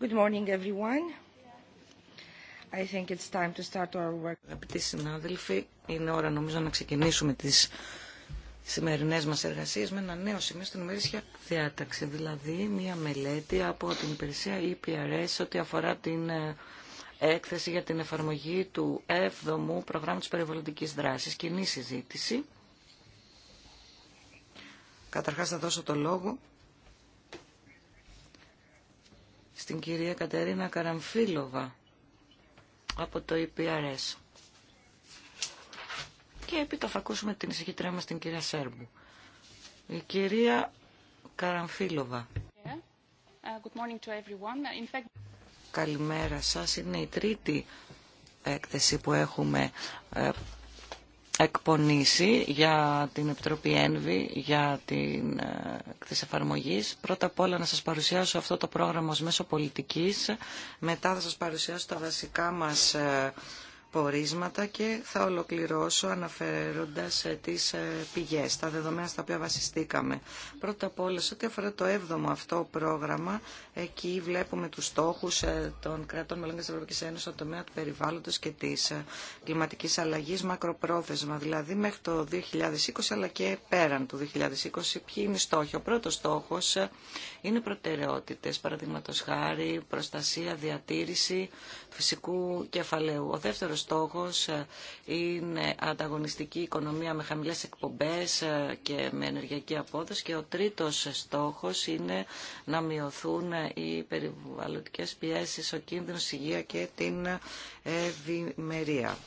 Good morning everyone. I think it's time to start our work. Αγαπητοί συνάδελφοι, είναι ώρα νομίζω να ξεκινήσουμε τις σημερινές μας εργασίες με ένα νέο σημείο στην ημερήσια διάταξη, δηλαδή μια μελέτη από την υπηρεσία EPRS ό,τι αφορά την ε, έκθεση για την εφαρμογή του 7ου προγράμματος περιβαλλοντικής δράσης, κοινή συζήτηση. Καταρχάς θα δώσω το λόγο στην κυρία Κατερίνα Καραμφίλοβα από το EPRS. Και έπειτα θα ακούσουμε την εισηγήτριά μας την κυρία Σέρμπου. Η κυρία Καραμφίλοβα. Uh, Καλημέρα σας. Είναι η τρίτη έκθεση που έχουμε ε, εκπονήσει για την Επιτροπή Ένβη, για την ε, της εφαρμογή. Πρώτα απ' όλα να σας παρουσιάσω αυτό το πρόγραμμα ως μέσο πολιτικής. Μετά θα σας παρουσιάσω τα βασικά μας ε, πορίσματα και θα ολοκληρώσω αναφέροντας ε, τις ε, πηγές, τα δεδομένα στα οποία βασιστήκαμε. Πρώτα απ' όλα, σε ό,τι αφορά το 7ο αυτό πρόγραμμα, εκεί βλέπουμε τους στόχους ε, των κρατών μελών της Ευρωπαϊκής Ένωσης στον τομέα του περιβάλλοντος και της κλιματικής αλλαγής μακροπρόθεσμα, δηλαδή μέχρι το 2020 αλλά και πέραν του 2020. Ποιοι είναι οι στόχοι. Ο πρώτος στόχος είναι προτεραιότητες, παραδείγματος χάρη, προστασία, διατήρηση φυσικού κεφαλαίου. Ο δεύτερος στόχος ε, είναι ανταγωνιστική οικονομία με χαμηλές εκπομπές ε, και με ενεργειακή απόδοση και ο τρίτος στόχος είναι να μειωθούν ε, οι περιβαλλοντικές πιέσεις, ο κίνδυνος, η υγεία και την ευημερία.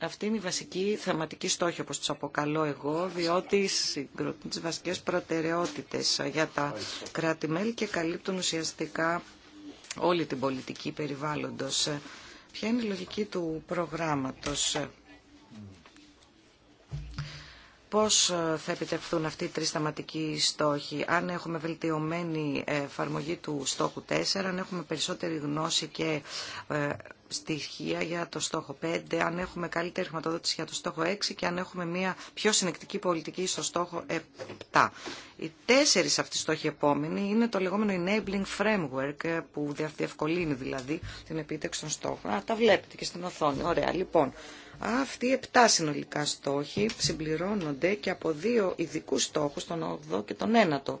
Αυτή είναι η βασική θεματική στόχη, όπως τους αποκαλώ εγώ, διότι συγκροτούν τις βασικές προτεραιότητες για τα κράτη-μέλη και καλύπτουν ουσιαστικά όλη την πολιτική περιβάλλοντος. Ποια είναι η λογική του προγράμματος. Πώς ε, θα επιτευχθούν αυτοί οι τρεις σταματικοί στόχοι, αν έχουμε βελτιωμένη εφαρμογή του στόχου 4, αν έχουμε περισσότερη γνώση και ε, στοιχεία για το στόχο 5, αν έχουμε καλύτερη χρηματοδότηση για το στόχο 6 και αν έχουμε μια πιο συνεκτική πολιτική στο στόχο 7. Οι τέσσερις αυτοί στόχοι επόμενοι είναι το λεγόμενο enabling framework ε, που διευκολύνει δηλαδή την επίτευξη των στόχων. Α, τα βλέπετε και στην οθόνη. Ωραία, λοιπόν. Αυτοί οι 7 συνολικά στόχοι συμπληρώνονται και από δύο ειδικού στόχου, τον 8ο και τον 9ο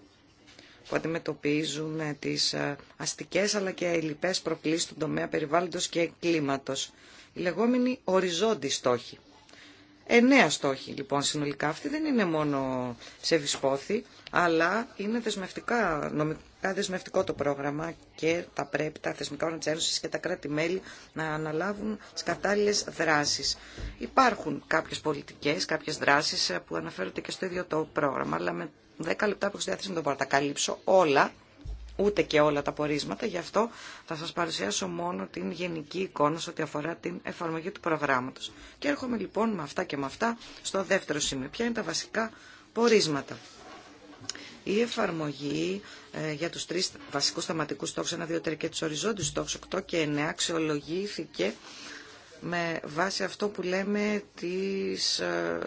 που αντιμετωπίζουν τις ε, αστικές αλλά και λοιπές προκλήσεις του τομέα περιβάλλοντος και κλίματος. Οι λεγόμενοι οριζόντιοι στόχοι. Εννέα στόχοι λοιπόν συνολικά. Αυτή δεν είναι μόνο σε βυσπόθη, αλλά είναι δεσμευτικά, νομικά δεσμευτικό το πρόγραμμα και τα πρέπει τα θεσμικά όργανα της και τα κράτη-μέλη να αναλάβουν τις κατάλληλες δράσεις. Υπάρχουν κάποιες πολιτικές, κάποιες δράσεις ε, που αναφέρονται και στο ίδιο το πρόγραμμα, αλλά με 10 λεπτά που έχω δεν να τα καλύψω όλα, ούτε και όλα τα πορίσματα, γι' αυτό θα σας παρουσιάσω μόνο την γενική εικόνα σε ό,τι αφορά την εφαρμογή του προγράμματος. Και έρχομαι λοιπόν με αυτά και με αυτά στο δεύτερο σημείο. Ποια είναι τα βασικά πορίσματα. Η εφαρμογή ε, για τους τρεις βασικούς θεματικούς στόχους, 1, 2, 3 και τους οριζόντιους στόχους, 8 και 9, αξιολογήθηκε με βάση αυτό που λέμε τις, ε,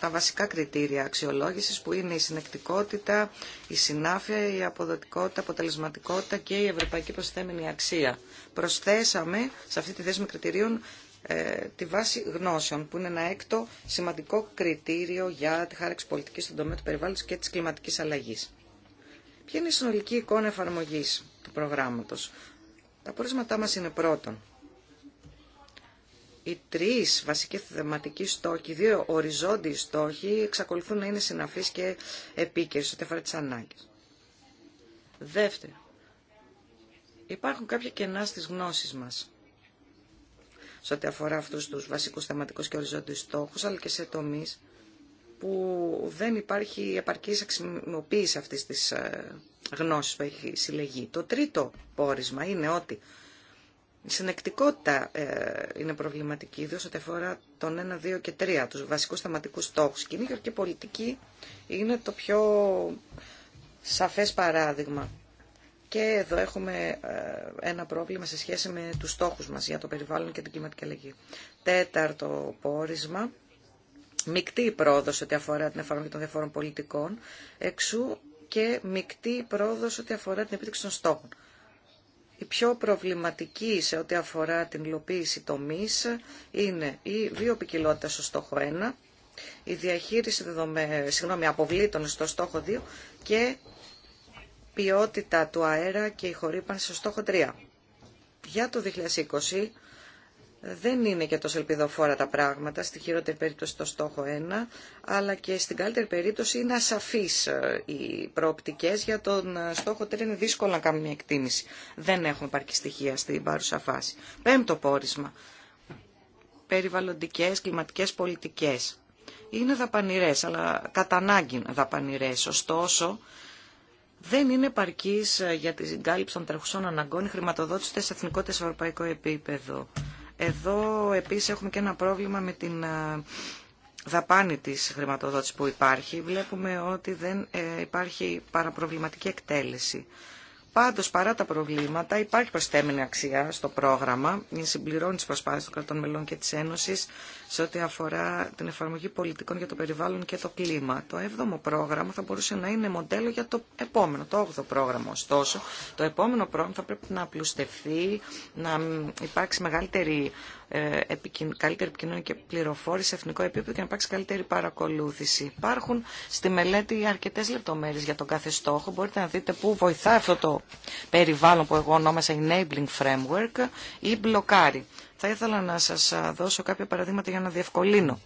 τα βασικά κριτήρια αξιολόγησης που είναι η συνεκτικότητα, η συνάφεια, η αποδοτικότητα, η αποτελεσματικότητα και η ευρωπαϊκή προσθέμενη αξία. Προσθέσαμε σε αυτή τη δέσμη κριτηρίων ε, τη βάση γνώσεων που είναι ένα έκτο σημαντικό κριτήριο για τη χάραξη πολιτικής στον τομέα του περιβάλλοντος και της κλιματικής αλλαγής. Ποια είναι η συνολική εικόνα εφαρμογής του προγράμματος. Τα πόρισματά μας είναι πρώτον οι τρεις βασικοί θεματικοί στόχοι, οι δύο οριζόντιοι στόχοι εξακολουθούν να είναι συναφείς και επίκαιρες ό,τι αφορά τις ανάγκες. Δεύτερο, υπάρχουν κάποια κενά στις γνώσεις μας σε ό,τι αφορά αυτούς τους βασικούς θεματικούς και οριζόντιους στόχους, αλλά και σε τομείς που δεν υπάρχει επαρκής αξιμοποίηση αυτής της ε, γνώσης που έχει συλλεγεί. Το τρίτο πόρισμα είναι ότι η συνεκτικότητα ε, είναι προβληματική, ιδίω ό,τι αφορά τον 1, 2 και 3, τους βασικούς θεματικού στόχους. Και η γεωργική πολιτική είναι το πιο σαφέ παράδειγμα. Και εδώ έχουμε ε, ένα πρόβλημα σε σχέση με του στόχου μα για το περιβάλλον και την κλιματική αλλαγή. Τέταρτο πόρισμα, μεικτή η πρόοδος ό,τι αφορά την εφαρμογή των διαφόρων πολιτικών, εξού και μεικτή η πρόοδος ό,τι αφορά την επίτευξη των στόχων. Η πιο προβληματική σε ό,τι αφορά την υλοποίηση τομής είναι η βιοπικιλότητα στο στόχο 1, η διαχείριση δεδομέ... συγγνώμη, αποβλήτων στο στόχο 2 και ποιότητα του αέρα και η χορύπανση στο στόχο 3. Για το 2020 δεν είναι και τόσο ελπιδοφόρα τα πράγματα, στη χειρότερη περίπτωση το στόχο 1, αλλά και στην καλύτερη περίπτωση είναι ασαφείς ε, οι προοπτικές για τον ε, στόχο 3, είναι δύσκολο να κάνουμε μια εκτίμηση. Δεν έχουμε παρκή στοιχεία στην παρούσα φάση. Πέμπτο πόρισμα, περιβαλλοντικές, κλιματικές πολιτικές. Είναι δαπανηρές, αλλά κατά ανάγκη δαπανηρές. Ωστόσο, δεν είναι παρκής ε, για την κάλυψη των τρεχουσών αναγκών η χρηματοδότηση σε εθνικό σε ευρωπαϊκό επίπεδο. Εδώ επίσης έχουμε και ένα πρόβλημα με την ε, δαπάνη της χρηματοδότησης που υπάρχει. Βλέπουμε ότι δεν ε, υπάρχει παραπροβληματική εκτέλεση. Πάντως, παρά τα προβλήματα, υπάρχει προστέμενη αξία στο πρόγραμμα. Συμπληρώνει τις προσπάθειες των κρατών μελών και της Ένωσης σε ό,τι αφορά την εφαρμογή πολιτικών για το περιβάλλον και το κλίμα. Το 7ο πρόγραμμα θα μπορούσε να είναι μοντέλο για το επόμενο, το 8ο πρόγραμμα. Ωστόσο, το επόμενο πρόγραμμα θα πρέπει να απλουστευτεί, να υπάρξει μεγαλύτερη ε, καλύτερη επικοινωνία και πληροφόρηση σε εθνικό επίπεδο και να υπάρξει καλύτερη παρακολούθηση. Υπάρχουν στη μελέτη αρκετέ λεπτομέρειε για τον κάθε στόχο. Μπορείτε να δείτε πού βοηθάει αυτό το περιβάλλον που βοηθά αυτο το περιβαλλον ονόμασα enabling framework ή μπλοκάρει θα ήθελα να σας δώσω κάποια παραδείγματα για να διευκολύνω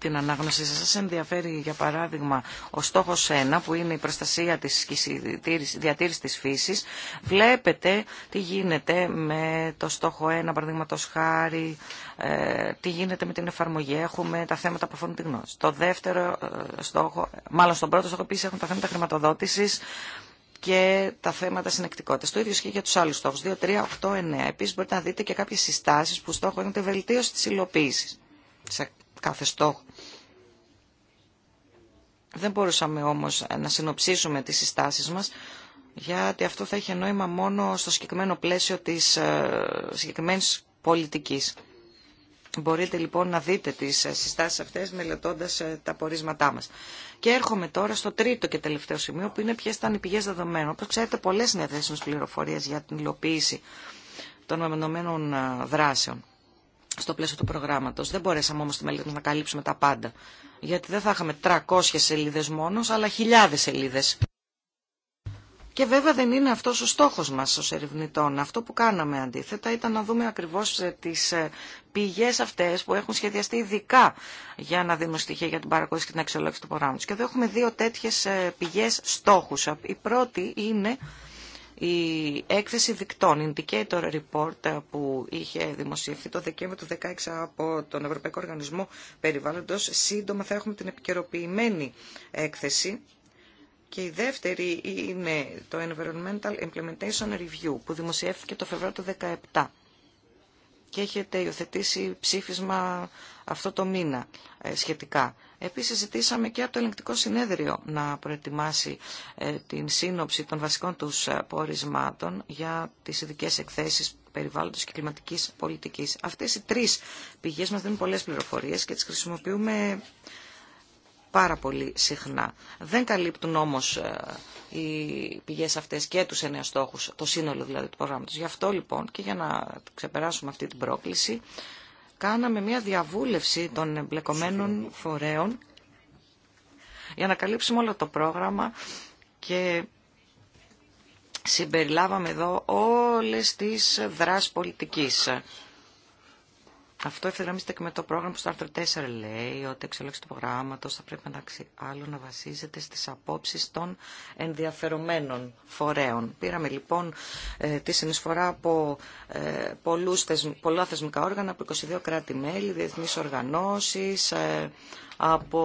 την ανάγνωση σας. σα ενδιαφέρει, για παράδειγμα, ο στόχος 1, που είναι η προστασία της διατήρησης διατήρηση της φύσης. Βλέπετε τι γίνεται με το στόχο 1, παραδείγματος χάρη, ε, τι γίνεται με την εφαρμογή. Έχουμε τα θέματα που αφορούν τη γνώση. Το δεύτερο ε, στόχο, μάλλον στον πρώτο στόχο, επίσης, έχουν τα θέματα χρηματοδότησης, και τα θέματα συνεκτικότητας. Το ίδιο ισχύει για τους άλλους στόχου, 2, 3, 8, 9. Επίσης μπορείτε να δείτε και κάποιες συστάσεις που στόχο είναι τη βελτίωση τη υλοποίηση σε κάθε στόχο. Δεν μπορούσαμε όμως να συνοψίσουμε τις συστάσεις μας, γιατί αυτό θα είχε νόημα μόνο στο συγκεκριμένο πλαίσιο της ε, συγκεκριμένη πολιτική. Μπορείτε λοιπόν να δείτε τις ε, συστάσεις αυτές μελετώντας ε, τα πορίσματά μας. Και έρχομαι τώρα στο τρίτο και τελευταίο σημείο που είναι ποιε ήταν οι πηγές δεδομένων. Όπως ξέρετε πολλές είναι θέσιμες πληροφορίες για την υλοποίηση των μεμονωμένων ε, δράσεων στο πλαίσιο του προγράμματος. Δεν μπορέσαμε όμως τη μελέτη να καλύψουμε τα πάντα. Γιατί δεν θα είχαμε 300 σελίδες μόνος, αλλά χιλιάδες σελίδες και βέβαια δεν είναι αυτός ο στόχος μας ως ερευνητών. Αυτό που κάναμε αντίθετα ήταν να δούμε ακριβώς ε, τις ε, πηγές αυτές που έχουν σχεδιαστεί ειδικά για να δίνουν στοιχεία για την παρακολούθηση και την αξιολόγηση του προγράμματος. Και εδώ έχουμε δύο τέτοιες ε, πηγές στόχους. Η πρώτη είναι η έκθεση δικτών, Indicator Report που είχε δημοσιευθεί το Δεκέμβριο του 2016 από τον Ευρωπαϊκό Οργανισμό Περιβάλλοντος. Σύντομα θα έχουμε την επικαιροποιημένη έκθεση και η δεύτερη είναι το Environmental Implementation Review που δημοσιεύθηκε το Φεβρουάριο του 2017 και έχετε υιοθετήσει ψήφισμα αυτό το μήνα ε, σχετικά. Επίσης ζητήσαμε και από το ελεγκτικό συνέδριο να προετοιμάσει ε, την σύνοψη των βασικών τους ε, πορισμάτων για τις ειδικέ εκθέσεις περιβάλλοντος και κλιματικής πολιτικής. Αυτές οι τρεις πηγές μας δίνουν πολλές πληροφορίες και τις χρησιμοποιούμε πάρα πολύ συχνά. Δεν καλύπτουν όμως ε, οι πηγές αυτές και τους εννέα στόχους, το σύνολο δηλαδή του προγράμματος. Γι' αυτό λοιπόν και για να ξεπεράσουμε αυτή την πρόκληση, κάναμε μια διαβούλευση των εμπλεκομένων φορέων για να καλύψουμε όλο το πρόγραμμα και συμπεριλάβαμε εδώ όλες τις δράσεις πολιτικής αυτό ευθυγραμμίζεται και με το πρόγραμμα που στο άρθρο 4 λέει ότι η εξελίξη του προγράμματο θα πρέπει μεταξύ άλλων να βασίζεται στι απόψει των ενδιαφερομένων φορέων. Πήραμε λοιπόν ε, τη συνεισφορά από ε, πολλούς, πολλά θεσμικά όργανα, από 22 κράτη-μέλη, διεθνείς οργανώσεις, ε, από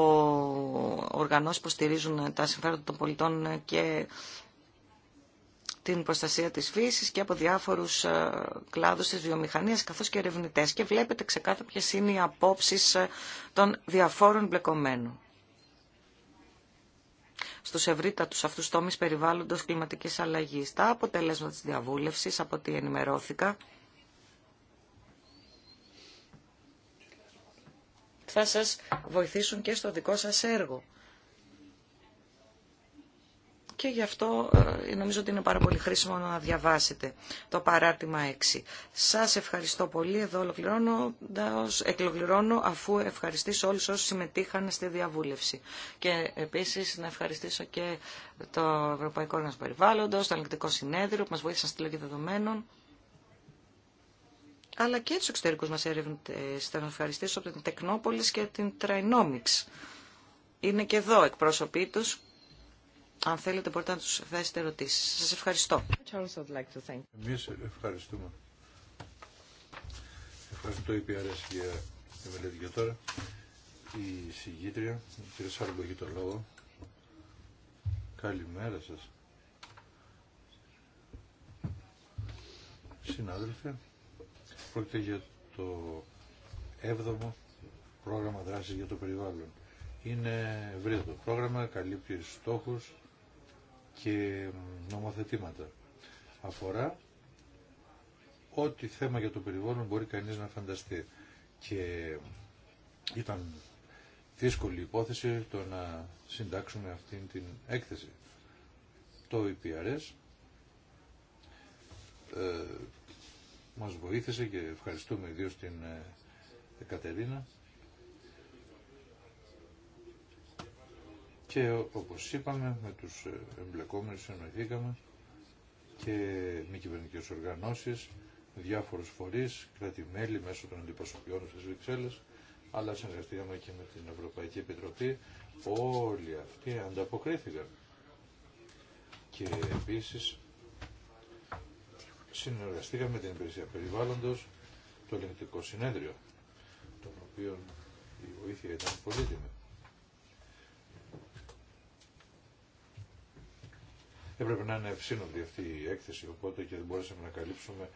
οργανώσει που στηρίζουν τα συμφέροντα των πολιτών και την προστασία της φύσης και από διάφορους ε, κλάδους της βιομηχανίας καθώς και ερευνητέ. Και βλέπετε ξεκάθαρα ποιες είναι οι απόψεις ε, των διαφόρων μπλεκομένων Στου ευρύτατου αυτούς τόμεις περιβάλλοντος κλιματική αλλαγής. Τα αποτελέσματα της διαβούλευση, από ό,τι ενημερώθηκα, θα σας βοηθήσουν και στο δικό σας έργο και γι' αυτό ε, νομίζω ότι είναι πάρα πολύ χρήσιμο να διαβάσετε το παράρτημα 6. Σας ευχαριστώ πολύ. Εδώ ολοκληρώνω, εκλογληρώνω αφού ευχαριστήσω όλους όσους συμμετείχαν στη διαβούλευση. Και επίσης να ευχαριστήσω και το Ευρωπαϊκό Όργανο Περιβάλλοντος, το Αλληλεκτικό Συνέδριο που μας βοήθησαν στη λογική δεδομένων αλλά και του εξωτερικού μα έρευνε. θέλω να ευχαριστήσω από την Τεκνόπολη και την Τραϊνόμιξ. Είναι και εδώ εκπρόσωποι του αν θέλετε μπορείτε να τους θέσετε ερωτήσεις. Σας ευχαριστώ. Εμείς ευχαριστούμε. Ευχαριστώ η PRS για τη μελέτη και τώρα. Η συγγήτρια, η κυρία Σάρμπο, έχει το λόγο. Καλημέρα σας. Συνάδελφε, πρόκειται για το 7ο πρόγραμμα δράσης για το περιβάλλον. Είναι ευρύτερο πρόγραμμα, καλύπτει στόχους και νομοθετήματα. Αφορά ό,τι θέμα για το περιβάλλον μπορεί κανείς να φανταστεί. Και ήταν δύσκολη υπόθεση το να συντάξουμε αυτήν την έκθεση. Το EPRS ε, μας βοήθησε και ευχαριστούμε ιδίως την ε, Κατερίνα Και όπως είπαμε με τους εμπλεκόμενους συνοηθήκαμε και μη κυβερνητικέ οργανώσεις, διάφορους φορείς, κράτη-μέλη μέσω των αντιπροσωπιών στις Βρυξέλλες, αλλά συνεργαστήκαμε και με την Ευρωπαϊκή Επιτροπή. Όλοι αυτοί ανταποκρίθηκαν. Και επίσης συνεργαστήκαμε με την υπηρεσία περιβάλλοντος, το ελληνικό συνέδριο, τον οποίο η βοήθεια ήταν πολύτιμη. Έπρεπε να είναι ευσύνοπτη αυτή η έκθεση, οπότε και δεν μπορέσαμε να καλύψουμε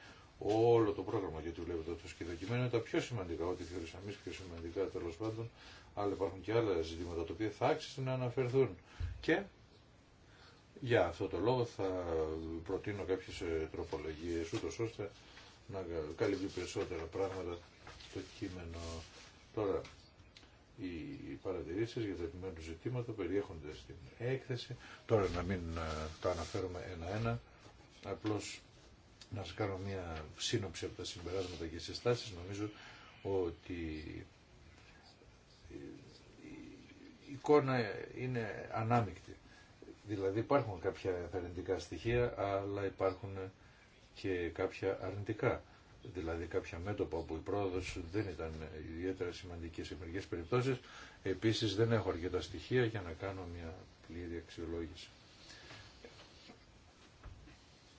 όλο το πρόγραμμα. Γιατί βλέπετε ότι το σκηδοκειμένο είναι τα πιο σημαντικά, ό,τι θεωρήσαμε εμεί πιο σημαντικά τέλο πάντων. Αλλά υπάρχουν και άλλα ζητήματα τα οποία θα άξιζε να αναφερθούν. Και για αυτό το λόγο θα προτείνω κάποιε τροπολογίε, ούτω ώστε να καλύπτει περισσότερα πράγματα το κείμενο. Τώρα, οι παρατηρήσει για τα επιμένου ζητήματα περιέχονται στην έκθεση. Τώρα να μην ε, τα αναφέρουμε ένα-ένα, απλώς να σας κάνω μια σύνοψη από τα συμπεράσματα και συστάσεις. Νομίζω ότι η εικόνα είναι ανάμεικτη. Δηλαδή υπάρχουν κάποια θερεντικά στοιχεία, αλλά υπάρχουν και κάποια αρνητικά δηλαδή κάποια μέτωπα όπου η πρόοδος δεν ήταν ιδιαίτερα σημαντική σε μερικέ περιπτώσεις. Επίσης δεν έχω αρκετά στοιχεία για να κάνω μια πλήρη αξιολόγηση.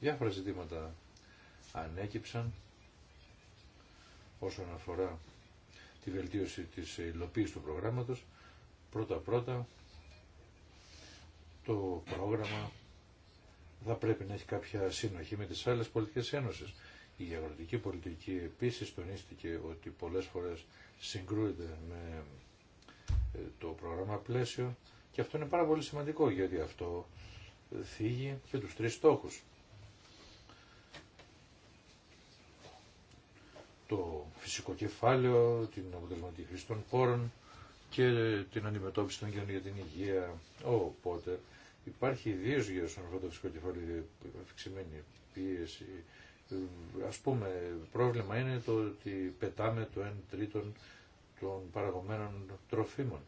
Διάφορα ζητήματα ανέκυψαν όσον αφορά τη βελτίωση της υλοποίησης του προγράμματος. Πρώτα-πρώτα το πρόγραμμα θα πρέπει να έχει κάποια συνοχή με τις άλλες πολιτικές ένωσες. Η αγροτική πολιτική επίσης τονίστηκε ότι πολλές φορές συγκρούεται με ε, το πρόγραμμα πλαίσιο και αυτό είναι πάρα πολύ σημαντικό γιατί αυτό θίγει και τους τρεις στόχους. Το φυσικό κεφάλαιο, την αποτελεσματική χρήση των πόρων και την αντιμετώπιση των κοινωνιών για την υγεία. Οπότε υπάρχει ιδίω γύρω στον αυτό το φυσικό κεφάλαιο αυξημένη πίεση ε, ας πούμε πρόβλημα είναι το ότι πετάμε το 1 τρίτο των παραγωμένων τροφίμων.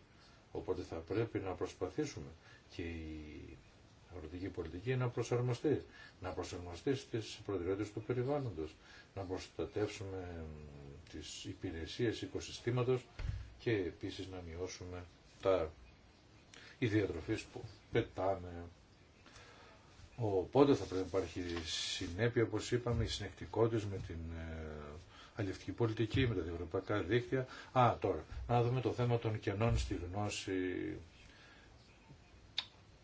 Οπότε θα πρέπει να προσπαθήσουμε και η αγροτική πολιτική να προσαρμοστεί. Να προσαρμοστεί στις προτεραιότητες του περιβάλλοντος. Να προστατεύσουμε τις υπηρεσίες οικοσυστήματος και επίσης να μειώσουμε τα ιδιατροφής που πετάμε Οπότε θα πρέπει να υπάρχει συνέπεια, όπως είπαμε, η συνεκτικότητα με την ε, αλληλευτική πολιτική, με τα διευρωπαϊκά δίκτυα. Α, τώρα, να δούμε το θέμα των κενών στη γνώση.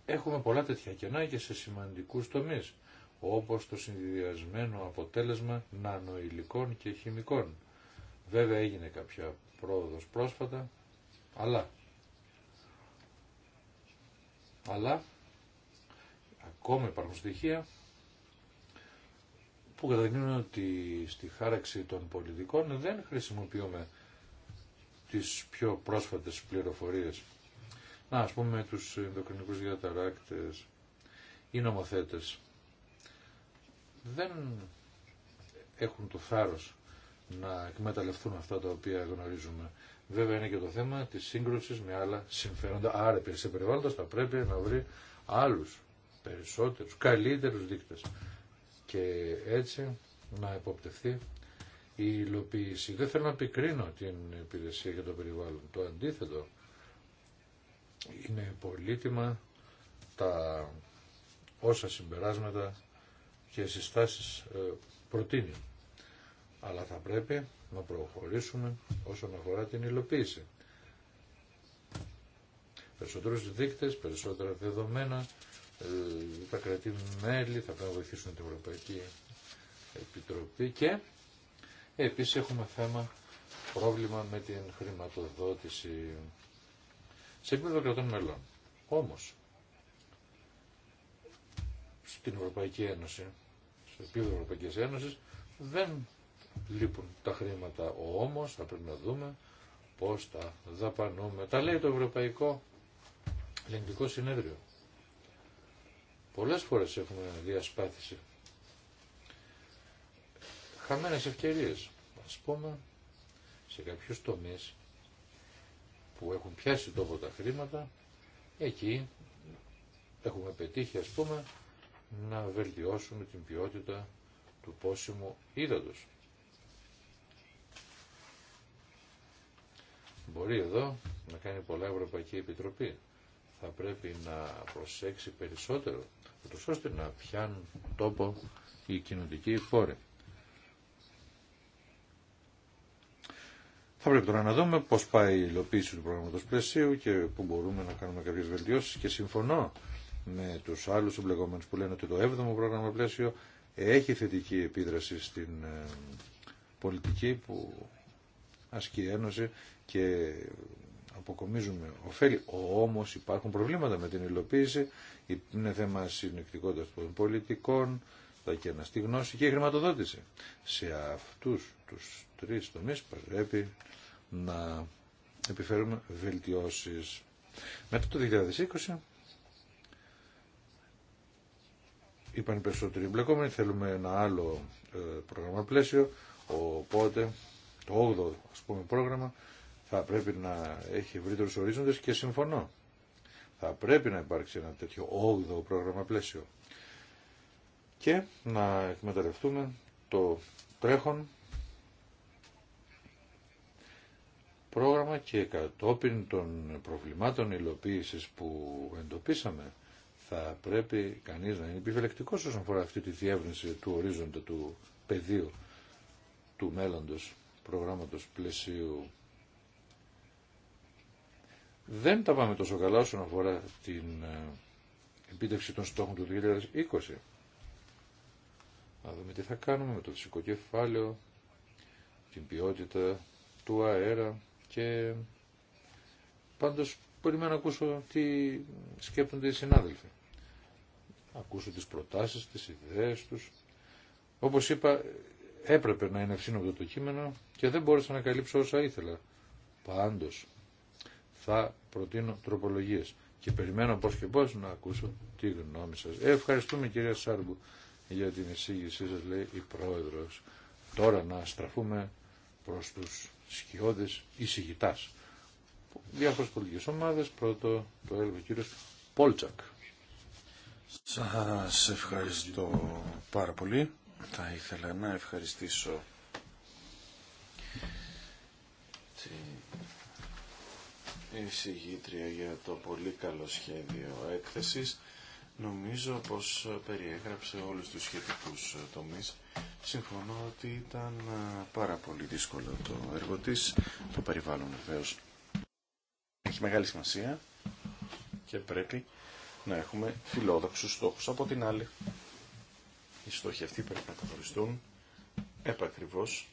Έχουμε πολλά τέτοια κενά και σε σημαντικούς τομείς, όπως το συνδυασμένο αποτέλεσμα νανοηλικών και χημικών. Βέβαια έγινε κάποια πρόοδος πρόσφατα, αλλά, αλλά ακόμα υπάρχουν στοιχεία που καταδεικνύουν ότι στη χάραξη των πολιτικών δεν χρησιμοποιούμε τις πιο πρόσφατες πληροφορίες. Να, ας πούμε τους ενδοκρινικούς διαταράκτες ή νομοθέτες δεν έχουν το θάρρος να εκμεταλλευτούν αυτά τα οποία γνωρίζουμε. Βέβαια είναι και το θέμα της σύγκρουσης με άλλα συμφέροντα. Άρα η σε περιβάλλοντος θα πρέπει να βρει άλλους περισσότερους, καλύτερους δείκτες και έτσι να εποπτευθεί η υλοποίηση. Δεν θέλω να επικρίνω την υπηρεσία για το περιβάλλον. Το αντίθετο είναι πολύτιμα τα όσα συμπεράσματα και συστάσεις ε, προτείνει. Αλλά θα πρέπει να προχωρήσουμε όσον αφορά την υλοποίηση. Περισσότερους δείκτες, περισσότερα δεδομένα, ε, τα κρατή-μέλη, θα πρέπει να βοηθήσουν την Ευρωπαϊκή Επιτροπή και επίσης έχουμε θέμα πρόβλημα με την χρηματοδότηση σε επίπεδο κρατών μελών. Όμως, στην Ευρωπαϊκή Ένωση, σε επίπεδο Ευρωπαϊκή Ένωση, δεν λείπουν τα χρήματα. Όμως, θα πρέπει να δούμε πώς τα δαπανούμε. Τα λέει το Ευρωπαϊκό Ελληνικό Συνέδριο. Πολλές φορές έχουμε διασπάθηση. Χαμένες ευκαιρίες. Ας πούμε, σε κάποιους τομείς που έχουν πιάσει τόπο τα χρήματα, εκεί έχουμε πετύχει, ας πούμε, να βελτιώσουμε την ποιότητα του πόσιμου ύδατος. Μπορεί εδώ να κάνει πολλά Ευρωπαϊκή Επιτροπή θα πρέπει να προσέξει περισσότερο, ούτως ώστε να πιάνουν τόπο οι κοινωνικοί φόροι. Θα πρέπει τώρα να δούμε πώς πάει η υλοποίηση του προγράμματος πλαισίου και πού μπορούμε να κάνουμε κάποιες βελτιώσεις και συμφωνώ με τους άλλους εμπλεγόμενους που λένε ότι το 7ο πρόγραμμα πλαίσιο έχει θετική επίδραση στην ε, πολιτική που ασκεί η Ένωση και αποκομίζουμε ωφέλη. Όμω υπάρχουν προβλήματα με την υλοποίηση, είναι θέμα συνεκτικότητα των πολιτικών, τα ένα στη γνώση και η χρηματοδότηση. Σε αυτούς τους τρει τομεί πρέπει να επιφέρουμε βελτιώσεις. Μετά το 2020 είπαν περισσότεροι εμπλεκόμενοι, θέλουμε ένα άλλο ε, πρόγραμμα πλαίσιο, οπότε το 8ο ας πούμε πρόγραμμα θα πρέπει να έχει ευρύτερου ορίζοντες και συμφωνώ. Θα πρέπει να υπάρξει ένα τέτοιο πρόγραμμα πλαίσιο. Και να εκμεταλλευτούμε το τρέχον πρόγραμμα και κατόπιν των προβλημάτων υλοποίηση που εντοπίσαμε θα πρέπει κανείς να είναι επιφυλακτικός όσον αφορά αυτή τη διεύρυνση του ορίζοντα του πεδίου του μέλλοντος προγράμματος πλαισίου δεν τα πάμε τόσο καλά όσον αφορά την ε, επίτευξη των στόχων του 2020. Να δούμε τι θα κάνουμε με το φυσικό κεφάλαιο, την ποιότητα του αέρα και πάντως περιμένω να ακούσω τι σκέπτονται οι συνάδελφοι. Ακούσω τις προτάσεις, τις ιδέες τους. Όπως είπα, έπρεπε να είναι ευσύνοπτο το κείμενο και δεν μπόρεσα να καλύψω όσα ήθελα. Πάντως, θα προτείνω τροπολογίες και περιμένω πώς και πώς να ακούσω τη γνώμη σας. Ε, ευχαριστούμε κυρία Σάρμπου για την εισήγησή σας λέει η Πρόεδρος. Τώρα να στραφούμε προς τους σκιώδες εισηγητάς. Διάφορες πολιτικές ομάδες, πρώτο το ο κύριος Πόλτσακ. Σας ευχαριστώ πάρα πολύ. Θα ήθελα να ευχαριστήσω εισηγήτρια για το πολύ καλό σχέδιο έκθεσης. Νομίζω πως περιέγραψε όλους τους σχετικούς τομείς. Συμφωνώ ότι ήταν πάρα πολύ δύσκολο το έργο της, το περιβάλλον βεβαίω. Έχει μεγάλη σημασία και πρέπει να έχουμε φιλόδοξους στόχους. Από την άλλη, οι στόχοι αυτοί πρέπει να καθοριστούν επακριβώς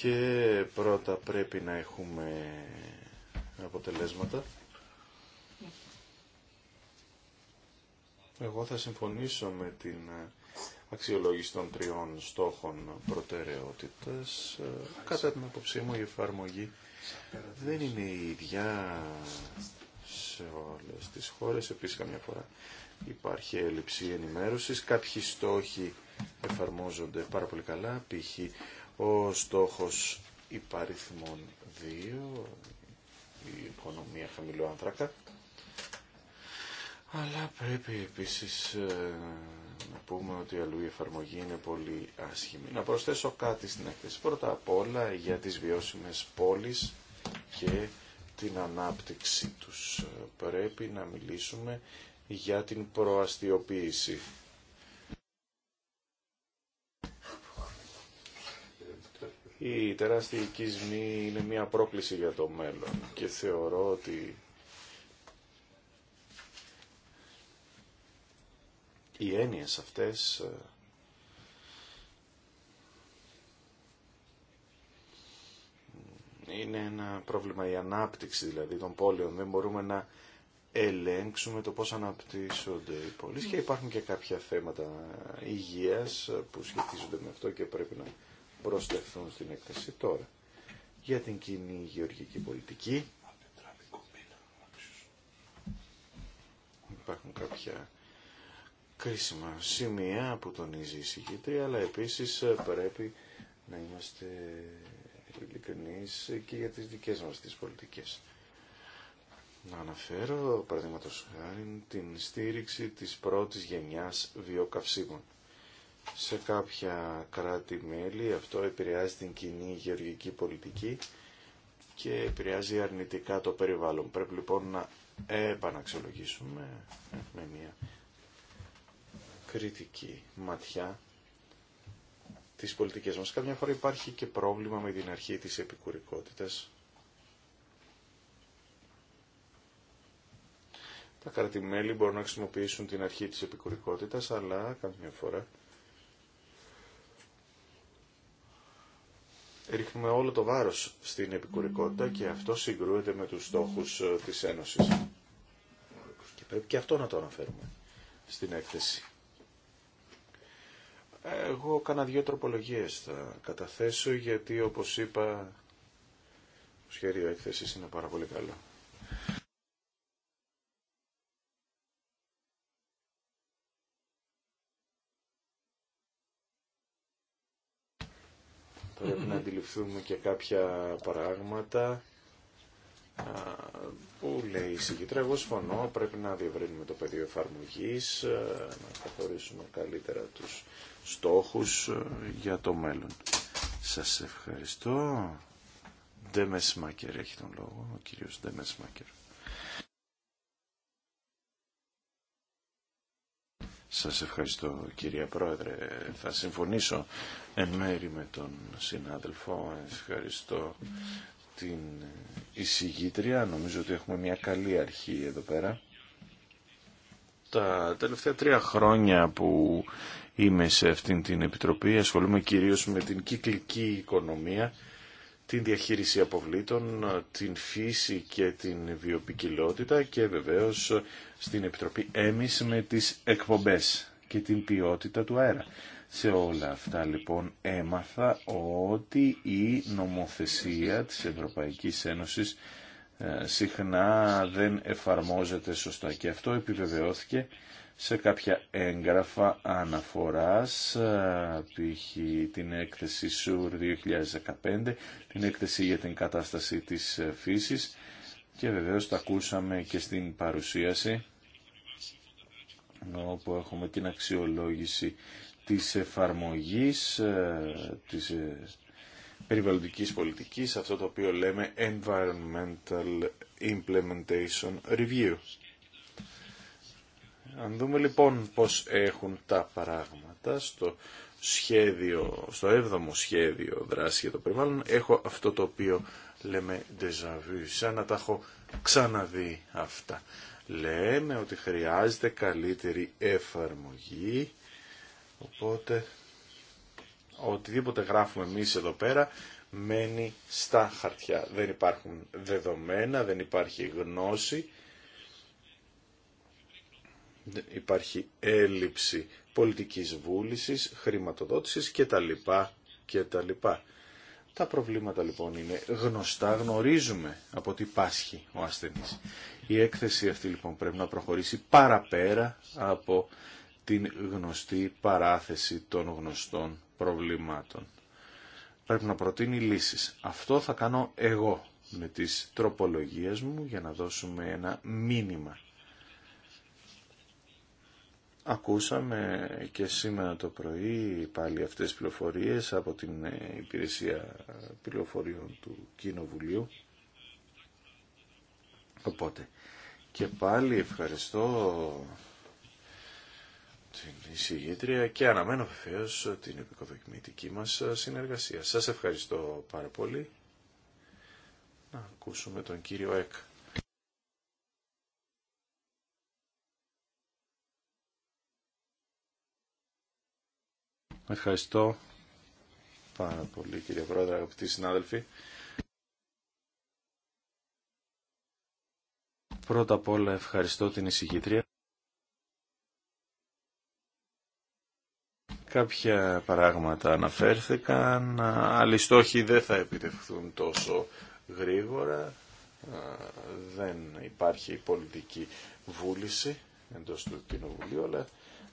και πρώτα πρέπει να έχουμε αποτελέσματα. Εγώ θα συμφωνήσω με την αξιολόγηση των τριών στόχων προτεραιότητας. Κατά την αποψή μου η εφαρμογή δεν είναι η ίδια σε όλες τις χώρες. Επίσης καμιά φορά υπάρχει έλλειψη ενημέρωσης. Κάποιοι στόχοι εφαρμόζονται πάρα πολύ καλά, π.χ ο στόχος υπαριθμών 2, η οικονομία χαμηλό άνθρακα, αλλά πρέπει επίσης ε, να πούμε ότι αλλού η εφαρμογή είναι πολύ άσχημη. Να προσθέσω κάτι στην έκθεση. Πρώτα απ' όλα για τις βιώσιμες πόλεις και την ανάπτυξη τους. Ε, πρέπει να μιλήσουμε για την προαστιοποίηση Η τεράστια οικισμή είναι μια πρόκληση για το μέλλον και θεωρώ ότι οι έννοιες αυτές ε, είναι ένα πρόβλημα η ανάπτυξη δηλαδή των πόλεων. Δεν μπορούμε να ελέγξουμε το πώς αναπτύσσονται οι πόλεις και υπάρχουν και κάποια θέματα υγείας που σχετίζονται με αυτό και πρέπει να προσθεθούν στην έκθεση τώρα. Για την κοινή γεωργική πολιτική υπάρχουν κάποια κρίσιμα σημεία που τονίζει η αλλά επίσης πρέπει να είμαστε ειλικρινείς και για τις δικές μας τις πολιτικές. Να αναφέρω, παραδείγματος χάρη, την στήριξη της πρώτης γενιάς βιοκαυσίμων σε κάποια κράτη-μέλη. Αυτό επηρεάζει την κοινή γεωργική πολιτική και επηρεάζει αρνητικά το περιβάλλον. Πρέπει λοιπόν να επαναξιολογήσουμε με μια κριτική ματιά τις πολιτικές μας. Καμιά φορά υπάρχει και πρόβλημα με την αρχή της επικουρικότητας. Τα κρατημέλη μπορούν να χρησιμοποιήσουν την αρχή της επικουρικότητας, αλλά καμιά φορά ρίχνουμε όλο το βάρος στην επικουρικότητα και αυτό συγκρούεται με τους στόχους ε, της Ένωσης. Και πρέπει και αυτό να το αναφέρουμε στην έκθεση. Εγώ κάνα δύο τροπολογίες θα καταθέσω γιατί όπως είπα το σχέδιο έκθεσης είναι πάρα πολύ καλό. παρακολουθούμε και κάποια πράγματα που λέει η συγκήτρα. Εγώ συμφωνώ, πρέπει να διευρύνουμε το πεδίο εφαρμογής, να καθορίσουμε καλύτερα τους στόχους για το μέλλον. Σας ευχαριστώ. έχει τον λόγο, ο κύριος με Σας ευχαριστώ κυρία Πρόεδρε. Θα συμφωνήσω εν μέρη με τον συνάδελφο. Ευχαριστώ την εισηγήτρια. Νομίζω ότι έχουμε μια καλή αρχή εδώ πέρα. Τα τελευταία τρία χρόνια που είμαι σε αυτήν την επιτροπή ασχολούμαι κυρίως με την κυκλική οικονομία την διαχείριση αποβλήτων, την φύση και την βιοπικιλότητα και βεβαίως στην Επιτροπή εμείς με τις εκπομπές και την ποιότητα του αέρα. Σε όλα αυτά λοιπόν έμαθα ότι η νομοθεσία της Ευρωπαϊκής Ένωσης ε, συχνά δεν εφαρμόζεται σωστά και αυτό επιβεβαιώθηκε σε κάποια έγγραφα αναφοράς, π.χ. την έκθεση ΣΟΥΡ 2015, την έκθεση για την κατάσταση της ε, φύσης και βεβαίως τα ακούσαμε και στην παρουσίαση όπου έχουμε την αξιολόγηση της εφαρμογής ε, της ε, περιβαλλοντικής πολιτικής, αυτό το οποίο λέμε Environmental Implementation Review. Αν δούμε λοιπόν πώς έχουν τα πράγματα στο σχέδιο, στο 7 σχέδιο δράση για το περιβάλλον, έχω αυτό το οποίο λέμε déjà vu, σαν να τα έχω ξαναδεί αυτά. Λέμε ότι χρειάζεται καλύτερη εφαρμογή, οπότε οτιδήποτε γράφουμε εμείς εδώ πέρα μένει στα χαρτιά. Δεν υπάρχουν δεδομένα, δεν υπάρχει γνώση υπάρχει έλλειψη πολιτικής βούλησης, χρηματοδότησης κτλ. λοιπά. Τα προβλήματα λοιπόν είναι γνωστά, γνωρίζουμε από τι πάσχει ο ασθενής. Η έκθεση αυτή λοιπόν πρέπει να προχωρήσει παραπέρα από την γνωστή παράθεση των γνωστών προβλημάτων. Πρέπει να προτείνει λύσεις. Αυτό θα κάνω εγώ με τις τροπολογίες μου για να δώσουμε ένα μήνυμα Ακούσαμε και σήμερα το πρωί πάλι αυτές τις πληροφορίες από την Υπηρεσία Πληροφοριών του Κοινοβουλίου. Οπότε, και πάλι ευχαριστώ την εισηγήτρια και αναμένω βεβαίω την επικοδοκιμητική μας συνεργασία. Σας ευχαριστώ πάρα πολύ. Να ακούσουμε τον κύριο Εκ. Ευχαριστώ πάρα πολύ κύριε Πρόεδρε, αγαπητοί συνάδελφοι. Πρώτα απ' όλα ευχαριστώ την εισηγήτρια. Κάποια παράγματα αναφέρθηκαν, άλλοι στόχοι δεν θα επιτευχθούν τόσο γρήγορα, δεν υπάρχει πολιτική βούληση εντός του Κοινοβουλίου, αλλά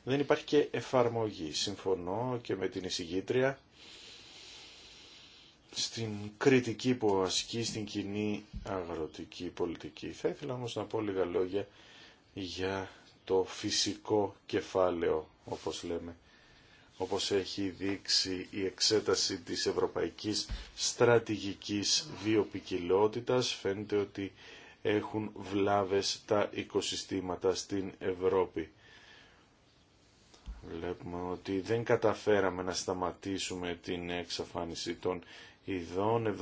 δεν υπάρχει και εφαρμογή. Συμφωνώ και με την εισηγήτρια στην κριτική που ασκεί στην κοινή αγροτική πολιτική. Θα ήθελα όμως να πω λίγα λόγια για το φυσικό κεφάλαιο, όπως λέμε, όπως έχει δείξει η εξέταση της Ευρωπαϊκής Στρατηγικής Βιοπικιλότητας. Φαίνεται ότι έχουν βλάβες τα οικοσυστήματα στην Ευρώπη βλέπουμε ότι δεν καταφέραμε να σταματήσουμε την εξαφάνιση των ειδών.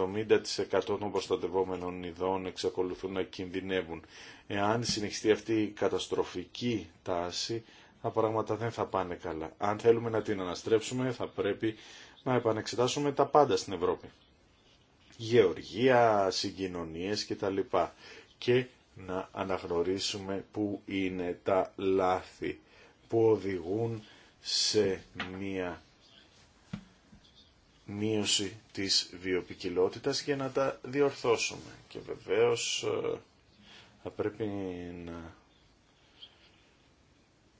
70% των προστατευόμενων ειδών εξακολουθούν να κινδυνεύουν. Εάν συνεχιστεί αυτή η καταστροφική τάση, τα πράγματα δεν θα πάνε καλά. Αν θέλουμε να την αναστρέψουμε, θα πρέπει να επανεξετάσουμε τα πάντα στην Ευρώπη. Γεωργία, συγκοινωνίες κτλ. Και να αναγνωρίσουμε πού είναι τα λάθη που οδηγούν σε μία μείωση της βιοπικιλότητας για να τα διορθώσουμε. Και βεβαίως ε, θα πρέπει να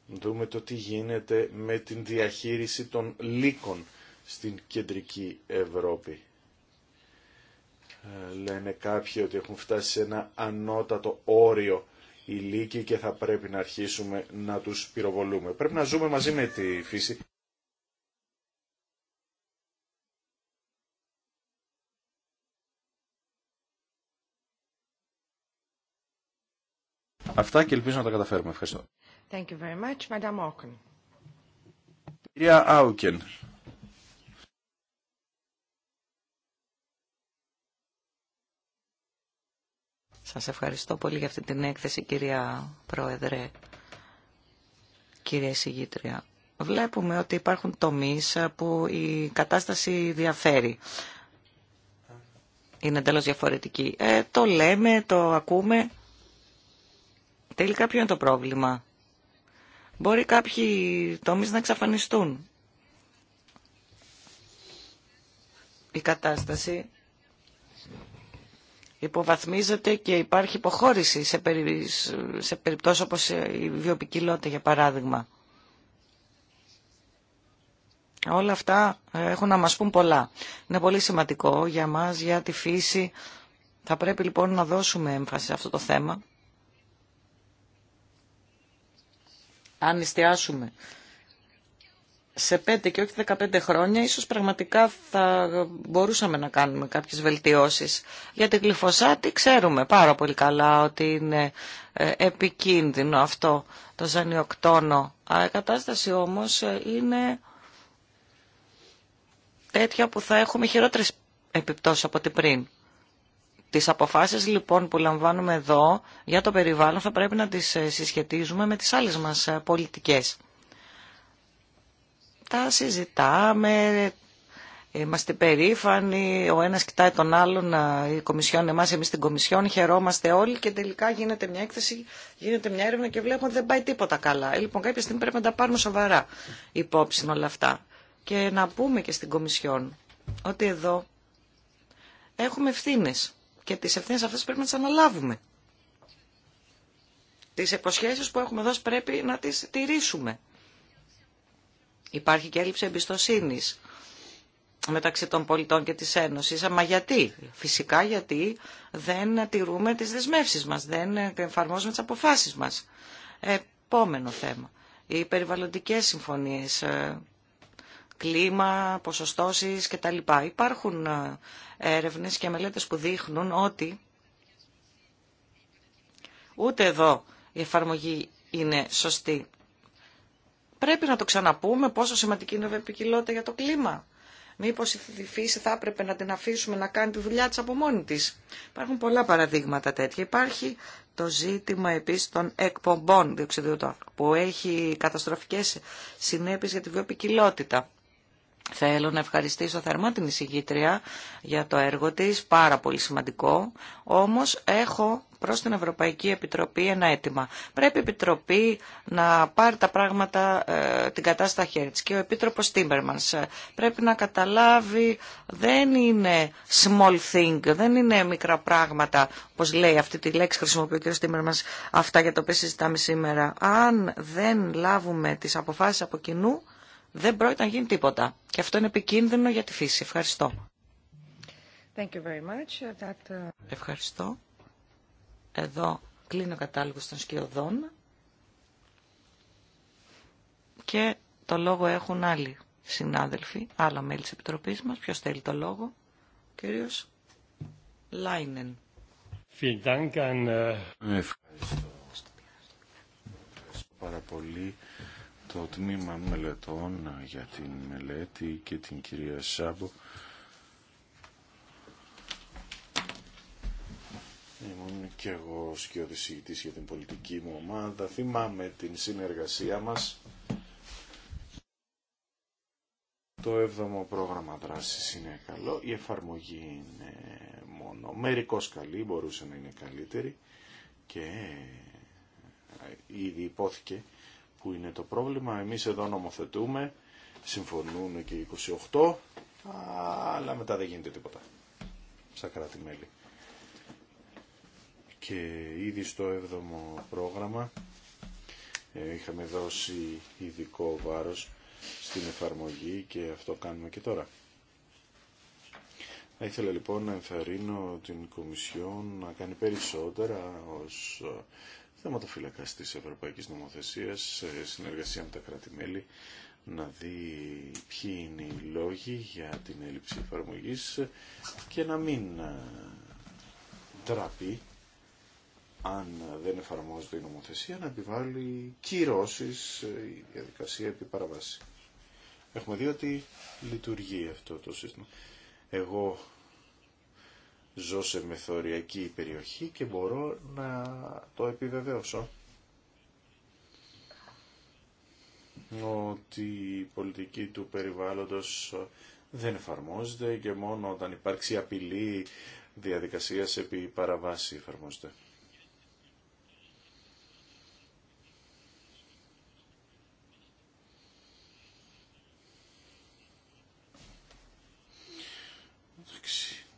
δούμε το τι γίνεται με την διαχείριση των λύκων στην κεντρική Ευρώπη. Ε, λένε κάποιοι ότι έχουν φτάσει σε ένα ανώτατο όριο λύκοι, και θα πρέπει να αρχίσουμε να τους πυροβολούμε. Πρέπει να ζούμε μαζί με τη φύση. Αυτά και ελπίζω να τα καταφέρουμε. Ευχαριστώ. Thank you very much, Σας ευχαριστώ πολύ για αυτή την έκθεση, κυρία Πρόεδρε, κυρία Συγήτρια. Βλέπουμε ότι υπάρχουν τομείς που η κατάσταση διαφέρει. Είναι εντελώ διαφορετική. Ε, το λέμε, το ακούμε. Τελικά ποιο είναι το πρόβλημα. Μπορεί κάποιοι τομείς να εξαφανιστούν. Η κατάσταση υποβαθμίζεται και υπάρχει υποχώρηση σε, σε περιπτώσεις όπως η βιοπικιλότητα για παράδειγμα. Όλα αυτά έχουν να μας πούν πολλά. Είναι πολύ σημαντικό για μας, για τη φύση. Θα πρέπει λοιπόν να δώσουμε έμφαση σε αυτό το θέμα. Αν εστιάσουμε σε 5 και όχι 15 χρόνια ίσως πραγματικά θα μπορούσαμε να κάνουμε κάποιες βελτιώσεις. Για την γλυφοσάτη ξέρουμε πάρα πολύ καλά ότι είναι ε, επικίνδυνο αυτό το ζανιοκτόνο. Η κατάσταση όμως ε, είναι τέτοια που θα έχουμε χειρότερες επιπτώσεις από την πριν. Τις αποφάσεις λοιπόν που λαμβάνουμε εδώ για το περιβάλλον θα πρέπει να τις ε, συσχετίζουμε με τις άλλες μας πολιτικές τα συζητάμε, είμαστε περήφανοι, ο ένας κοιτάει τον άλλον, η Κομισιόν εμάς, εμείς την Κομισιόν, χαιρόμαστε όλοι και τελικά γίνεται μια έκθεση, γίνεται μια έρευνα και βλέπουμε ότι δεν πάει τίποτα καλά. Ε, λοιπόν, κάποια στιγμή πρέπει να τα πάρουμε σοβαρά υπόψη όλα αυτά και να πούμε και στην Κομισιόν ότι εδώ έχουμε ευθύνε και τις ευθύνε αυτές πρέπει να τις αναλάβουμε. Τις υποσχέσεις που έχουμε δώσει πρέπει να τις τηρήσουμε. Υπάρχει και έλλειψη εμπιστοσύνης μεταξύ των πολιτών και της Ένωσης. Μα γιατί. Φυσικά γιατί δεν τηρούμε τις δεσμεύσεις μας, δεν εφαρμόζουμε τις αποφάσεις μας. Επόμενο θέμα. Οι περιβαλλοντικές συμφωνίες, ε, κλίμα, ποσοστώσεις κτλ. Υπάρχουν ε, έρευνες και μελέτες που δείχνουν ότι ούτε εδώ η εφαρμογή είναι σωστή. Πρέπει να το ξαναπούμε πόσο σημαντική είναι η βιοπικιλότητα για το κλίμα. Μήπως η φύση θα έπρεπε να την αφήσουμε να κάνει τη δουλειά της από μόνη της. Υπάρχουν πολλά παραδείγματα τέτοια. Υπάρχει το ζήτημα επίσης των εκπομπών διοξιδιωτών του που έχει καταστροφικές συνέπειες για τη βιοπικιλότητα. Θέλω να ευχαριστήσω θερμά την εισηγήτρια για το έργο της, πάρα πολύ σημαντικό. Όμως έχω προς την Ευρωπαϊκή Επιτροπή ένα αίτημα. Πρέπει η Επιτροπή να πάρει τα πράγματα, ε, την κατάσταση στα χέρια της. Και ο Επίτροπος Τίμπερμανς ε, πρέπει να καταλάβει δεν είναι small thing, δεν είναι μικρά πράγματα, όπως λέει αυτή τη λέξη χρησιμοποιεί ο κ. Τίμπερμανς αυτά για τα οποία συζητάμε σήμερα. Αν δεν λάβουμε τις αποφάσεις από κοινού, δεν πρόκειται να γίνει τίποτα. Και αυτό είναι επικίνδυνο για τη φύση. Ευχαριστώ. Thank you uh, Ευχαριστώ. Εδώ κλείνω κατάλογο των σκιωδών και το λόγο έχουν άλλοι συνάδελφοι, άλλα μέλη της Επιτροπής μας. Ποιος θέλει το λόγο, κύριος Λάινεν. Äh, Ευχαριστώ πάρα πολύ το τμήμα μελετών για την μελέτη και την κυρία Σάμπο Ήμουν και εγώ της για την πολιτική μου ομάδα. Θυμάμαι την συνεργασία μας. Το έβδομο πρόγραμμα δράσης είναι καλό. Η εφαρμογή είναι μόνο μερικώς καλή, μπορούσε να είναι καλύτερη και ήδη υπόθηκε που είναι το πρόβλημα. Εμείς εδώ νομοθετούμε, συμφωνούν και 28, αλλά μετά δεν γίνεται τίποτα Σαν κράτη-μέλη και ήδη στο 7ο πρόγραμμα ε, είχαμε δώσει ειδικό βάρος στην εφαρμογή και αυτό κάνουμε και τώρα. Θα ήθελα λοιπόν να ενθαρρύνω την Κομισιόν να κάνει περισσότερα ως ε, θεματοφύλακας της Ευρωπαϊκής Νομοθεσίας σε συνεργασία με τα κράτη-μέλη να δει ποιοι είναι οι λόγοι για την έλλειψη εφαρμογής και να μην ε, τραπεί αν δεν εφαρμόζεται η νομοθεσία, να επιβάλλει κυρώσεις η διαδικασία επί παραβάση. Έχουμε δει ότι λειτουργεί αυτό το σύστημα. Εγώ ζω σε μεθοριακή περιοχή και μπορώ να το επιβεβαιώσω ότι η πολιτική του περιβάλλοντος δεν εφαρμόζεται και μόνο όταν υπάρξει απειλή διαδικασίας επί παραβάση εφαρμόζεται.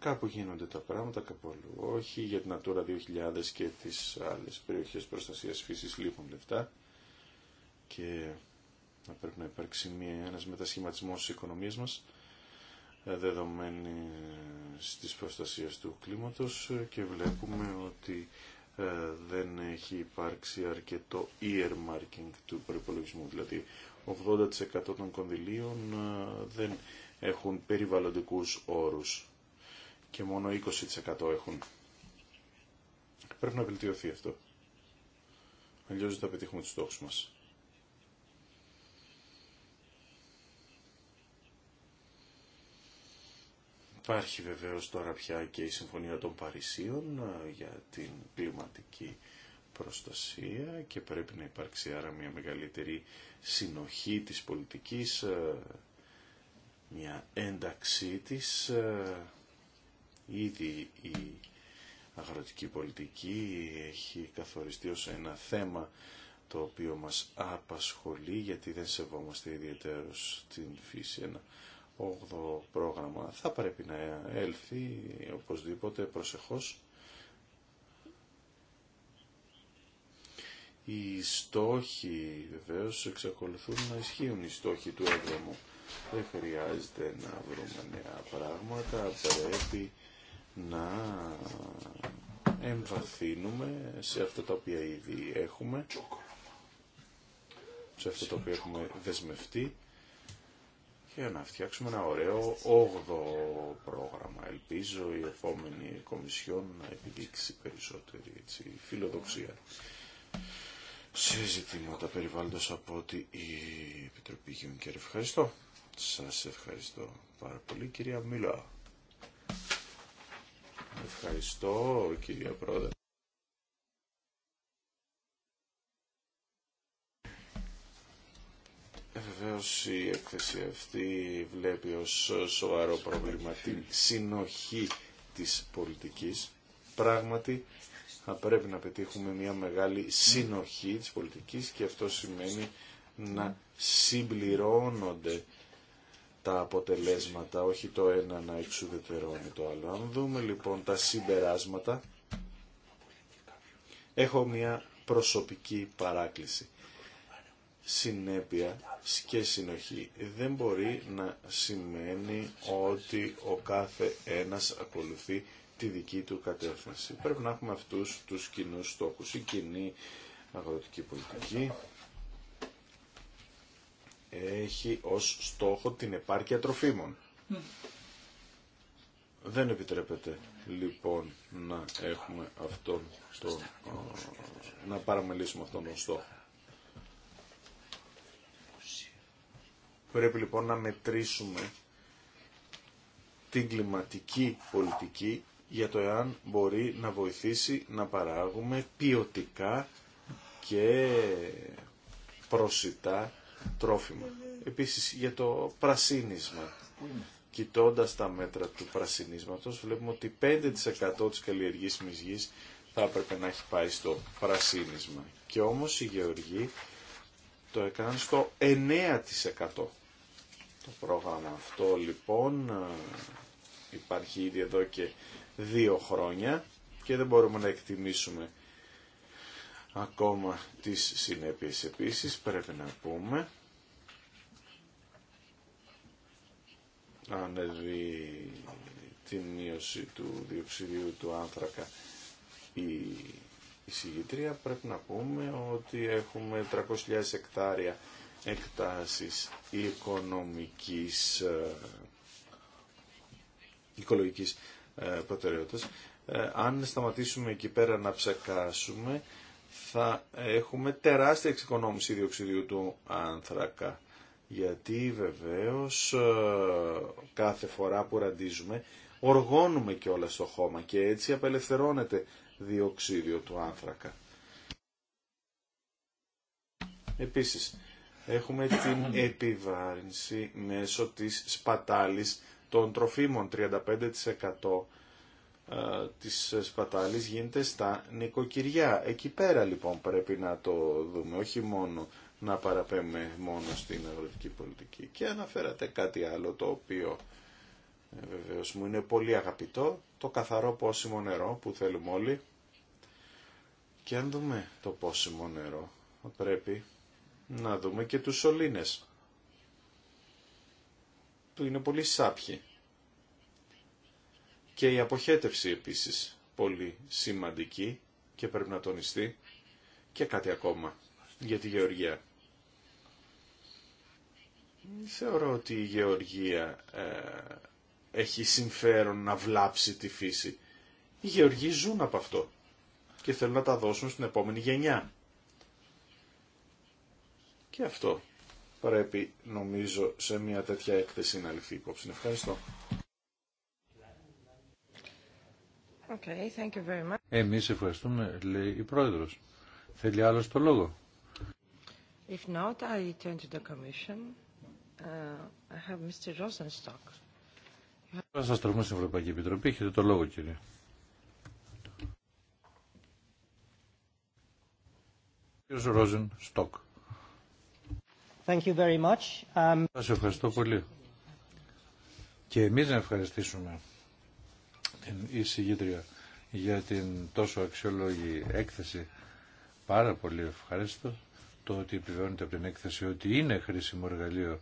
Κάπου γίνονται τα πράγματα, κάπου αλλού. Όχι για την Natura 2000 και τις άλλες περιοχές προστασίας φύσης λείπουν λεφτά και θα πρέπει να υπάρξει μια, ένας μετασχηματισμός της οικονομίας μας ε, δεδομένη της προστασίας του κλίματος ε, και βλέπουμε ότι ε, δεν έχει υπάρξει αρκετό earmarking του προπολογισμού. Δηλαδή 80% των κονδυλίων δεν έχουν περιβαλλοντικούς όρους και μόνο 20% έχουν. Πρέπει να βελτιωθεί αυτό. Αλλιώς δεν θα πετύχουμε τους στόχους μας. Υπάρχει βεβαίως τώρα πια και η Συμφωνία των Παρισίων ε, για την κλιματική προστασία και πρέπει να υπάρξει άρα μια μεγαλύτερη συνοχή της πολιτικής, ε, μια ένταξή της ε, Ήδη η αγροτική πολιτική έχει καθοριστεί ως ένα θέμα το οποίο μας απασχολεί γιατί δεν σεβόμαστε ιδιαίτερως την φύση. Ένα πρόγραμμα θα πρέπει να έλθει οπωσδήποτε προσεχώς. Οι στόχοι βεβαίω εξακολουθούν να ισχύουν οι στόχοι του έβδομου. Δεν χρειάζεται να βρούμε νέα πράγματα, πρέπει να εμβαθύνουμε σε αυτά τα οποία ήδη έχουμε, σε αυτό το οποίο έχουμε δεσμευτεί και να φτιάξουμε ένα ωραίο πρόγραμμα. Ελπίζω η επόμενη Κομισιόν να επιδείξει περισσότερη έτσι, φιλοδοξία σε ζητήματα περιβάλλοντος από ότι η Επιτροπή Γιούνκερ. Ευχαριστώ. Σας ευχαριστώ πάρα πολύ κυρία Μιλά. Ευχαριστώ κύριε Πρόεδρε. Ε, Βεβαίω η έκθεση αυτή βλέπει ως σοβαρό πρόβλημα την συνοχή της πολιτικής. Πράγματι θα πρέπει να πετύχουμε μια μεγάλη συνοχή της πολιτικής και αυτό σημαίνει να συμπληρώνονται τα αποτελέσματα, όχι το ένα να εξουδετερώνει το άλλο. Αν δούμε λοιπόν τα συμπεράσματα, έχω μια προσωπική παράκληση. Συνέπεια και συνοχή δεν μπορεί να σημαίνει ότι ο κάθε ένας ακολουθεί τη δική του κατεύθυνση. Πρέπει να έχουμε αυτούς τους κοινούς στόχους, η κοινή αγροτική πολιτική, έχει ως στόχο την επάρκεια τροφίμων. Δεν επιτρέπεται λοιπόν να έχουμε αυτόν τον, να παραμελήσουμε αυτόν τον στόχο. Πρέπει λοιπόν να μετρήσουμε την κλιματική πολιτική για το εάν μπορεί να βοηθήσει να παράγουμε ποιοτικά και προσιτά τρόφιμα. Επίσης για το πρασίνισμα. Κοιτώντας τα μέτρα του πρασινίσματος βλέπουμε ότι 5% της καλλιεργήσιμης γης θα έπρεπε να έχει πάει στο πρασίνισμα. Και όμως οι γεωργοί το έκαναν στο 9%. Το πρόγραμμα αυτό λοιπόν υπάρχει ήδη εδώ και δύο χρόνια και δεν μπορούμε να εκτιμήσουμε ακόμα τις συνέπειες. Επίσης πρέπει να πούμε, αν την τη μείωση του διοξιδίου του άνθρακα η εισηγητρία, πρέπει να πούμε ότι έχουμε 300.000 εκτάρια εκτάσεις οικονομικής ε, οικολογικής ε, προτεραιότητας. Ε, αν σταματήσουμε εκεί πέρα να ψεκάσουμε, θα έχουμε τεράστια εξοικονόμηση διοξιδίου του άνθρακα. Γιατί βεβαίως ε, κάθε φορά που ραντίζουμε οργώνουμε και όλα στο χώμα και έτσι απελευθερώνεται διοξίδιο του άνθρακα. Επίσης, έχουμε την επιβάρυνση μέσω της σπατάλης των τροφίμων 35% ε, της σπατάλης γίνεται στα νοικοκυριά. Εκεί πέρα λοιπόν πρέπει να το δούμε, όχι μόνο να παραπεμε μόνο στην αγροτική πολιτική. Και αναφέρατε κάτι άλλο το οποίο ε, βεβαίως μου είναι πολύ αγαπητό, το καθαρό πόσιμο νερό που θέλουμε όλοι. Και αν δούμε το πόσιμο νερό, πρέπει να δούμε και τους σωλήνες, που είναι πολύ σάπιοι. Και η αποχέτευση επίσης πολύ σημαντική και πρέπει να τονιστεί και κάτι ακόμα για τη γεωργία. Θεωρώ ότι η γεωργία ε, έχει συμφέρον να βλάψει τη φύση. Οι γεωργοί ζουν από αυτό και θέλουν να τα δώσουν στην επόμενη γενιά. Και αυτό πρέπει νομίζω σε μια τέτοια έκθεση να ληφθεί υπόψη. Ευχαριστώ. Okay, thank you very much. Εμείς ευχαριστούμε, λέει η Πρόεδρος. Θέλει άλλο το λόγο. If not, I turn to the Commission. Uh, I have Mr. Rosenstock. Θα σας τροφούμε στην Ευρωπαϊκή Επιτροπή. Έχετε το λόγο, κύριε. Κύριε Ρόζεν Στοκ. Thank you very much. Um... Σας ευχαριστώ πολύ. Και εμείς να ευχαριστήσουμε την εισηγήτρια για την τόσο αξιόλογη έκθεση. Πάρα πολύ ευχαριστώ το ότι επιβεβαιώνεται από την έκθεση ότι είναι χρήσιμο εργαλείο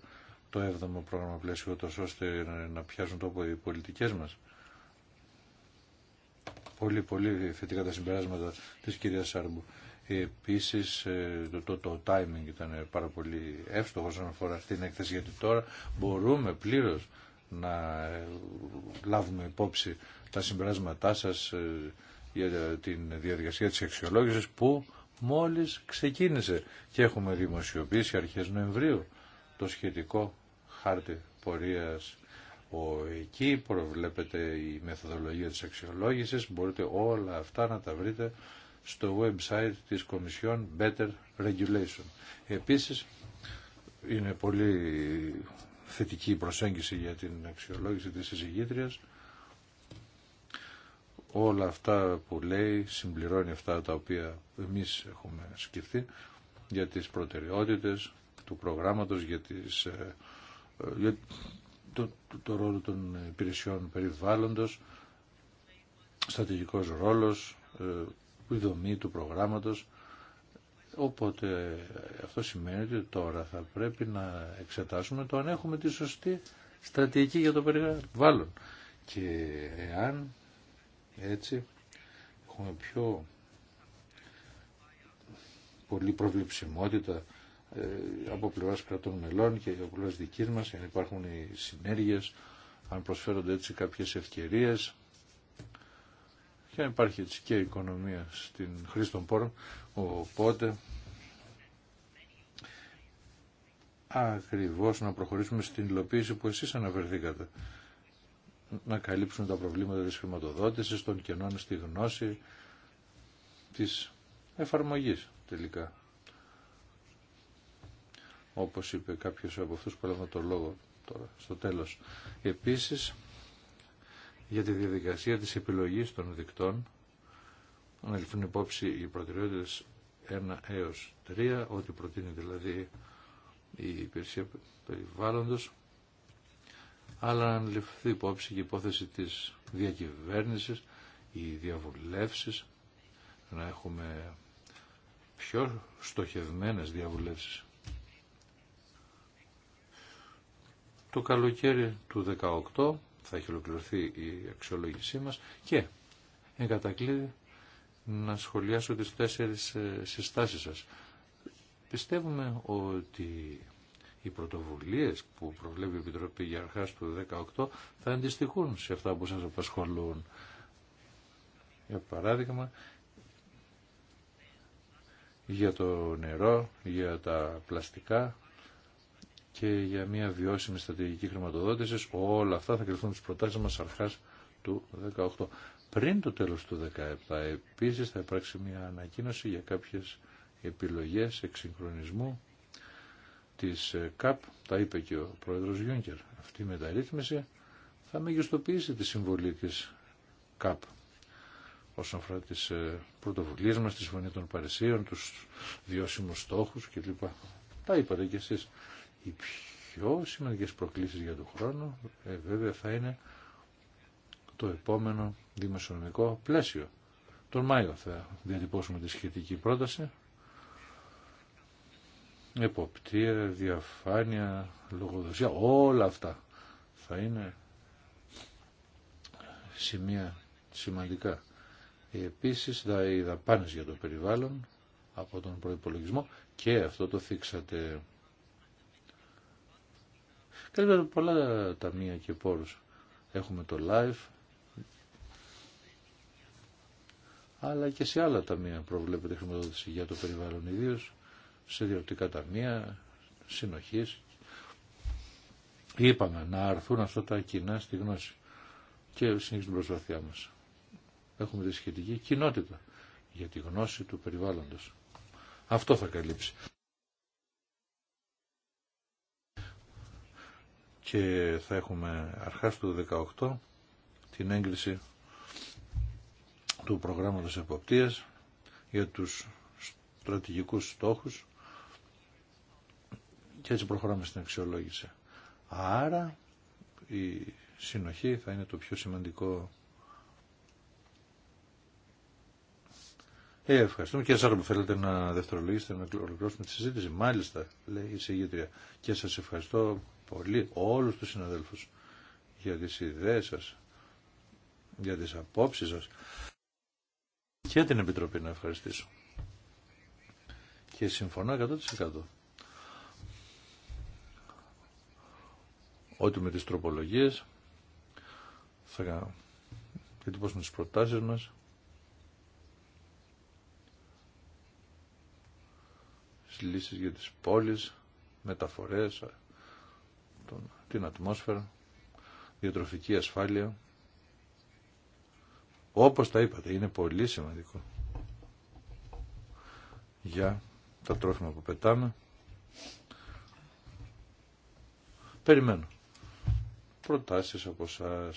το 7ο πρόγραμμα πλαίσιο τόσο ώστε να πιάσουν τόπο οι πολιτικέ μα. Πολύ πολύ θετικά τα συμπεράσματα της κυρίας Σάρμπου. Επίση ε, το, το, το timing ήταν πάρα πολύ εύστοχο όσον αφορά αυτή την έκθεση γιατί τώρα μπορούμε πλήρω να ε, λάβουμε υπόψη τα συμπεράσματά σας ε, για τη διαδικασία της αξιολόγησης που μόλις ξεκίνησε και έχουμε δημοσιοποιήσει αρχές Νοεμβρίου το σχετικό χάρτη πορείας ο εκεί προβλέπεται η μεθοδολογία της αξιολόγησης μπορείτε όλα αυτά να τα βρείτε στο website της Κομισιόν Better Regulation επίσης είναι πολύ θετική η προσέγγιση για την αξιολόγηση της εισηγήτριας όλα αυτά που λέει συμπληρώνει αυτά τα οποία εμείς έχουμε σκεφτεί για τις προτεραιότητες του προγράμματος, για, τις, ε, ε, για το, το, το ρόλο των υπηρεσιών περιβάλλοντος, στρατηγικός ρόλος, ε, η δομή του προγράμματος. Οπότε αυτό σημαίνει ότι τώρα θα πρέπει να εξετάσουμε το αν έχουμε τη σωστή στρατηγική για το περιβάλλον. Και εάν έτσι έχουμε πιο πολύ προβληψιμότητα ε, από πλευράς κρατών μελών και από πλευράς δικής μας, αν υπάρχουν οι συνέργειες, αν προσφέρονται έτσι κάποιες ευκαιρίες και αν υπάρχει έτσι και οικονομία στην χρήση των πόρων, οπότε ακριβώς να προχωρήσουμε στην υλοποίηση που εσείς αναφερθήκατε να καλύψουν τα προβλήματα της χρηματοδότησης, των κενών στη γνώση, της εφαρμογής τελικά. Όπως είπε κάποιος από αυτούς που έλαβαν το λόγο τώρα στο τέλος. Επίσης, για τη διαδικασία της επιλογής των δικτών, να ληφθούν υπόψη οι προτεραιότητες 1 έως 3, ό,τι προτείνει δηλαδή η υπηρεσία περιβάλλοντος, αλλά αν ληφθεί υπόψη και υπόθεση της διακυβέρνησης, ή διαβουλεύσεις, να έχουμε πιο στοχευμένες διαβουλεύσεις. Το καλοκαίρι του 18 θα έχει η αξιολόγησή μας και εν να σχολιάσω τις τέσσερις ε, συστάσεις σας. Πιστεύουμε ότι οι πρωτοβουλίες που προβλέπει η Επιτροπή για αρχάς του 2018 θα αντιστοιχούν σε αυτά που σας απασχολούν. Για παράδειγμα, για το νερό, για τα πλαστικά και για μια βιώσιμη στρατηγική χρηματοδότηση. Όλα αυτά θα κρυφθούν τις προτάσεις μας αρχάς του 2018. Πριν το τέλος του 2017 επίσης θα υπάρξει μια ανακοίνωση για κάποιες επιλογές εξυγχρονισμού της ε, ΚΑΠ, τα είπε και ο πρόεδρος Γιούνκερ, αυτή η μεταρρύθμιση θα μεγιστοποιήσει τη συμβολή της ΚΑΠ όσον αφορά τις ε, πρωτοβουλίες μας, τη Συμφωνία των Παρισίων, τους διώσιμους στόχους κλπ. Τα είπατε κι εσείς. Οι πιο σημαντικές προκλήσεις για τον χρόνο ε, βέβαια θα είναι το επόμενο δημοσιονομικό πλαίσιο. Τον Μάιο θα διατυπώσουμε τη σχετική πρόταση εποπτεία, διαφάνεια, λογοδοσία, όλα αυτά θα είναι σημεία σημαντικά. Επίσης, θα οι δαπάνες για το περιβάλλον από τον προϋπολογισμό και αυτό το θίξατε. Καλύτερα πολλά ταμεία και πόρους. Έχουμε το live, αλλά και σε άλλα ταμεία προβλέπεται χρηματοδότηση για το περιβάλλον ιδίως σε διοπτικά ταμεία, συνοχής. Είπαμε να αρθούν αυτά τα κοινά στη γνώση και συνεχίζει την προσπάθειά μας. Έχουμε τη σχετική κοινότητα για τη γνώση του περιβάλλοντος. Αυτό θα καλύψει. Και θα έχουμε αρχάς του 18 την έγκριση του προγράμματος εποπτείας για τους στρατηγικούς στόχους και έτσι προχωράμε στην αξιολόγηση. Άρα η συνοχή θα είναι το πιο σημαντικό. Ε, ευχαριστούμε. Και σας που θέλετε να δευτερολογήσετε, να ολοκληρώσουμε τη συζήτηση. Μάλιστα, λέει η συγγήτρια. Και σας ευχαριστώ πολύ όλους τους συναδέλφους για τις ιδέες σας, για τις απόψεις σας και την Επιτροπή να ευχαριστήσω. Και συμφωνώ 100%. ότι με τις τροπολογίες θα εντυπώσουμε τις προτάσεις μας τις λύσεις για τις πόλεις, μεταφορές, τον, την ατμόσφαιρα, διατροφική ασφάλεια. Όπως τα είπατε, είναι πολύ σημαντικό για τα τρόφιμα που πετάμε. Περιμένω προτάσεις από εσά.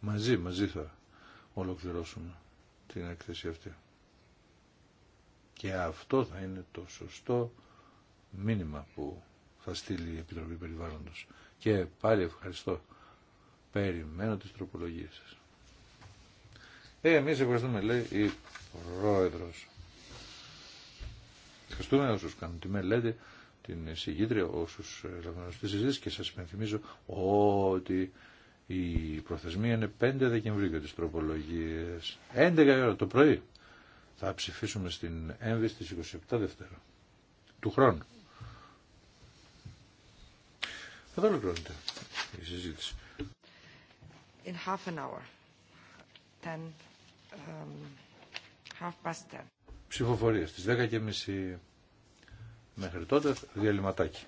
Μαζί, μαζί θα ολοκληρώσουμε την έκθεση αυτή. Και αυτό θα είναι το σωστό μήνυμα που θα στείλει η Επιτροπή Περιβάλλοντος. Και πάλι ευχαριστώ. Περιμένω τις τροπολογίες σας. Ε, εμείς ευχαριστούμε, λέει η Πρόεδρος. Ευχαριστούμε όσους κάνουν τη μελέτη την συγκίτρια, όσους λαμβάνουν στη συζήτηση και σας υπενθυμίζω ότι η προθεσμία είναι 5 Δεκεμβρίου για τις τροπολογίες. 11 ώρα το πρωί θα ψηφίσουμε στην ΕΜΒΗ στις 27 Δευτέρα του χρόνου. Εδώ ολοκληρώνεται η συζήτηση. In half an hour. Ten, um, half past ten. Ψηφοφορία στις 10.30. Μέχρι τότε διαλυματάκι.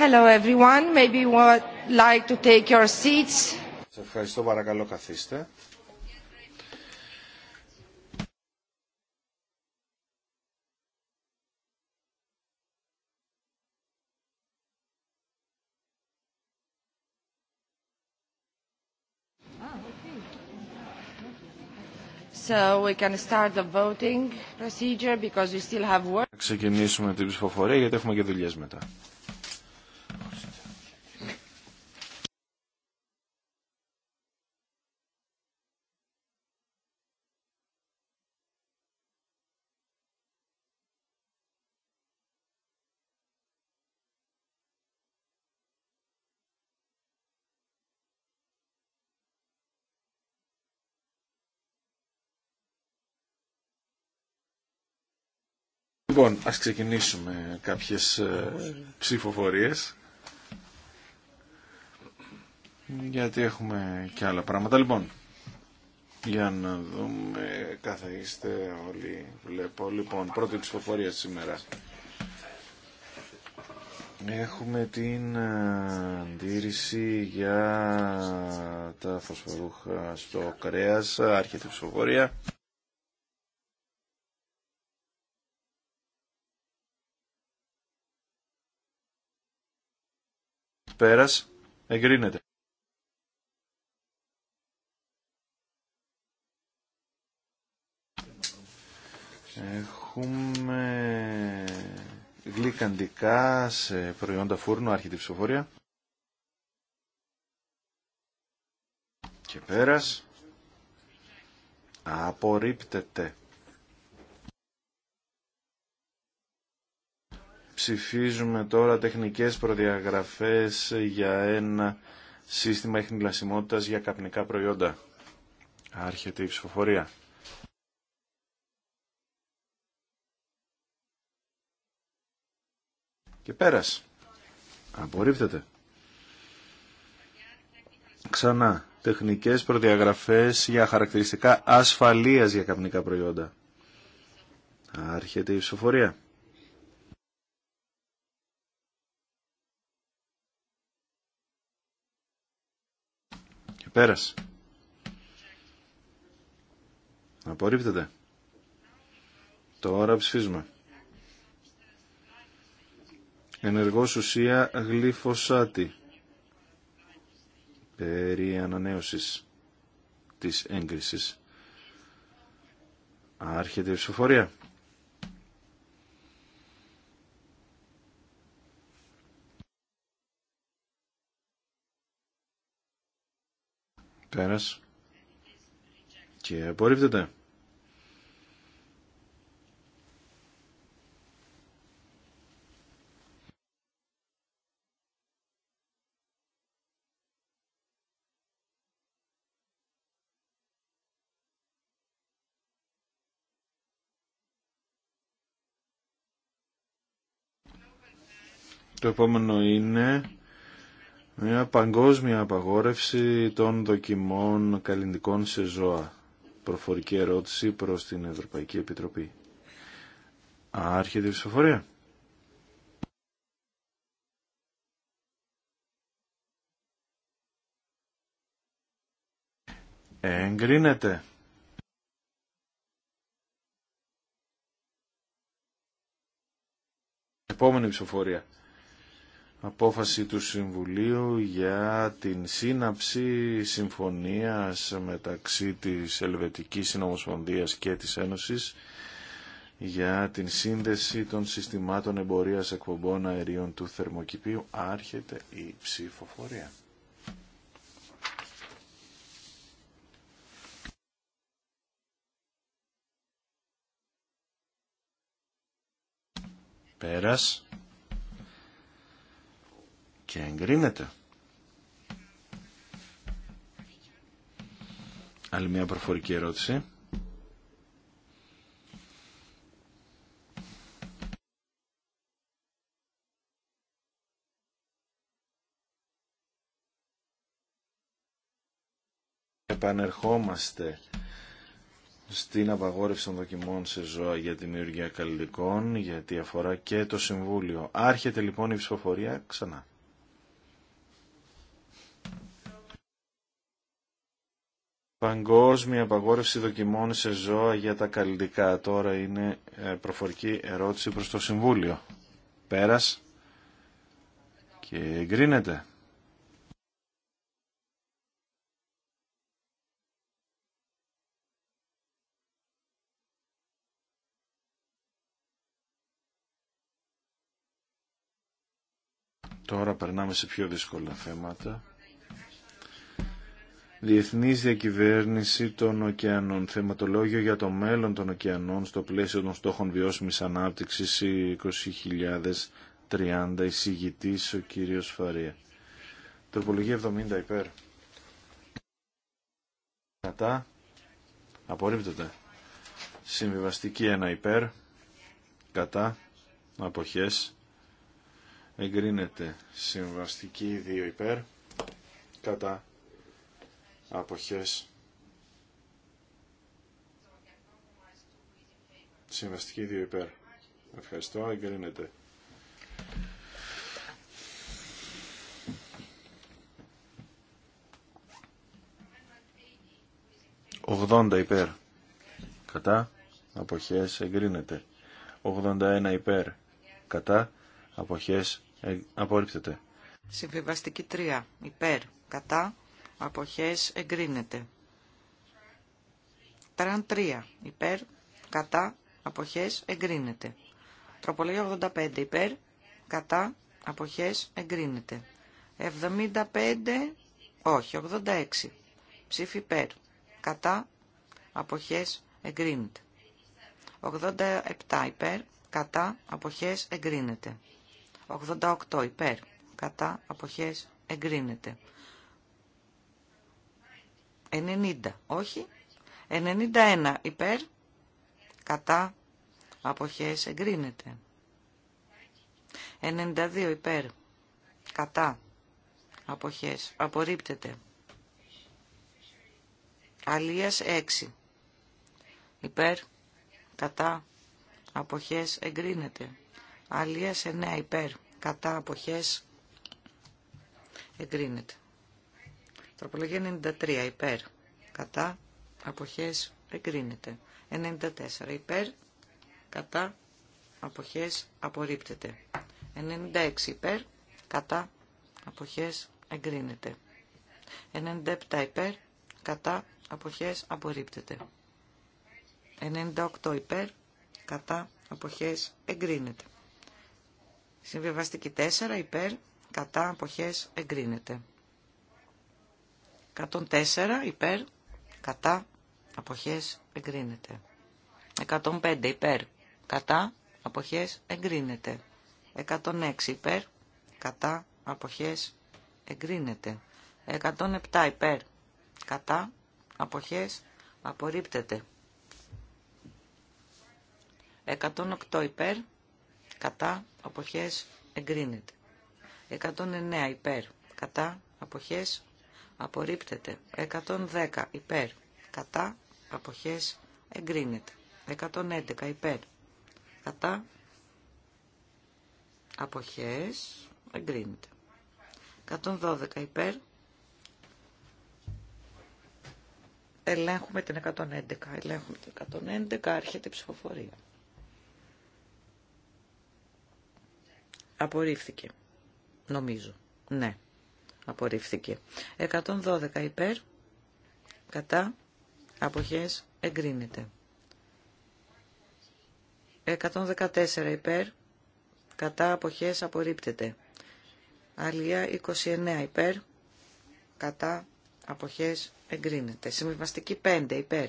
Hello everyone. Maybe you would like to take your seats. Σας ευχαριστώ παρακαλώ καθίστε. So we can start the voting procedure because we still have work. Ξεκινήσουμε την ψηφοφορία γιατί έχουμε και δουλειές μετά. ξεκινήσουμε κάποιες ε, ψηφοφορίες γιατί έχουμε και άλλα πράγματα. Λοιπόν, για να δούμε κάθε είστε όλοι βλέπω. Λοιπόν, πρώτη ψηφοφορία σήμερα. Έχουμε την ε, αντίρρηση για τα φωσφορούχα στο κρέας, άρχεται η ψηφοφορία. Πέρας. Εγκρίνεται. Έχουμε γλυκαντικά σε προϊόντα φούρνου, άρχιτη ψηφοφορία. Και πέρας. Απορρίπτεται. ψηφίζουμε τώρα τεχνικές προδιαγραφές για ένα σύστημα εχνηλασιμότητας για καπνικά προϊόντα. Άρχεται η ψηφοφορία. Και πέρας. Απορρίπτεται. Ξανά. Τεχνικές προδιαγραφές για χαρακτηριστικά ασφαλείας για καπνικά προϊόντα. Άρχεται η ψηφοφορία. Πέρασε. Απορρίπτεται. Τώρα ψηφίζουμε. Ενεργός ουσία γλυφοσάτη. Περί ανανέωσης της έγκρισης. Άρχεται η ψηφοφορία. και απορρίπτεται. Το επόμενο είναι μια παγκόσμια απαγόρευση των δοκιμών καλλιντικών σε ζώα. Προφορική ερώτηση προς την Ευρωπαϊκή Επιτροπή. Άρχεται η ψηφοφορία. Εγκρίνεται. Επόμενη ψηφοφορία απόφαση του Συμβουλίου για την σύναψη συμφωνίας μεταξύ της Ελβετικής Συνομοσπονδίας και της Ένωσης για την σύνδεση των συστημάτων εμπορίας εκπομπών αερίων του θερμοκηπίου άρχεται η ψηφοφορία. Πέρας και εγκρίνεται. Άλλη μια προφορική ερώτηση. Επανερχόμαστε στην απαγόρευση των δοκιμών σε ζώα για τη δημιουργία καλλιτικών, γιατί αφορά και το Συμβούλιο. Άρχεται λοιπόν η ψηφοφορία ξανά. Παγκόσμια απαγόρευση δοκιμών σε ζώα για τα καλλιτικά. Τώρα είναι ε, προφορική ερώτηση προς το Συμβούλιο. Πέρας και εγκρίνεται. Τώρα περνάμε σε πιο δύσκολα θέματα. Διεθνή διακυβέρνηση των ωκεανών, θεματολόγιο για το μέλλον των ωκεανών στο πλαίσιο των στόχων βιώσιμης ανάπτυξης 20.030, Εισηγητή ο κύριος Φαρία. Τροπολογία 70 υπέρ. Κατά. Απορρίπτεται. Συμβιβαστική 1 υπέρ. Κατά. Αποχές. Εγκρίνεται. Συμβιβαστική 2 υπέρ. Κατά αποχές συμβαστική 2 υπέρ ευχαριστώ εγκρίνεται 80 υπέρ. Κατά. Αποχές εγκρίνεται. 81 υπέρ. Κατά. Αποχές ε, απορρίπτεται. Συμβιβαστική 3. Υπέρ. Κατά αποχές εγκρίνεται. Τραν 3 υπέρ, κατά, αποχές εγκρίνεται. Τροπολογία 85 υπέρ, κατά, αποχές εγκρίνεται. 75, όχι, 86 ψήφι υπέρ, κατά, αποχές εγκρίνεται. 87 υπέρ, κατά, αποχές εγκρίνεται. 88 υπέρ, κατά, αποχές εγκρίνεται. 90, όχι. 91 υπέρ, κατά, αποχές εγκρίνεται. 92 υπέρ, κατά, αποχές, απορρίπτεται. Αλίας 6 υπέρ, κατά, αποχές εγκρίνεται. Αλίας 9 υπέρ, κατά, αποχές εγκρίνεται. Τροπολογία 93 υπέρ. Κατά αποχές εγκρίνεται. 94 υπέρ. Κατά αποχές απορρίπτεται. 96 υπέρ. Κατά αποχές εγκρίνεται. 97 υπέρ. Κατά αποχές απορρίπτεται. 98 υπέρ. Κατά αποχές εγκρίνεται. Συμβιβαστική 4 υπέρ. Κατά αποχές εγκρίνεται. 104 υπέρ, κατά, αποχές, εγκρίνεται. 105 υπέρ, κατά, αποχές, εγκρίνεται. 106 υπέρ, κατά, αποχές, εγκρίνεται. 107 υπέρ, κατά, αποχές, απορρίπτεται. 108 υπέρ, κατά, αποχές, εγκρίνεται. 109 υπέρ, κατά, αποχές, απορρίπτεται. 110 υπέρ, κατά, αποχές, εγκρίνεται. 111 υπέρ, κατά, αποχές, εγκρίνεται. 112 υπέρ, ελέγχουμε την 111, ελέγχουμε την 111, άρχεται η ψηφοφορία. Απορρίφθηκε, νομίζω, ναι απορρίφθηκε. 112 υπέρ, κατά, αποχές, εγκρίνεται. 114 υπέρ, κατά, αποχές, απορρίπτεται. Αλία 29 υπέρ, κατά, αποχές, εγκρίνεται. Συμβιβαστική 5 υπέρ,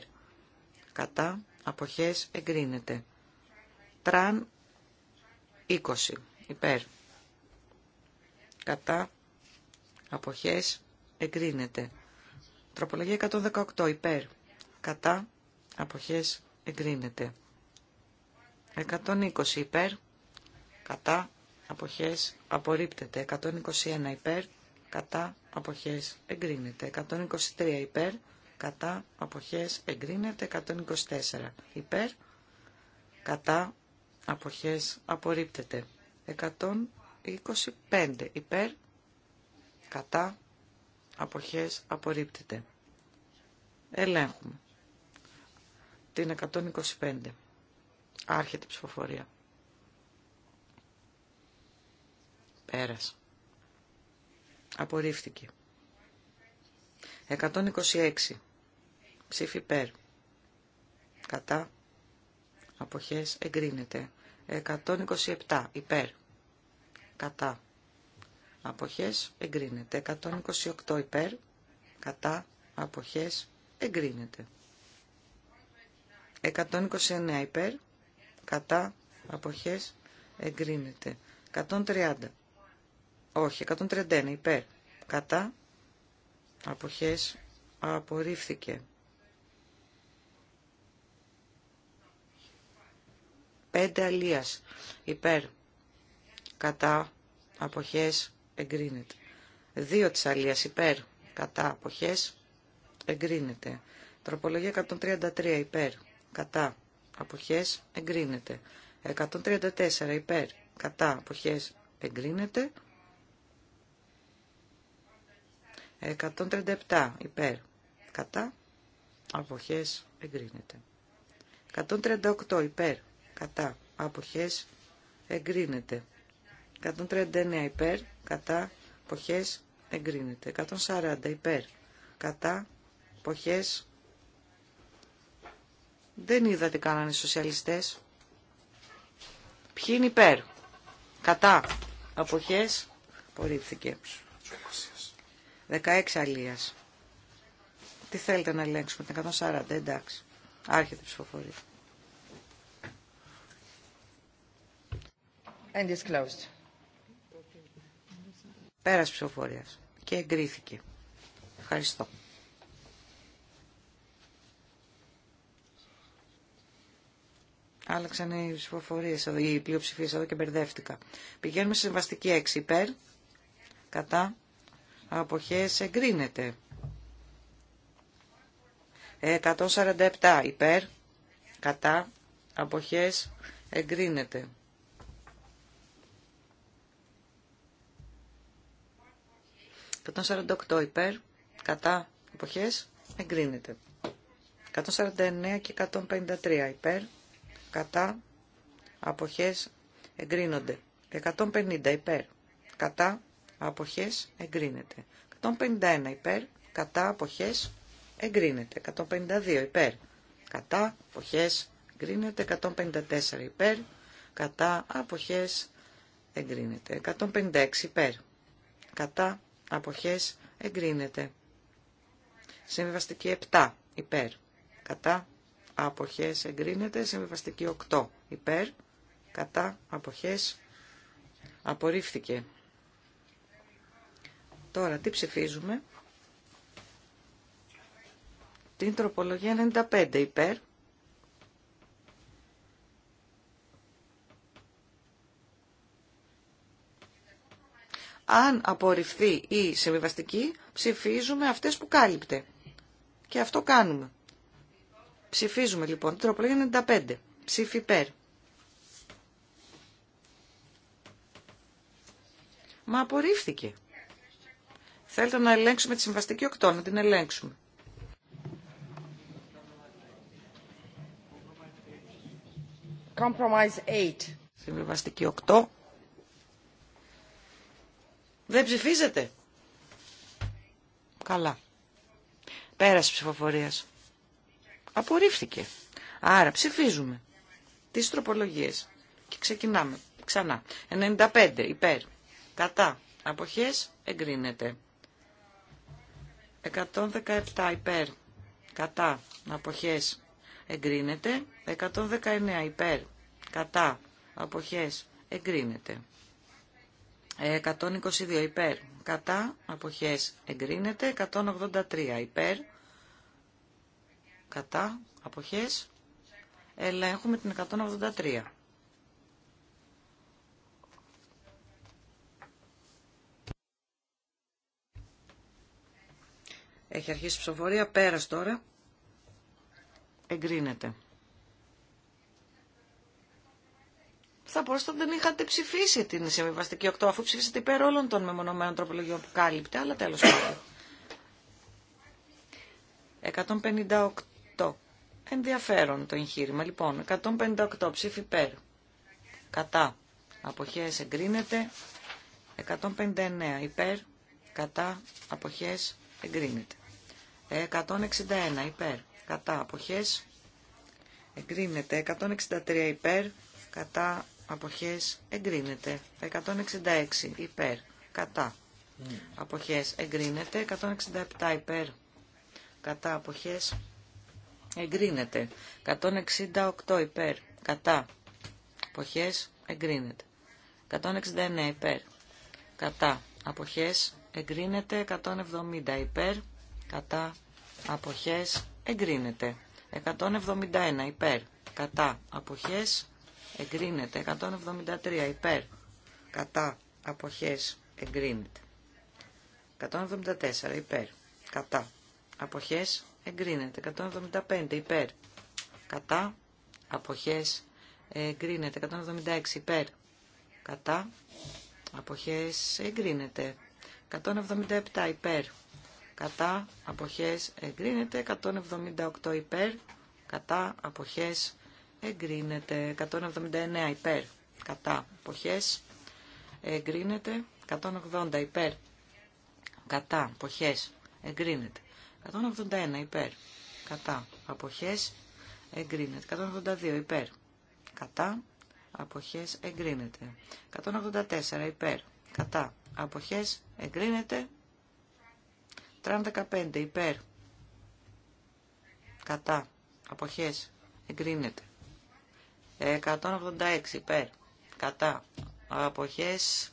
κατά, αποχές, εγκρίνεται. Τραν 20 υπέρ, κατά, αποχές εγκρίνεται. Τροπολογία 118 υπέρ, κατά, αποχές εγκρίνεται. 120 υπέρ, κατά, αποχές απορρίπτεται. 121 υπέρ, κατά, αποχές εγκρίνεται. 123 υπέρ, κατά, αποχές εγκρίνεται. 124 υπέρ, κατά, αποχές απορρίπτεται. 125 υπέρ, κατά, αποχές, απορρίπτεται. Ελέγχουμε. Την 125. Άρχεται η ψηφοφορία. Πέρας. Απορρίφθηκε. 126. Ψήφι υπέρ. Κατά. Αποχές εγκρίνεται. 127. Υπέρ. Κατά αποχές εγκρίνεται. 128 υπέρ, κατά, αποχές εγκρίνεται. 129 υπέρ, κατά, αποχές εγκρίνεται. 130, όχι, 131 υπέρ, κατά, αποχές απορρίφθηκε. 5 αλίας υπέρ, κατά, αποχές εγκρίνεται. 2 της αλίας υπέρ κατά αποχές εγκρίνεται. Τροπολογία 133 υπέρ κατά αποχές εγκρίνεται. 134 υπέρ κατά αποχές εγκρίνεται. 137 υπέρ κατά αποχές εγκρίνεται. 138 υπέρ κατά αποχές εγκρίνεται. 139 υπέρ κατά ποχές εγκρίνεται. 140 υπέρ κατά ποχές δεν είδα τι κάνανε οι σοσιαλιστές. Ποιοι είναι υπέρ. Κατά. Αποχές. Απορρίφθηκε. 16 αλίας. Τι θέλετε να ελέγξουμε, την 140, εντάξει. Άρχεται η ψηφοφορία. And is closed. Πέρας ψηφοφορίας. Και εγκρίθηκε. Ευχαριστώ. Άλλαξαν οι ψηφοφορίε, οι πλειοψηφίε εδώ και μπερδεύτηκα. Πηγαίνουμε σε συμβαστική 6 υπέρ. Κατά. Αποχέ εγκρίνεται. 147 υπέρ. Κατά. Αποχέ εγκρίνεται. 148 υπέρ, κατά, εποχές, εγκρίνεται. 149 και 153 υπέρ, κατά, αποχές, εγκρίνονται. 150 υπέρ, κατά, αποχές, εγκρίνεται. 151 υπέρ, κατά, εποχές εγκρίνεται. 152 υπέρ, κατά, αποχές, εγκρίνεται. 154 υπέρ, κατά, αποχές, εγκρίνεται. 156 υπέρ, κατά, αποχές εγκρίνεται. Συμβιβαστική 7 υπέρ κατά αποχές εγκρίνεται. Συμβιβαστική 8 υπέρ κατά αποχές απορρίφθηκε. Τώρα τι ψηφίζουμε. Την τροπολογία 95 υπέρ αν απορριφθεί η συμβιβαστική, ψηφίζουμε αυτές που κάλυπτε. Και αυτό κάνουμε. Ψηφίζουμε λοιπόν. Τροπολογία 95. Ψήφι υπέρ. Μα απορρίφθηκε. Θέλετε να ελέγξουμε τη συμβαστική 8, να την ελέγξουμε. Compromise 8. Συμβιβαστική 8. Δεν ψηφίζετε. Καλά. Πέρασε ψηφοφορία. Απορρίφθηκε. Άρα ψηφίζουμε τις τροπολογίες. Και ξεκινάμε ξανά. 95 υπέρ. Κατά. Αποχές εγκρίνεται. 117 υπέρ. Κατά. Αποχές εγκρίνεται. 119 υπέρ. Κατά. Αποχές εγκρίνεται. 122 υπέρ. Κατά αποχές εγκρίνεται. 183 υπέρ. Κατά αποχές ελέγχουμε την 183. Έχει αρχίσει η ψηφοφορία, πέρας τώρα, εγκρίνεται. θα μπορούσατε να δεν είχατε ψηφίσει την συμβιβαστική 8, αφού ψηφίσατε υπέρ όλων των μεμονωμένων τροπολογιών που κάλυπτε, αλλά τέλος πάντων. 158. Ενδιαφέρον το εγχείρημα. Λοιπόν, 158 ψήφι υπέρ. Κατά. Αποχές εγκρίνεται. 159 υπέρ. Κατά. Αποχές εγκρίνεται. 161 υπέρ. Κατά. Αποχές εγκρίνεται. 163 υπέρ. Κατά αποχές εγκρίνεται 166 υπέρ κατά αποχές εγκρίνεται 167 υπέρ κατά αποχές εγκρίνεται 168 υπέρ κατά αποχές εγκρίνεται 169 υπέρ κατά αποχές εγκρίνεται 170 υπέρ κατά αποχές εγκρίνεται 171 υπέρ κατά αποχές εγκρίνεται. 173 υπέρ κατά αποχές εγκρίνεται. 174 υπέρ κατά αποχές εγκρίνεται. 175 υπέρ κατά αποχές εγκρίνεται. 176 υπέρ κατά αποχές εγκρίνεται. 177 υπέρ κατά αποχές εγκρίνεται. 178 υπέρ κατά αποχές εγκρίνεται 179 υπέρ κατά αποχές εγκρίνεται 180 υπέρ κατά αποχές εγκρίνεται 181 υπέρ κατά αποχές εγκρίνεται 182 υπέρ κατά αποχές εγκρίνεται 184 υπέρ κατά αποχές εγκρίνεται 315 υπέρ κατά αποχές εγκρίνεται 186 υπέρ. Κατά. Αποχές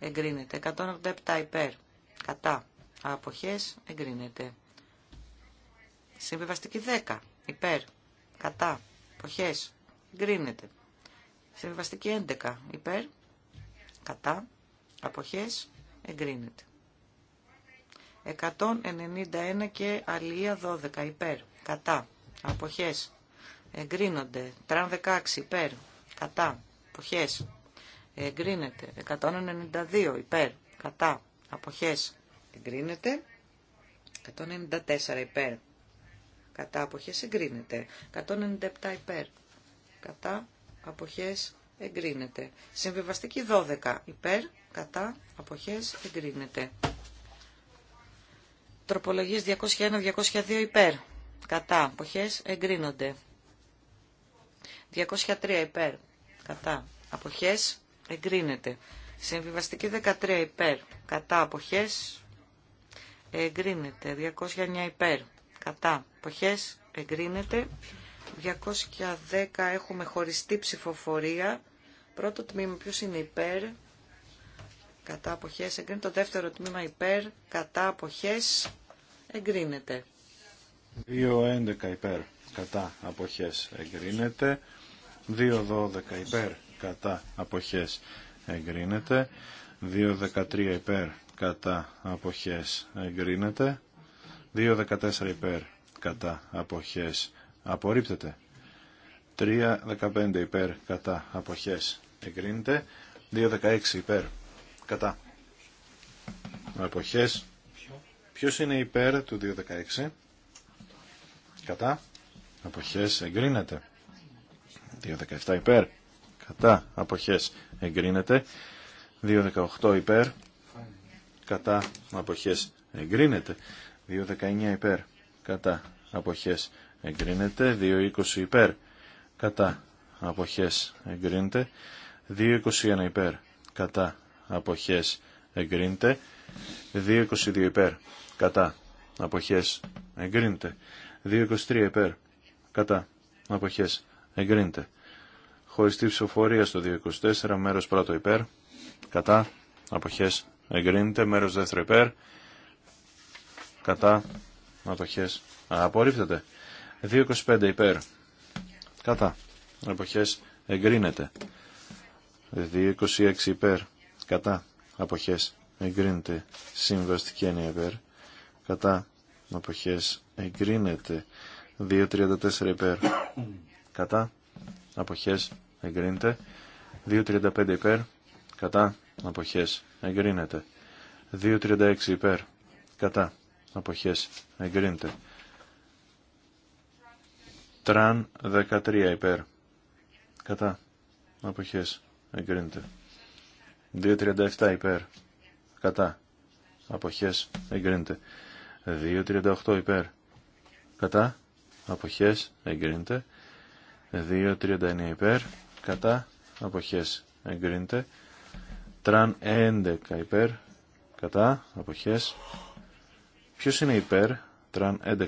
εγκρίνεται. 187 υπέρ. Κατά. Αποχές εγκρίνεται. Συμβιβαστική 10 υπέρ. Κατά. Αποχές εγκρίνεται. Συμβιβαστική 11 υπέρ. Κατά. Αποχές εγκρίνεται. 191 και αλληλεία» 12 υπέρ. Κατά. Αποχές εγκρίνονται. Τραν 16 υπέρ, κατά, αποχές, εγκρίνεται. 192 υπέρ, κατά, αποχές, εγκρίνεται. 194 υπέρ, κατά, αποχές, εγκρίνεται. 197 υπέρ, κατά, αποχές, εγκρίνεται. Συμβιβαστική 12 υπέρ, κατά, αποχές, εγκρίνεται. Τροπολογίες 201-202 υπέρ. Κατά. Αποχές εγκρίνονται. 203 υπέρ. Κατά. Αποχές. Εγκρίνεται. Συμβιβαστική 13 υπέρ. Κατά. Αποχές. Εγκρίνεται. 209 υπέρ. Κατά. Αποχές. Εγκρίνεται. 210 έχουμε χωριστή ψηφοφορία. Πρώτο τμήμα ποιος είναι υπέρ. Κατά αποχές εγκρίνεται. Το δεύτερο τμήμα υπέρ. Κατά αποχές 211 υπέρ κατά αποχές εγκρίνεται 2.12 υπέρ κατά αποχές εγκρίνεται 2.13 υπέρ κατά αποχές εγκρίνεται 2.14 υπέρ κατά αποχές απορρίπτεται 3.15 υπέρ κατά αποχές εγκρίνεται 2.16 υπέρ κατά αποχές ποιος είναι υπέρ του 2.16 κατά αποχές εγκρίνεται 2.17 υπέρ κατά αποχές εγκρίνεται 2.18 υπέρ κατά αποχές εγκρίνεται 2.19 υπέρ κατά αποχές εγκρίνεται 2.20 υπέρ κατά αποχές εγκρίνεται 2.21 υπέρ κατά αποχές εγκρίνεται 2.22 υπέρ κατά αποχές εγκρίνεται 2.23 υπέρ κατά αποχές εγκρίνεται. Χωριστή ψηφοφορία στο 24 μέρος πρώτο υπέρ, κατά αποχές εγκρίνεται, μέρος δεύτερο υπέρ, κατά αποχές απορρίπτεται. 225 υπέρ, κατά αποχές εγκρίνεται. 226 υπέρ, κατά αποχές εγκρίνεται. Συμβαστική έννοια υπέρ, κατά αποχές εγκρίνεται. 2.34 υπέρ. Κατά. Αποχές. Εγκρίνεται. 2.35 υπέρ. Κατά. Αποχές. Εγκρίνεται. 2.36 υπέρ. Κατά. Αποχές. Εγκρίνεται. Τραν 13 υπέρ. Κατά. Αποχές. Εγκρίνεται. 2.37 υπέρ. Κατά. Αποχές. Εγκρίνεται. 2.38 υπέρ. Κατά αποχές εγκρίνεται 2.39 υπέρ κατά αποχές εγκρίνεται τραν 11 υπέρ κατά αποχές ποιος είναι υπέρ τραν 11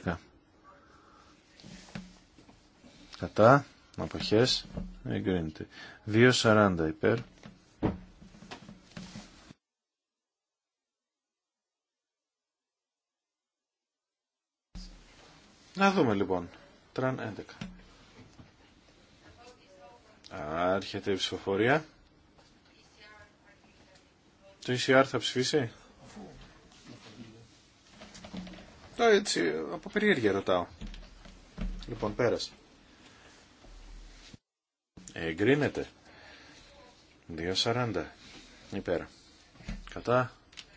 κατά αποχές εγκρίνεται 2.40 υπέρ Να δούμε λοιπόν. Τραν 11. Άρχεται η ψηφοφορία. Το ECR θα ψηφίσει. Το έτσι, από περίεργεια ρωτάω. Λοιπόν, πέρασε. Εγκρίνεται. 2.40. Υπέρ. Κατά.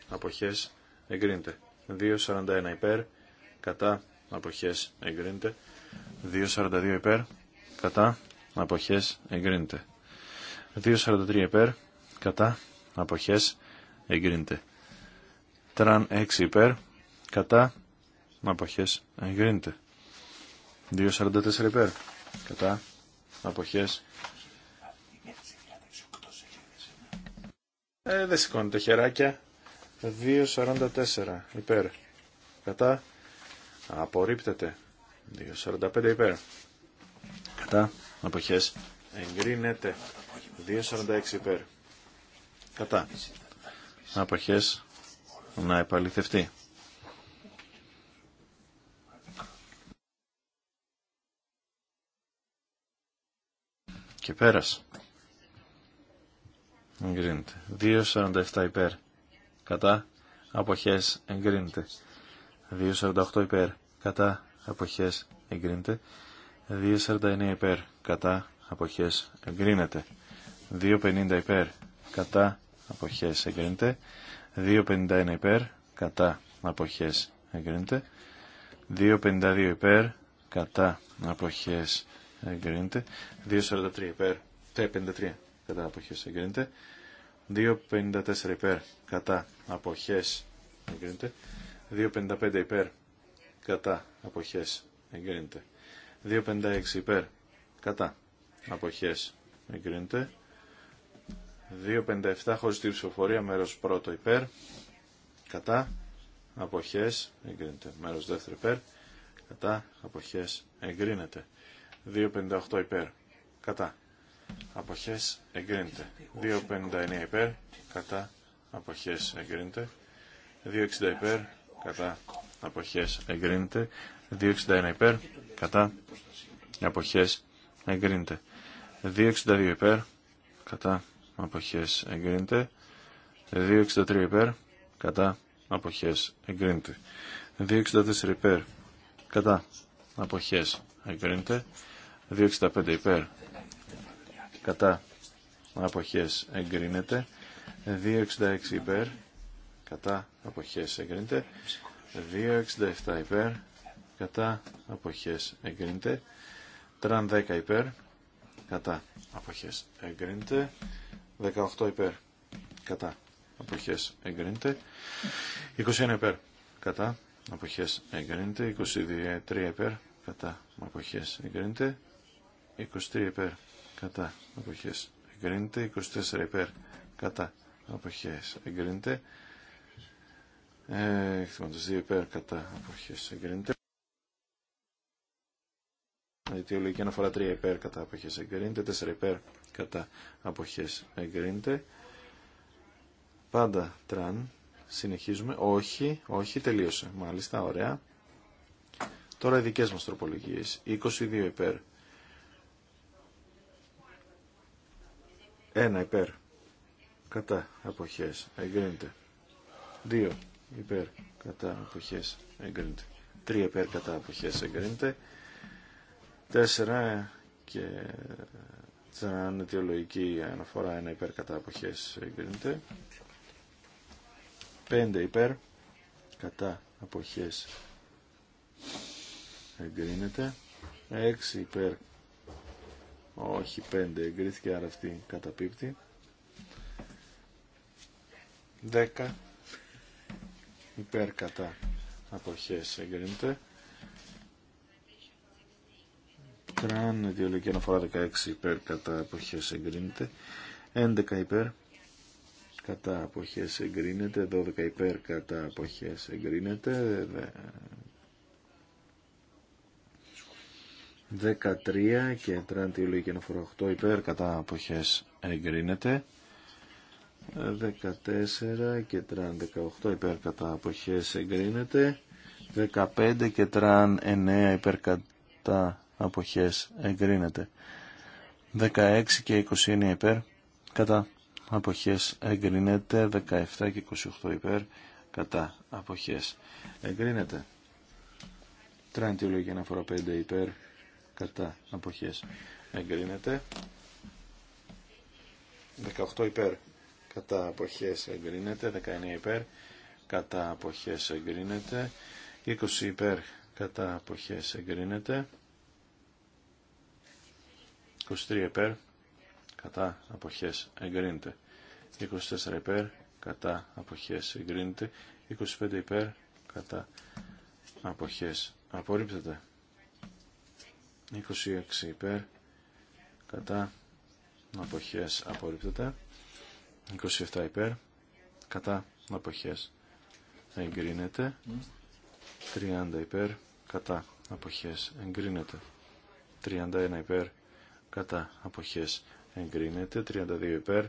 Αποχές. Εγκρίνεται. 2.41 υπέρ. Κατά αποχές εγκρίνεται 2.42 υπέρ κατά αποχές εγκρίνεται 2.43 υπέρ κατά αποχές εγκρίνεται τραν 6 υπέρ κατά αποχές εγκρίνεται 2.44 υπέρ κατά αποχές ε, δεν σηκώνετε χεράκια 2.44 υπέρ κατά απορρίπτεται 2.45 υπέρ κατά αποχές εγκρίνεται 2.46 υπέρ κατά αποχές να επαληθευτεί και πέρας εγκρίνεται 2.47 υπέρ κατά αποχές εγκρίνεται 2.48 υπέρ κατά αποχές εγκρίνεται 2.49 υπέρ κατά αποχές εγκρίνεται 2.50 υπέρ κατά αποχές εγκρίνεται 2.51 υπέρ κατά αποχές εγκρίνεται 2.52 υπέρ κατά αποχές εγκρίνεται 2.43 υπέρ 53 κατά αποχές εγκρίνεται 2.54 υπέρ κατά αποχές εγκρίνεται 2.55 υπέρ κατά αποχές εγκρίνεται. 2.56 υπέρ κατά αποχές εγκρίνεται. 2.57 χωριστή ψηφοφορία μέρος πρώτο υπέρ κατά αποχές εγκρίνεται. Μέρος δεύτερο υπέρ κατά αποχές εγκρίνεται. 2.58 υπέρ κατά αποχές εγκρίνεται. 2.59 υπέρ κατά αποχές εγκρίνεται. 2.60 υπέρ κατά αποχές εγκρίνεται 261 υπέρ κατά αποχές εγκρίνεται 262 υπέρ κατά αποχές εγκρίνεται 263 υπέρ κατά αποχές εγκρίνεται 264 υπέρ κατά αποχές εγκρίνεται 265 υπέρ κατά αποχές εγκρίνεται 266 υπέρ κατά αποχές εγκρίνεται 2.67 υπέρ κατά αποχές εγκρίνεται 3,10 υπέρ κατά αποχές εγκρίνεται 18 υπέρ κατά αποχές εγκρίνεται 21 υπέρ κατά αποχές εγκρίνεται 23 υπέρ κατά αποχές εγκρίνεται 23 υπέρ κατά αποχές εγκρίνεται 24 υπέρ κατά αποχές εγκρίνεται εκτιμώντας 2 υπέρ κατά αποχές εγκρίνεται. Αιτιολογική αναφορά 3 υπέρ κατά αποχές εγκρίνεται, 4 υπέρ κατά αποχές εγκρίνεται. Πάντα τραν, συνεχίζουμε, όχι, όχι, τελείωσε, μάλιστα, ωραία. Τώρα οι δικές μας τροπολογίες, 22 υπέρ, 1 υπέρ, κατά αποχές, εγκρίνεται, 2 υπέρ κατά αποχές εγκρίνεται. 3 υπέρ κατά αποχές εγκρίνεται. 4 και σαν αιτιολογική αναφορά 1 υπέρ κατά αποχές εγκρίνεται. 5 υπέρ κατά αποχές εγκρίνεται. 6 υπέρ όχι 5 εγκρίθηκε άρα αυτή καταπίπτει. 10 υπέρ κατά αποχές εγκρίνεται. Κραν ιδεολογική αναφορά 16 υπέρ κατά αποχές εγκρίνεται. 11 υπέρ κατά αποχές εγκρίνεται. 12 υπέρ κατά αποχές εγκρίνεται. 13 και τραν τη αναφορά 8 υπέρ κατά αποχές εγκρίνεται. 14 και τραν 18 υπέρ κατά αποχές εγκρίνεται 15 και τραν 9 υπέρ κατά αποχές εγκρίνεται 16 και 29 υπέρ κατά αποχές εγκρίνεται 17 και 28 υπέρ κατά αποχές εγκρίνεται τραν τη λογική αναφορά 5 υπέρ κατά αποχές εγκρίνεται 18 υπέρ κατά αποχές εγκρίνεται, 19 υπέρ κατά αποχές εγκρίνεται, 20 υπέρ κατά αποχές εγκρίνεται, 23 υπέρ κατά αποχές εγκρίνεται, 24 υπέρ κατά αποχές εγκρίνεται, 25 υπέρ κατά αποχές απορρίπτεται, 26 υπέρ κατά αποχές απορρίπτεται. 27 υπέρ, κατά αποχές εγκρίνεται. 30 υπέρ, κατά αποχές εγκρίνεται. 31 υπέρ, κατά αποχές εγκρίνεται. 32 υπέρ,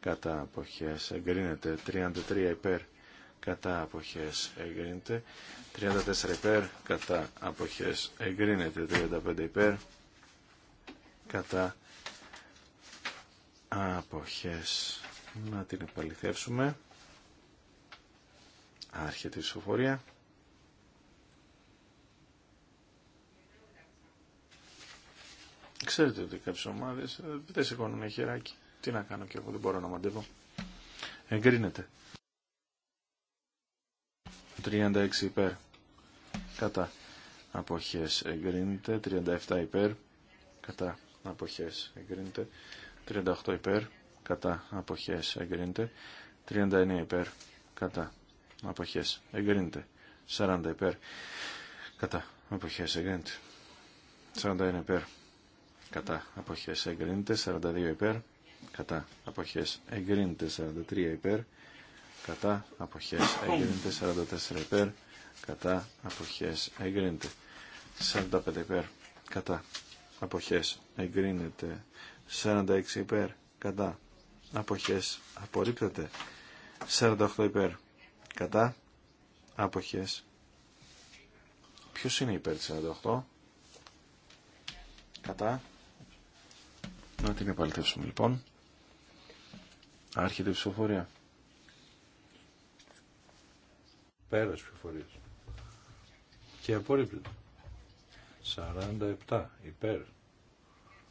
κατά αποχές εγκρίνεται. 33 υπέρ, κατά αποχές εγκρίνεται. 34 υπέρ, κατά αποχές εγκρίνεται. 35 υπέρ, κατά αποχές να την επαληθεύσουμε. Άρχεται η σοφορία. Ξέρετε ότι κάποιες ομάδες ε, δεν σηκώνουν χεράκι. Τι να κάνω και εγώ δεν μπορώ να μαντεύω. Εγκρίνεται. 36 υπέρ. Κατά. Αποχές εγκρίνεται. 37 υπέρ. Κατά. Αποχές εγκρίνεται. 38 υπέρ κατά αποχές εγκρίνεται 39 υπέρ κατά αποχές εγκρίνεται 40 υπέρ κατά αποχές εγκρίνεται 41 υπέρ κατά αποχές εγκρίνεται 42 υπέρ κατά αποχές εγκρίνεται 43 υπέρ κατά αποχές εγκρίνεται 44 υπέρ κατά αποχές εγκρίνεται 45 υπέρ κατά αποχές εγκρίνεται 46 υπέρ κατά αποχές απορρίπτεται 48 υπέρ κατά αποχές ποιος είναι υπέρ 48 κατά να την επαληθεύσουμε λοιπόν άρχεται η ψηφοφορία πέρας ψηφοφορίας και απορρίπτεται 47 υπέρ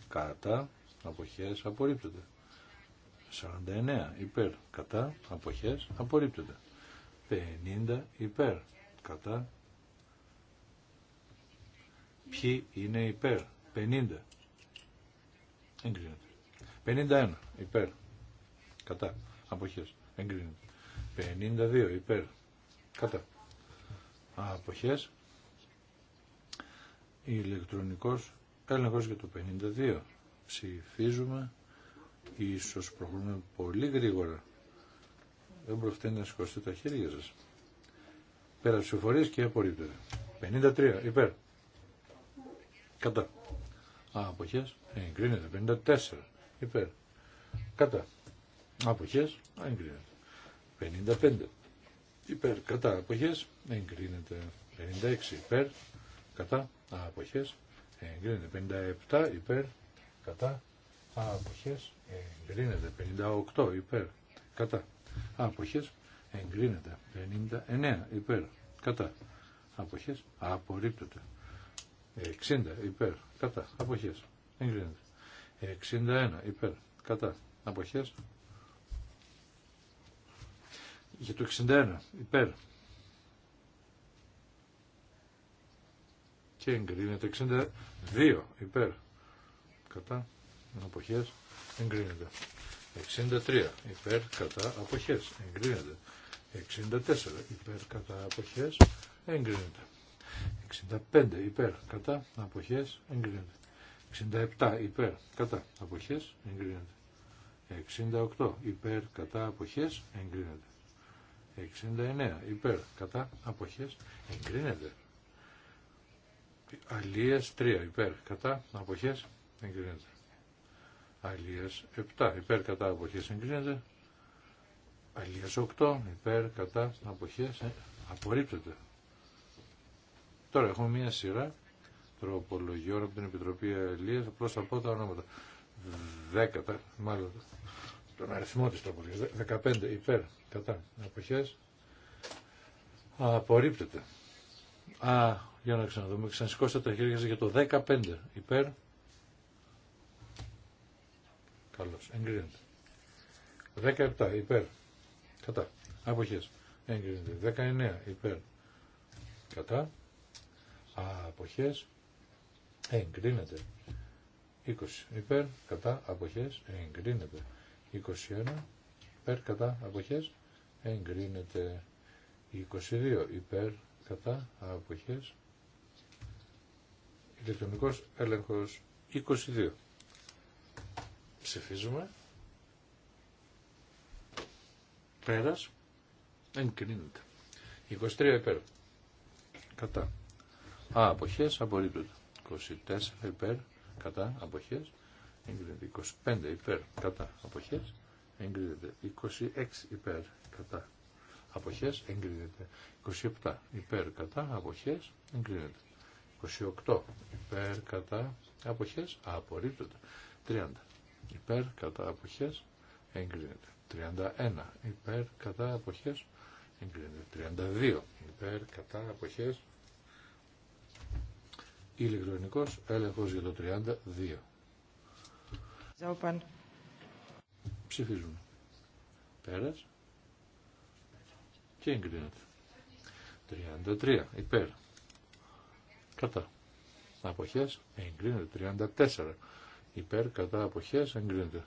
κατά αποχές απορρίπτεται 49 υπέρ κατά αποχές Απορρίπτονται. 50 υπέρ κατά ποιοι είναι υπέρ 50 εγκρίνεται. 51 υπέρ κατά αποχές εγκρίνεται. 52 υπέρ κατά αποχές ηλεκτρονικός έλεγχος για το 52 ψηφίζουμε Ίσως προχωρούμε πολύ γρήγορα. Δεν προφταίνει να σηκώσετε τα χέρια σας. Πέρα στις και απορρίπτεται. 53 υπέρ. Κατά. Α, αποχές. Εγκρίνεται. 54 υπέρ. Κατά. Αποχές. Εγκρίνεται. 55 υπέρ. Κατά. Αποχές. Εγκρίνεται. 56 υπέρ. Κατά. Αποχές. Εγκρίνεται. 57 υπέρ. Κατά αποχές εγκρίνεται 58 υπέρ κατά αποχές εγκρίνεται 59 υπέρ κατά αποχές απορρίπτεται 60 υπέρ κατά αποχές εγκρίνεται 61 υπέρ κατά αποχές για το 61 υπέρ και εγκρίνεται 62 υπέρ κατά αποχές εγκρίνεται. 63 υπέρ κατά αποχές εγκρίνεται. 64 υπέρ κατά αποχές εγκρίνεται. 65 υπέρ κατά αποχές εγκρίνεται. 67 υπέρ κατά αποχές εγκρίνεται. 68 υπέρ κατά αποχές εγκρίνεται. 69 υπέρ κατά αποχές εγκρίνεται. Αλίες 3 υπέρ κατά αποχές εγκρίνεται. Αλίας 7 υπέρ κατά αποχές εγκρίνεται. Αλίας 8 υπέρ κατά αποχές ε, απορρίπτεται. Τώρα έχουμε μία σειρά τροπολογιών από την Επιτροπή Αλίας Απλώ θα πω τα ονόματα. Δέκατα μάλλον τον αριθμό της τροπολογίας. 15 υπέρ κατά αποχές απορρίπτεται. Α, για να ξαναδούμε, ξανασηκώστε τα χέρια για το 15 υπέρ Καλώς. Εγκρίνεται. 17 υπέρ. Κατά. Αποχές. Εγκρίνεται. 19 υπέρ. Κατά. Αποχές. Εγκρίνεται. 20 υπέρ. Κατά. Αποχές. Εγκρίνεται. 21 υπέρ. Κατά. Αποχές. Εγκρίνεται. 22 υπέρ. Κατά. Αποχές. Ηλεκτρονικός έλεγχος 22. Ψηφίζουμε. Πέρας. Εγκρίνεται. 23 υπέρ. Κατά. Α, αποχές 24 υπέρ. Κατά. απόχέ, Εγκρίνεται. 25 υπέρ. Κατά. Αποχές. Εγκρίνεται. 26 υπέρ. Κατά. Αποχές. Εγκρίνεται. 27 υπέρ. Κατά. Αποχές. Εγκρίνεται. 28 υπέρ. Κατά. Αποχές. Απορρίπτονται. 30 υπέρ κατά αποχές εγκρίνεται. 31 υπέρ κατά αποχές εγκρίνεται. 32 υπέρ κατά αποχές ηλεκτρονικός έλεγχος για το 32. Ζαουπαν. Ψηφίζουμε. Πέρας. Και εγκρίνεται. 33 υπέρ. Κατά. Αποχές εγκρίνεται. 34 υπέρ κατά αποχές εγκρίνεται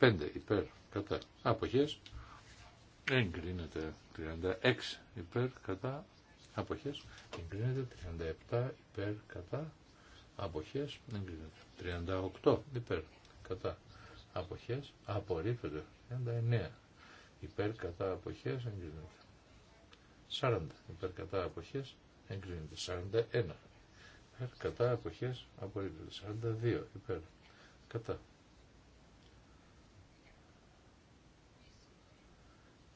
35 υπέρ κατά αποχές εγκρίνεται 36 υπέρ κατά αποχές εγκρίνεται 37 υπέρ κατά αποχές εγκρίνεται 38 υπέρ κατά αποχές απορρίπτεται 39 υπέρ κατά αποχές εγκρίνεται 40 υπέρ κατά αποχές εγκρίνεται 41 υπέρ κατά αποχές απορρίπτεται 42 υπέρ Κατά.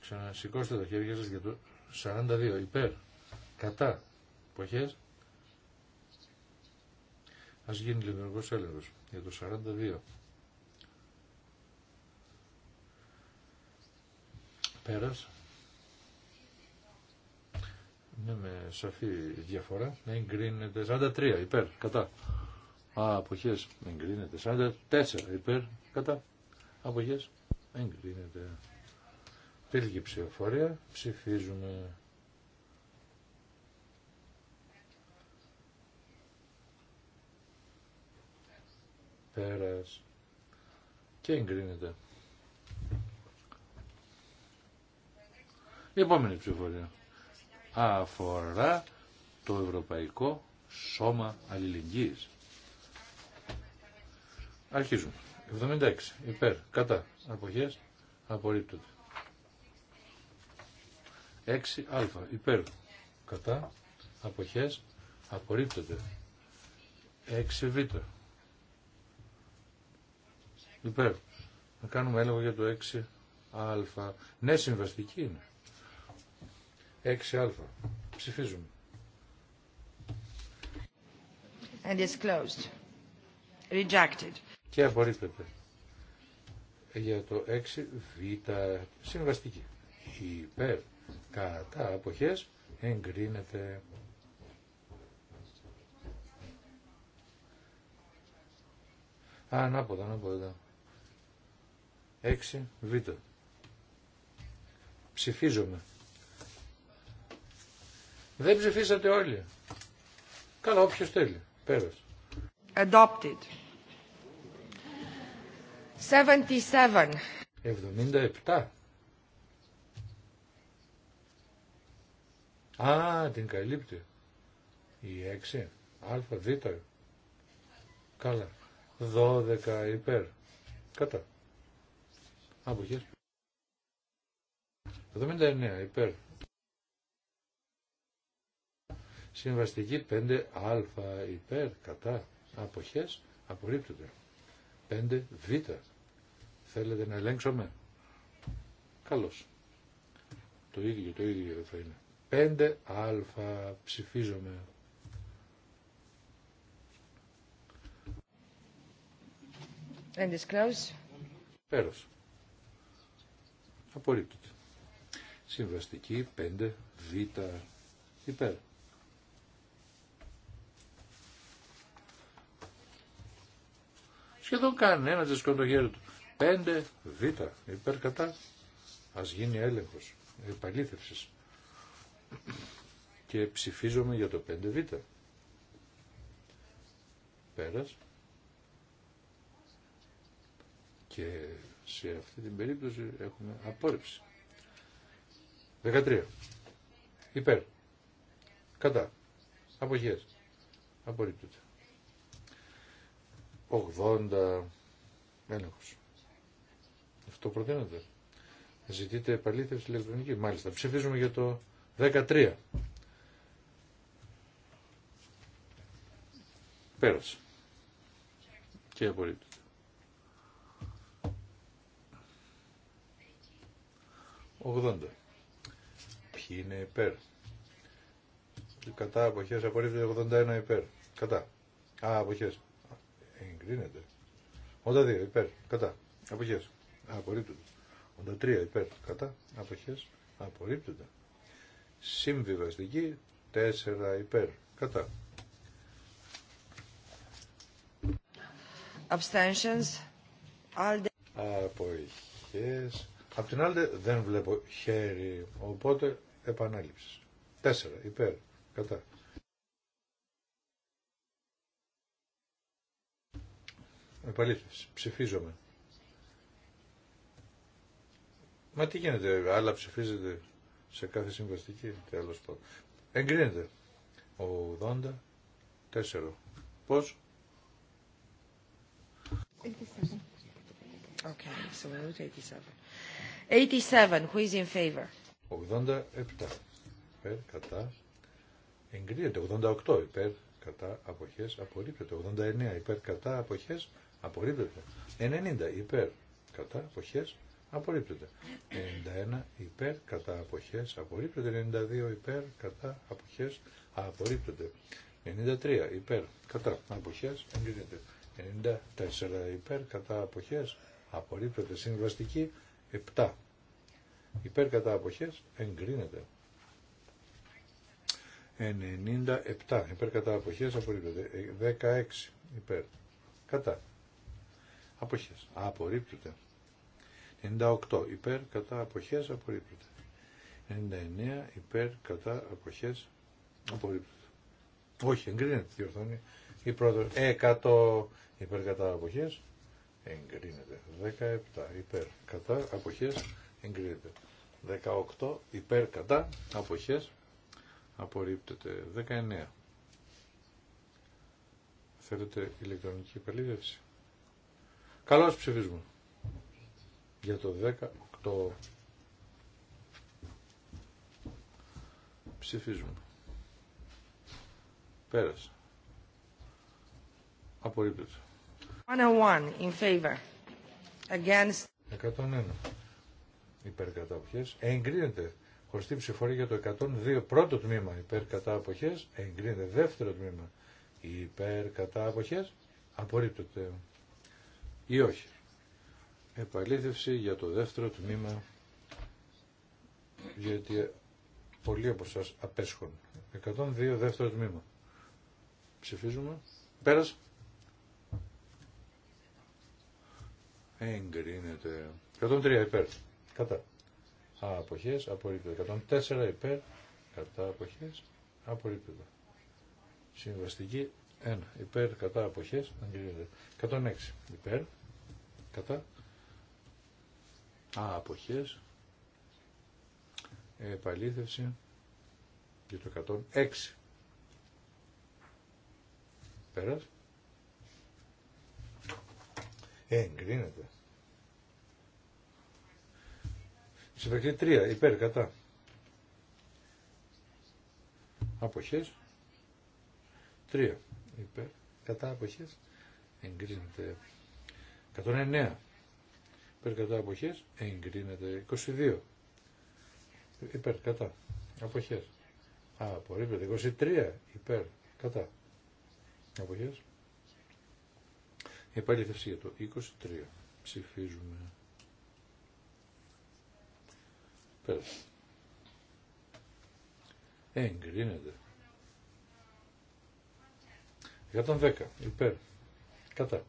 Ξανασηκώστε τα χέρια σας για το 42. Υπέρ. Κατά. Ποχές. Ας γίνει λειτουργός έλεγχος για το 42. Πέρας. Ναι, με σαφή διαφορά. Εγκρίνεται 43. Υπέρ. Κατά. Α, αποχές εγκρίνεται. 44 υπέρ κατά αποχές εγκρίνεται. Τελική ψηφοφορία. Ψηφίζουμε. Πέρας. Και εγκρίνεται. Η επόμενη ψηφοφορία αφορά το Ευρωπαϊκό Σώμα Αλληλεγγύης. Αρχίζουμε. 76. Υπέρ. Κατά. Αποχές. Απορρίπτονται. 6α. Υπέρ. Κατά. Αποχές. Απορρίπτονται. 6β. Υπέρ. Να κάνουμε έλεγχο για το 6α. Ναι, συμβαστική είναι. 6α. Ψηφίζουμε. And closed. Rejected και απορρίπτεται. Για το 6β συμβαστική. Υπέρ κατά αποχές εγκρίνεται. Α, ανάποδα, ανάποδα. 6β. Ψηφίζομαι. Δεν ψηφίσατε όλοι. Καλά, όποιος θέλει. Πέρασε. Adopted. 77. 77. Α, την καλύπτει. Η 6. Α, β. Καλά. 12 υπέρ. Κατά. Αποχέ. 79 υπέρ. Συμβαστική 5α υπέρ. Κατά. Αποχές. Απορρίπτονται. 5β Θέλετε να ελέγξουμε. Καλώς. Το ίδιο, το ίδιο θα είναι. 5α ψηφίζομαι. And is close. Πέρος. Απορρίπτεται. Συμβαστική 5 β υπέρ. Σχεδόν κανένα δεν σηκώνει το χέρι του. 5 β υπέρ κατά ας γίνει έλεγχος επαλήθευσης και ψηφίζομαι για το 5 β πέρας και σε αυτή την περίπτωση έχουμε απόρριψη 13 υπέρ κατά αποχές απορρίπτεται 80 έλεγχος το προτείνετε. Ζητείτε επαλήθευση ηλεκτρονική. Μάλιστα. Ψηφίζουμε για το 13. Πέρασε. Και απορρίπτω. 80. Ποιοι είναι υπέρ. Κατά αποχές απορρίπτεται 81 υπέρ. Κατά. Α, αποχές. Εγκρίνεται. 82 υπέρ. Κατά. Αποχές απορρίπτονται. 83 υπέρ κατά αποχές απορρίπτονται. Συμβιβαστική 4 υπέρ κατά. Abstentions. Αποχές. Απ' την άλλη δεν βλέπω χέρι, οπότε επανάληψη. 4 υπέρ κατά. Επαλήθευση. Ψηφίζομαι. Μα τι γίνεται, άλλα ψηφίζεται σε κάθε συμβαστική, τέλος πάντων. Εγκρίνεται. 84. Πώς? Okay, so 87. 87, who is in favor? 87. Υπέρ, κατά. Εγκρίνεται. 88. Υπέρ, κατά, αποχές, 89. Υπέρ, κατά, αποχές, 90. Υπέρ, κατά, αποχές, απορρίπτεται. 91 υπέρ κατά αποχές απορρίπτεται. 92 υπέρ κατά αποχές απορρίπτεται. 93 υπέρ κατά αποχές εγκρίνεται. 94 υπέρ κατά αποχές απορρίπτεται. Συμβαστική 7 υπέρ κατά αποχές εγκρίνεται. 97 υπέρ κατά αποχές απορρίπτεται. 16 υπέρ κατά αποχές απορρίπτεται. 98 υπέρ κατά αποχές απορρίπτεται. 99 υπέρ κατά αποχές απορρίπτεται. Όχι, εγκρίνεται, διορθώνει η πρώτη. 100 υπέρ κατά αποχές εγκρίνεται. 17 υπέρ κατά αποχές εγκρίνεται. 18 υπέρ κατά αποχές απορρίπτεται. 19 Θέλετε ηλεκτρονική Καλός Καλώς ψηφίζουμε για το 18. Ψηφίζουμε. Πέρασε. Απορρίπτεται. 101 in favor. Against. 101. Υπέρ κατά αποχές. Εγκρίνεται. Χωριστή ψηφορία για το 102. Πρώτο τμήμα υπέρ κατά αποχές. Εγκρίνεται. Δεύτερο τμήμα υπέρ κατά αποχές. Απορρίπτωται. Ή όχι επαλήθευση για το δεύτερο τμήμα γιατί πολλοί από σας απέσχουν 102 δεύτερο τμήμα. Ψηφίζουμε. Πέρας. Εγκρίνεται. 103 υπέρ. Κατά. Α, αποχές. Απορρίπτεται. 104 υπέρ. Κατά αποχές. Απορρίπτεται. Συμβαστική 1. Υπέρ. Κατά αποχές. Εγκρίνεται. 106 υπέρ. Κατά Α, αποχές. Επαλήθευση για το 106. Πέρας. Ε, εγκρίνεται. 3, υπέρ, κατά. Αποχές. 3, υπέρ, κατά, αποχές. Εγκρίνεται. 109, υπέρ κατά εγκρίνεται 22 υπέρ κατά Α, απορρίπτεται 23 υπέρ κατά Αποχέ. επαλήθευση για το 23 ψηφίζουμε πέρασε εγκρίνεται 110 υπέρ κατά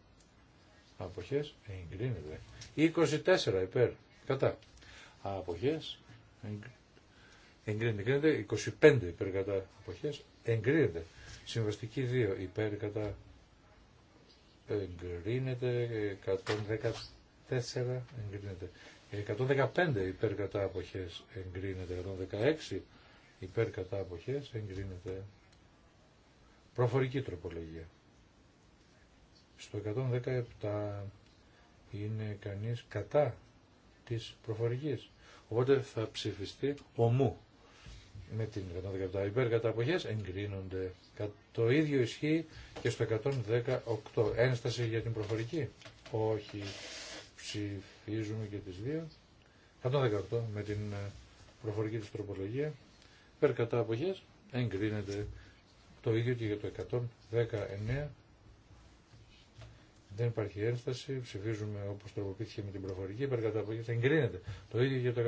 αποχές εγκρίνεται. 24 υπέρ κατά αποχές εγκρίνεται. 25 υπέρ κατά αποχές εγκρίνεται. Συμβαστική 2 υπέρ κατά εγκρίνεται. 114 εγκρίνεται. 115 υπέρ κατά αποχές εγκρίνεται. 116 υπέρ κατά αποχές εγκρίνεται. Προφορική τροπολογία. Στο 117 είναι κανείς κατά της προφορικής. Οπότε θα ψηφιστεί ομού. Με την 117 υπέρ κατά αποχές εγκρίνονται. Το ίδιο ισχύει και στο 118. Ένσταση για την προφορική. Όχι. Ψηφίζουμε και τις δύο. 118 με την ε, προφορική της τροπολογία. Υπέρ κατά αποχές εγκρίνεται. Το ίδιο και για το 119 δεν υπάρχει ένσταση. Ψηφίζουμε όπως τροποποιήθηκε με την προφορική υπερκαταποχή. Εγκρίνεται. Το ίδιο για το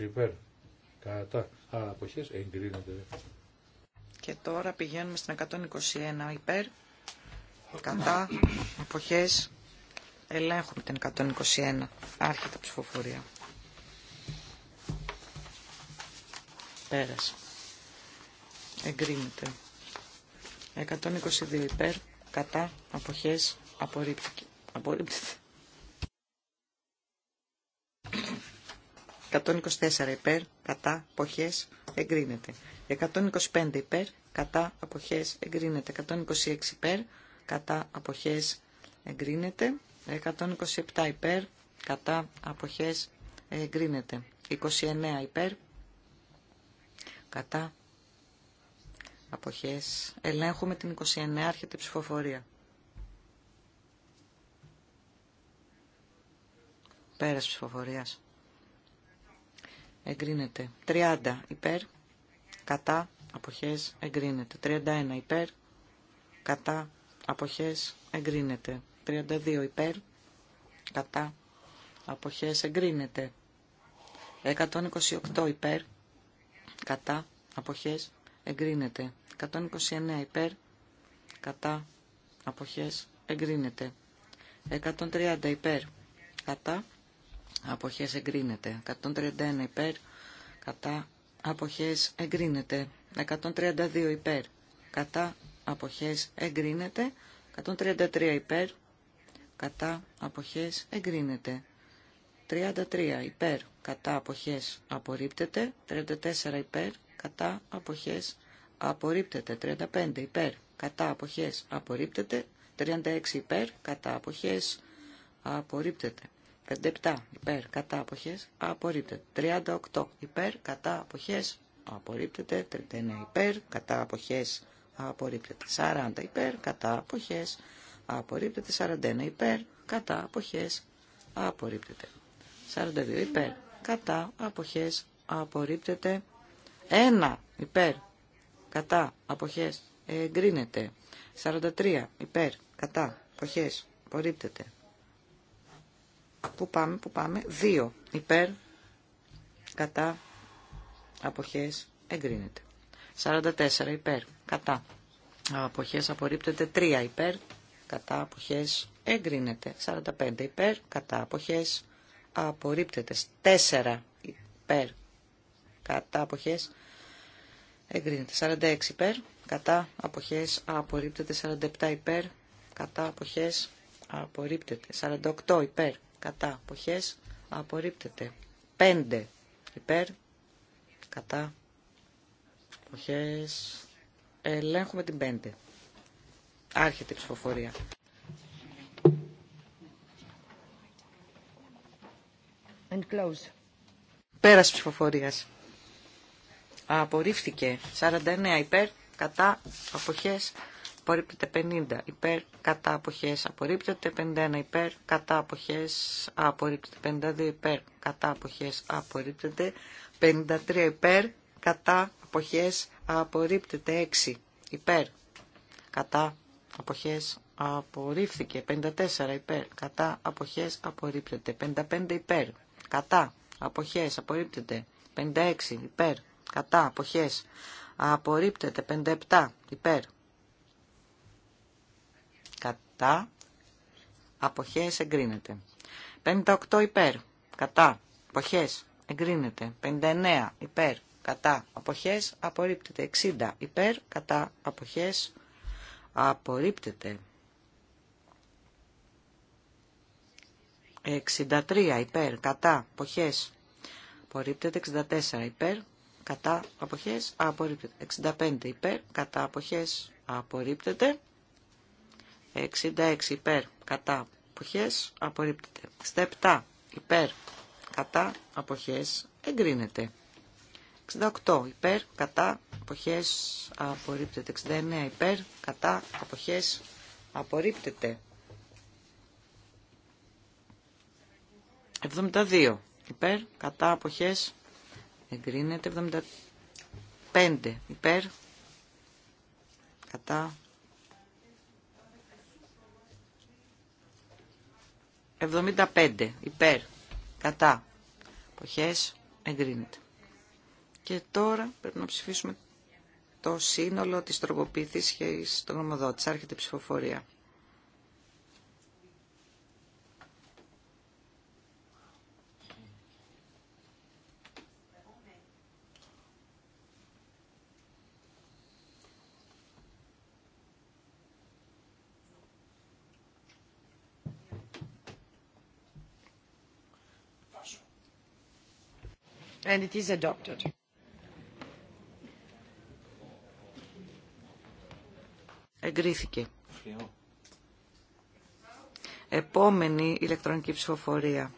120 υπέρ. Κατά αποχές εγκρίνεται. Και τώρα πηγαίνουμε στην 121 υπέρ. Κατά αποχές ελέγχουμε την 121. Άρχεται η ψηφοφορία. Πέρασε. Εγκρίνεται. 122 υπέρ. Κατά αποχές απορρίπτει, 124 υπέρ, κατά, αποχές, εγκρίνεται. 125 υπέρ, κατά, αποχές, εγκρίνεται. 126 υπέρ, κατά, αποχές, εγκρίνεται. 127 υπέρ, κατά, αποχές, εγκρίνεται. 29 υπέρ, κατά, αποχές. Ελέγχουμε την 29, άρχεται ψηφοφορία. Πέρας ψηφοφορίας. Εγκρίνεται. 30 υπέρ. Κατά. Αποχές. Εγκρίνεται. 31 υπέρ. Κατά. Αποχές. Εγκρίνεται. 32 υπέρ. Κατά. Αποχές. Εγκρίνεται. 128 υπέρ. Κατά. Αποχές. Εγκρίνεται. 129 υπέρ. Κατά. Αποχές. Εγκρίνεται. 130 υπέρ. Κατά αποχές εγκρίνεται. 131 υπέρ, κατά αποχές εγκρίνεται. 132 υπέρ, κατά αποχές εγκρίνεται. 133 υπέρ, κατά αποχές εγκρίνεται. 33 υπέρ, κατά αποχές απορρίπτεται. 34 υπέρ, κατά αποχές απορρίπτεται. 35 υπέρ, κατά αποχές απορρίπτεται. 36 υπέρ, κατά αποχές απορρίπτεται. 57 υπέρ κατά αποχές απορρίπτεται. 38 υπέρ κατά αποχές απορρίπτεται. 39 υπέρ κατά αποχές απορρίπτεται. 40 υπέρ κατά αποχές απορρίπτεται. 41 υπέρ κατά αποχές απορρίπτεται. 42 υπέρ κατά αποχές απορρίπτεται. 1 υπέρ κατά αποχές εγκρίνεται. 43 υπέρ κατά αποχές απορρίπτεται. Πού πάμε, πού πάμε. 2 υπέρ, κατά, αποχές, εγκρίνεται. 44 υπέρ, κατά, αποχές, απορρίπτεται. 3 υπέρ, κατά, αποχές, εγκρίνεται. 45 υπέρ, κατά, αποχές, απορρίπτεται. 4 υπέρ, κατά, αποχές, εγκρίνεται. 46 υπέρ, κατά, αποχές, απορρίπτεται. 47 υπέρ, κατά, αποχές, απορρίπτεται. 48 υπέρ, κατά αποχές απορρίπτεται. 5 υπέρ κατά αποχές ελέγχουμε την 5. Άρχεται η ψηφοφορία. And close. Πέρας ψηφοφορίας. Απορρίφθηκε 49 υπέρ κατά αποχές απορρίπτεται 50 υπέρ κατά αποχές απορρίπτεται 51 υπέρ κατά αποχές απορρίπτεται 52 υπέρ κατά αποχές απορρίπτεται 53 υπέρ κατά αποχές απορρίπτεται 6 υπέρ κατά αποχές απορρίφθηκε 54 υπέρ κατά αποχές απορρίπτεται 55 υπέρ κατά αποχές απορρίπτεται 56 υπέρ κατά αποχές απορρίπτεται 57 υπέρ Κατά. Αποχές εγκρίνεται. 58 υπέρ. Κατά. Αποχές εγκρίνεται. 59 υπέρ. Κατά. Αποχές απορρίπτεται. 60 υπέρ. Κατά. Αποχές απορρίπτεται. 63 υπέρ. Κατά. Αποχές απορρίπτεται. 64 υπέρ. Κατά. Αποχές απορρίπτεται. 65 υπέρ. Κατά. Αποχές απορρίπτεται. 66 υπέρ κατά αποχές απορρίπτεται. 67 υπέρ κατά αποχές εγκρίνεται. 68 υπέρ κατά αποχές απορρίπτεται. 69 υπέρ κατά αποχές απορρίπτεται. 72 υπέρ κατά αποχές εγκρίνεται. 75 υπέρ κατά 75 υπέρ κατά εποχές εγκρίνεται. Και τώρα πρέπει να ψηφίσουμε το σύνολο της τροποποίησης και της άρχεται η ψηφοφορία. and it is adopted. Εγκρίθηκε. Επόμενη ηλεκτρονική ψηφοφορία.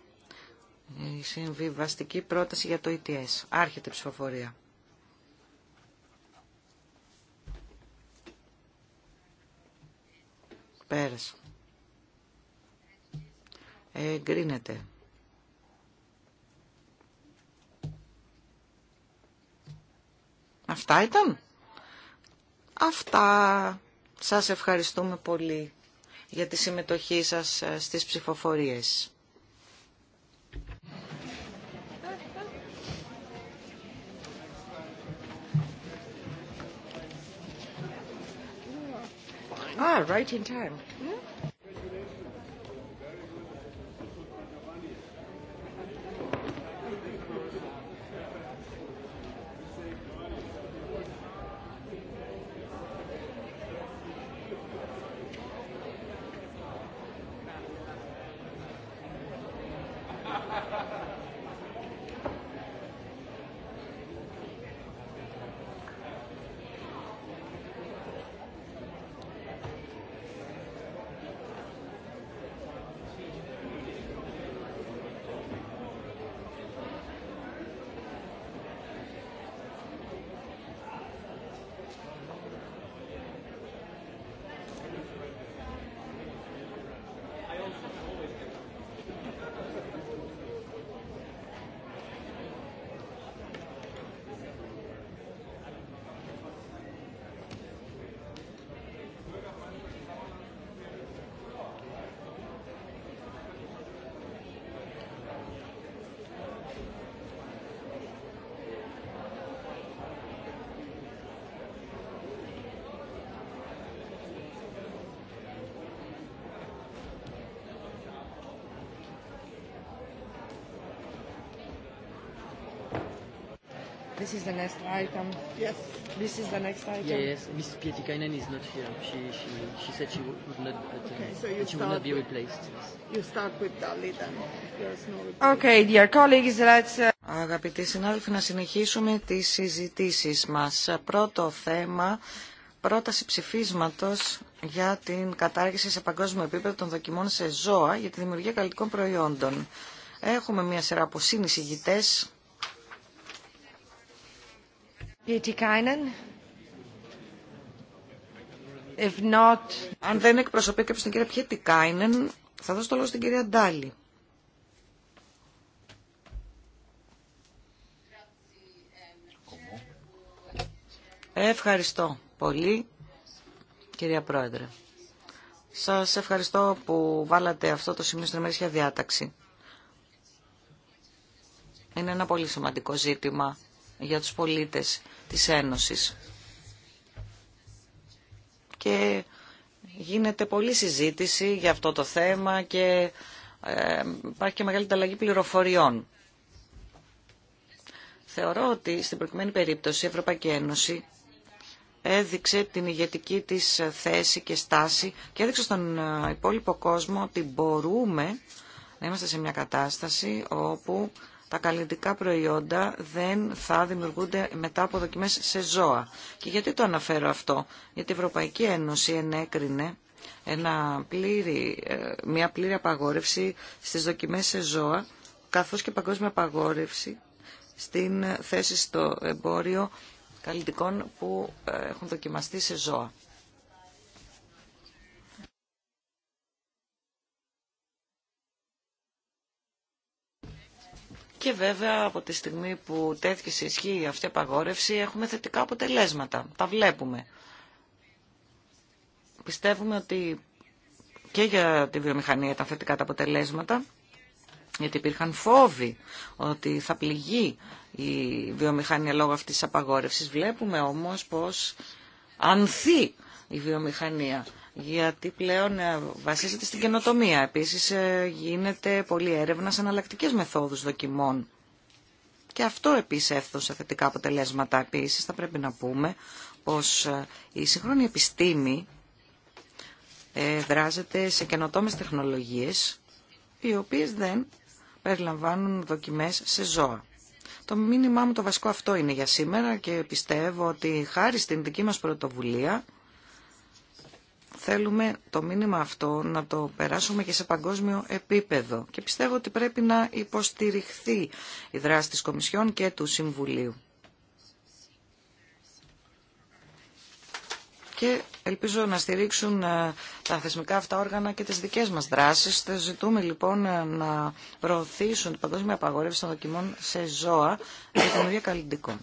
Η συμβιβαστική πρόταση για το ETS. Άρχεται η ψηφοφορία. Πέρασε. Εγκρίνεται. Αυτά ήταν. Αυτά. Σας ευχαριστούμε πολύ για τη συμμετοχή σας ε, στις ψηφοφορίες. Ah, right in time. Αγαπητοί συνάδελφοι, να συνεχίσουμε τις συζητήσεις μας. Πρώτο θέμα, πρόταση ψηφίσματος για την κατάργηση σε παγκόσμιο επίπεδο των δοκιμών σε ζώα για τη δημιουργία καλλιτικών προϊόντων. Έχουμε μια σειρά από συνεισηγητές αν δεν εκπροσωπεί κάποιος την κυρία Πιέτη θα δώσω το λόγο στην κυρία Ντάλη. Ευχαριστώ πολύ, κυρία Πρόεδρε. Σας ευχαριστώ που βάλατε αυτό το σημείο στην ημερήσια διάταξη. Είναι ένα πολύ σημαντικό ζήτημα για τους πολίτες της Ένωσης. Και γίνεται πολλή συζήτηση για αυτό το θέμα και ε, υπάρχει και μεγάλη ανταλλαγή πληροφοριών. Θεωρώ ότι στην προκειμένη περίπτωση η Ευρωπαϊκή Ένωση έδειξε την ηγετική της θέση και στάση και έδειξε στον ε, υπόλοιπο κόσμο ότι μπορούμε να είμαστε σε μια κατάσταση όπου τα καλλιντικά προϊόντα δεν θα δημιουργούνται μετά από δοκιμές σε ζώα. Και γιατί το αναφέρω αυτό. Γιατί η Ευρωπαϊκή Ένωση ενέκρινε ένα πλήρη, ε, μια πλήρη απαγόρευση στις δοκιμές σε ζώα, καθώς και παγκόσμια απαγόρευση στην θέση στο εμπόριο καλλιτικών που ε, έχουν δοκιμαστεί σε ζώα. Και βέβαια από τη στιγμή που τέθηκε σε ισχύ αυτή η απαγόρευση έχουμε θετικά αποτελέσματα. Τα βλέπουμε. Πιστεύουμε ότι και για τη βιομηχανία ήταν θετικά τα αποτελέσματα, γιατί υπήρχαν φόβοι ότι θα πληγεί η βιομηχανία λόγω αυτής της απαγόρευσης. Βλέπουμε όμως πως ανθεί η βιομηχανία γιατί πλέον ε, βασίζεται στην καινοτομία. Επίσης ε, γίνεται πολλή έρευνα σε αναλλακτικέ μεθόδους δοκιμών. Και αυτό επίσης έφτωσε θετικά αποτελέσματα. Επίσης θα πρέπει να πούμε πως ε, η σύγχρονη επιστήμη δράζεται σε καινοτόμες τεχνολογίες οι οποίες δεν περιλαμβάνουν δοκιμές σε ζώα. Το μήνυμά μου το βασικό αυτό είναι για σήμερα και πιστεύω ότι χάρη στην δική μας πρωτοβουλία θέλουμε το μήνυμα αυτό να το περάσουμε και σε παγκόσμιο επίπεδο. Και πιστεύω ότι πρέπει να υποστηριχθεί η δράση της Κομισιόν και του Συμβουλίου. Και ελπίζω να στηρίξουν ε, τα θεσμικά αυτά όργανα και τις δικές μας δράσεις. Θα ζητούμε λοιπόν ε, να προωθήσουν την παγκόσμια απαγόρευση των δοκιμών σε ζώα για την δημιουργία καλλιντικών.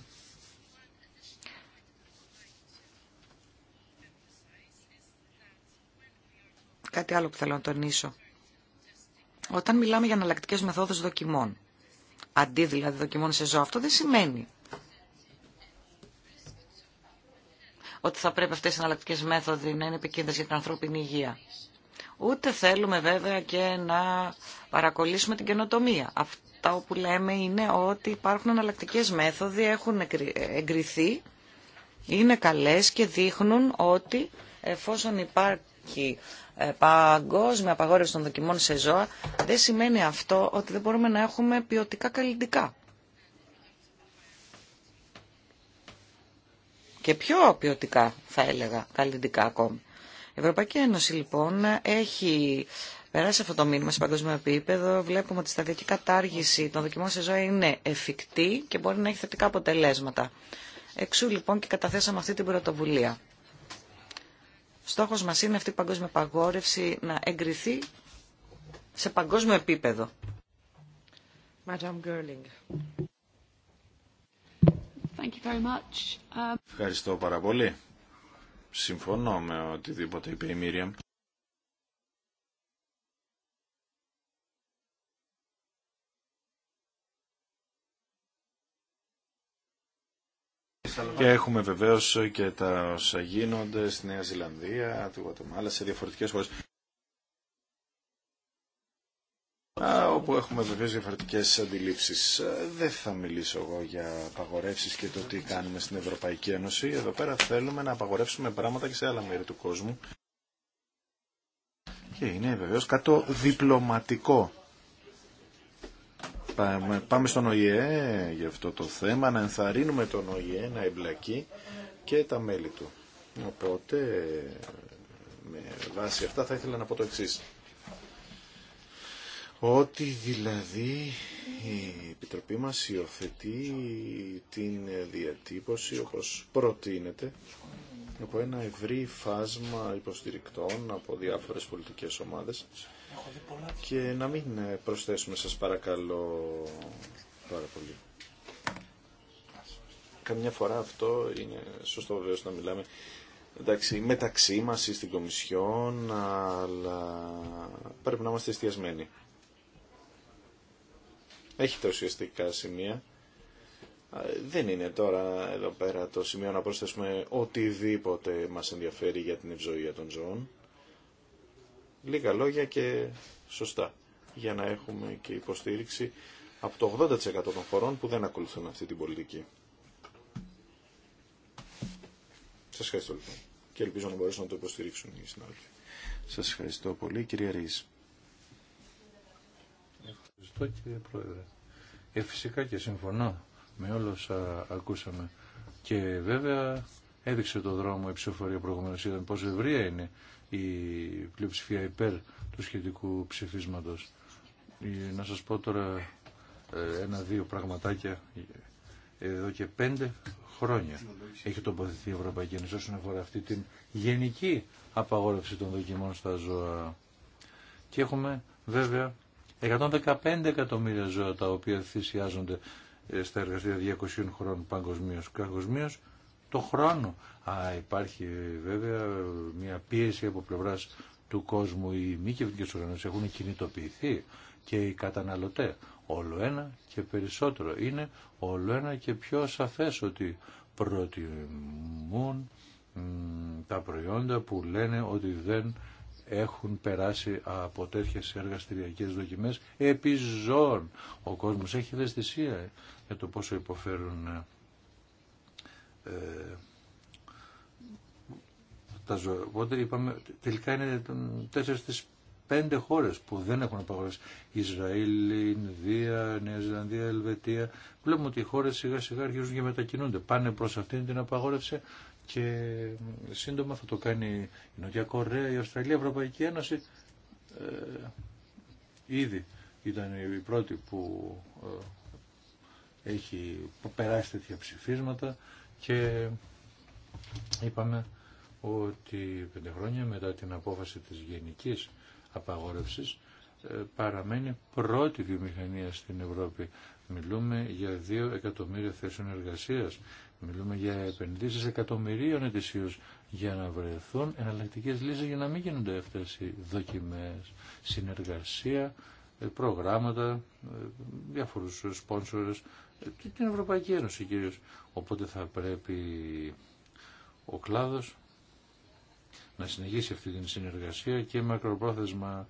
Κάτι άλλο που θέλω να τονίσω. Όταν μιλάμε για αναλλακτικέ μεθόδου δοκιμών, αντί δηλαδή δοκιμών σε ζώα, αυτό δεν σημαίνει ότι θα πρέπει αυτές οι εναλλακτικέ μέθοδοι να είναι επικίνδυνες για την ανθρώπινη υγεία. Ούτε θέλουμε βέβαια και να παρακολύσουμε την καινοτομία. Αυτά που λέμε είναι ότι υπάρχουν εναλλακτικέ μέθοδοι, έχουν εγκριθεί, είναι καλές και δείχνουν ότι εφόσον υπάρχει ε, παγκόσμια απαγόρευση των δοκιμών σε ζώα, δεν σημαίνει αυτό ότι δεν μπορούμε να έχουμε ποιοτικά καλλιντικά. Και πιο ποιοτικά, θα έλεγα, καλλιντικά ακόμη. Η Ευρωπαϊκή Ένωση, λοιπόν, έχει περάσει αυτό το μήνυμα σε παγκόσμιο επίπεδο. Βλέπουμε ότι η σταδιακή κατάργηση των δοκιμών σε ζώα είναι εφικτή και μπορεί να έχει θετικά αποτελέσματα. Εξού, λοιπόν, και καταθέσαμε αυτή την πρωτοβουλία. Στόχος μας είναι αυτή η παγκόσμια παγόρευση να εγκριθεί σε παγκόσμιο επίπεδο. Thank you very much. Ευχαριστώ πάρα πολύ. Συμφωνώ με οτιδήποτε είπε η Μίριαμ. Και έχουμε βεβαίω και τα όσα γίνονται στη Νέα Ζηλανδία, του Γουατεμάλα, σε διαφορετικέ χώρε. όπου έχουμε βεβαίω διαφορετικές αντιλήψεις. Δεν θα μιλήσω εγώ για απαγορεύσει και το τι κάνουμε στην Ευρωπαϊκή Ένωση. Εδώ πέρα θέλουμε να απαγορεύσουμε πράγματα και σε άλλα μέρη του κόσμου. Και είναι βεβαίω κάτι διπλωματικό πάμε, στον ΟΗΕ για αυτό το θέμα, να ενθαρρύνουμε τον ΟΗΕ να εμπλακεί και τα μέλη του. Οπότε, με βάση αυτά θα ήθελα να πω το εξής. Ότι δηλαδή η Επιτροπή μας υιοθετεί την διατύπωση όπως προτείνεται από ένα ευρύ φάσμα υποστηρικτών από διάφορες πολιτικές ομάδες και να μην ε, προσθέσουμε σας παρακαλώ πάρα πολύ. Καμιά φορά αυτό είναι σωστό βεβαίω να μιλάμε εντάξει, μεταξύ μα ή στην Κομισιόν, αλλά πρέπει να είμαστε εστιασμένοι. Έχετε ουσιαστικά σημεία. Δεν είναι τώρα εδώ πέρα το σημείο να προσθέσουμε οτιδήποτε μας ενδιαφέρει για την ευζοία των ζώων λίγα λόγια και σωστά για να έχουμε και υποστήριξη από το 80% των χωρών που δεν ακολουθούν αυτή την πολιτική. Σας ευχαριστώ λοιπόν και ελπίζω να μπορέσουν να το υποστηρίξουν οι συνάδελφοι. Σας ευχαριστώ πολύ Κύριε Ρής. Ευχαριστώ κύριε Πρόεδρε. Ε, φυσικά και συμφωνώ με όλα όσα ακούσαμε. Και βέβαια έδειξε το δρόμο η ψηφοφορία προηγουμένω. Είδαμε πόσο ευρία είναι η πλειοψηφία υπέρ του σχετικού ψηφίσματος. Ε, να σας πω τώρα ε, ένα-δύο πραγματάκια ε, εδώ και πέντε χρόνια έχει τοποθετηθεί η Ευρωπαϊκή Ένωση όσον αφορά αυτή την γενική απαγόρευση των δοκιμών στα ζώα. Και έχουμε βέβαια 115 εκατομμύρια ζώα τα οποία θυσιάζονται στα εργαστήρια 200 χρόνων παγκοσμίω. Παγκοσμίω το χρόνο. Α, υπάρχει βέβαια μια πίεση από πλευρά του κόσμου. Οι μη κυβερνητικέ οργανώσει έχουν κινητοποιηθεί και οι καταναλωτέ. Όλο ένα και περισσότερο. Είναι όλο ένα και πιο σαφέ ότι προτιμούν τα προϊόντα που λένε ότι δεν έχουν περάσει από τέτοιε εργαστηριακέ δοκιμές επί Ο κόσμος έχει ευαισθησία για το πόσο υποφέρουν ε, τα Οπότε είπαμε τελικά είναι τέσσερις στις πέντε χώρες που δεν έχουν απαγορεύσει. Ισραήλ, Ινδία, Νέα Ζηλανδία, Ελβετία. Βλέπουμε ότι οι χώρες σιγά σιγά αρχίζουν και μετακινούνται. Πάνε προς αυτήν την απαγόρευση και σύντομα θα το κάνει η Νότια Κορέα, η Αυστραλία, η Ευρωπαϊκή Ένωση. Ε, ήδη ήταν η πρώτη που ε, έχει περάσει τέτοια ψηφίσματα και είπαμε ότι πέντε χρόνια μετά την απόφαση της γενικής απαγόρευσης ε, παραμένει πρώτη βιομηχανία στην Ευρώπη. Μιλούμε για δύο εκατομμύρια θέσεων εργασίας. Μιλούμε για επενδύσεις εκατομμυρίων ετησίως για να βρεθούν εναλλακτικές λύσεις για να μην γίνονται αυτές οι δοκιμές. Συνεργασία, ε, προγράμματα, ε, διάφορους σπόνσορες την Ευρωπαϊκή Ένωση κυρίως. Οπότε θα πρέπει ο κλάδος να συνεχίσει αυτή την συνεργασία και μακροπρόθεσμα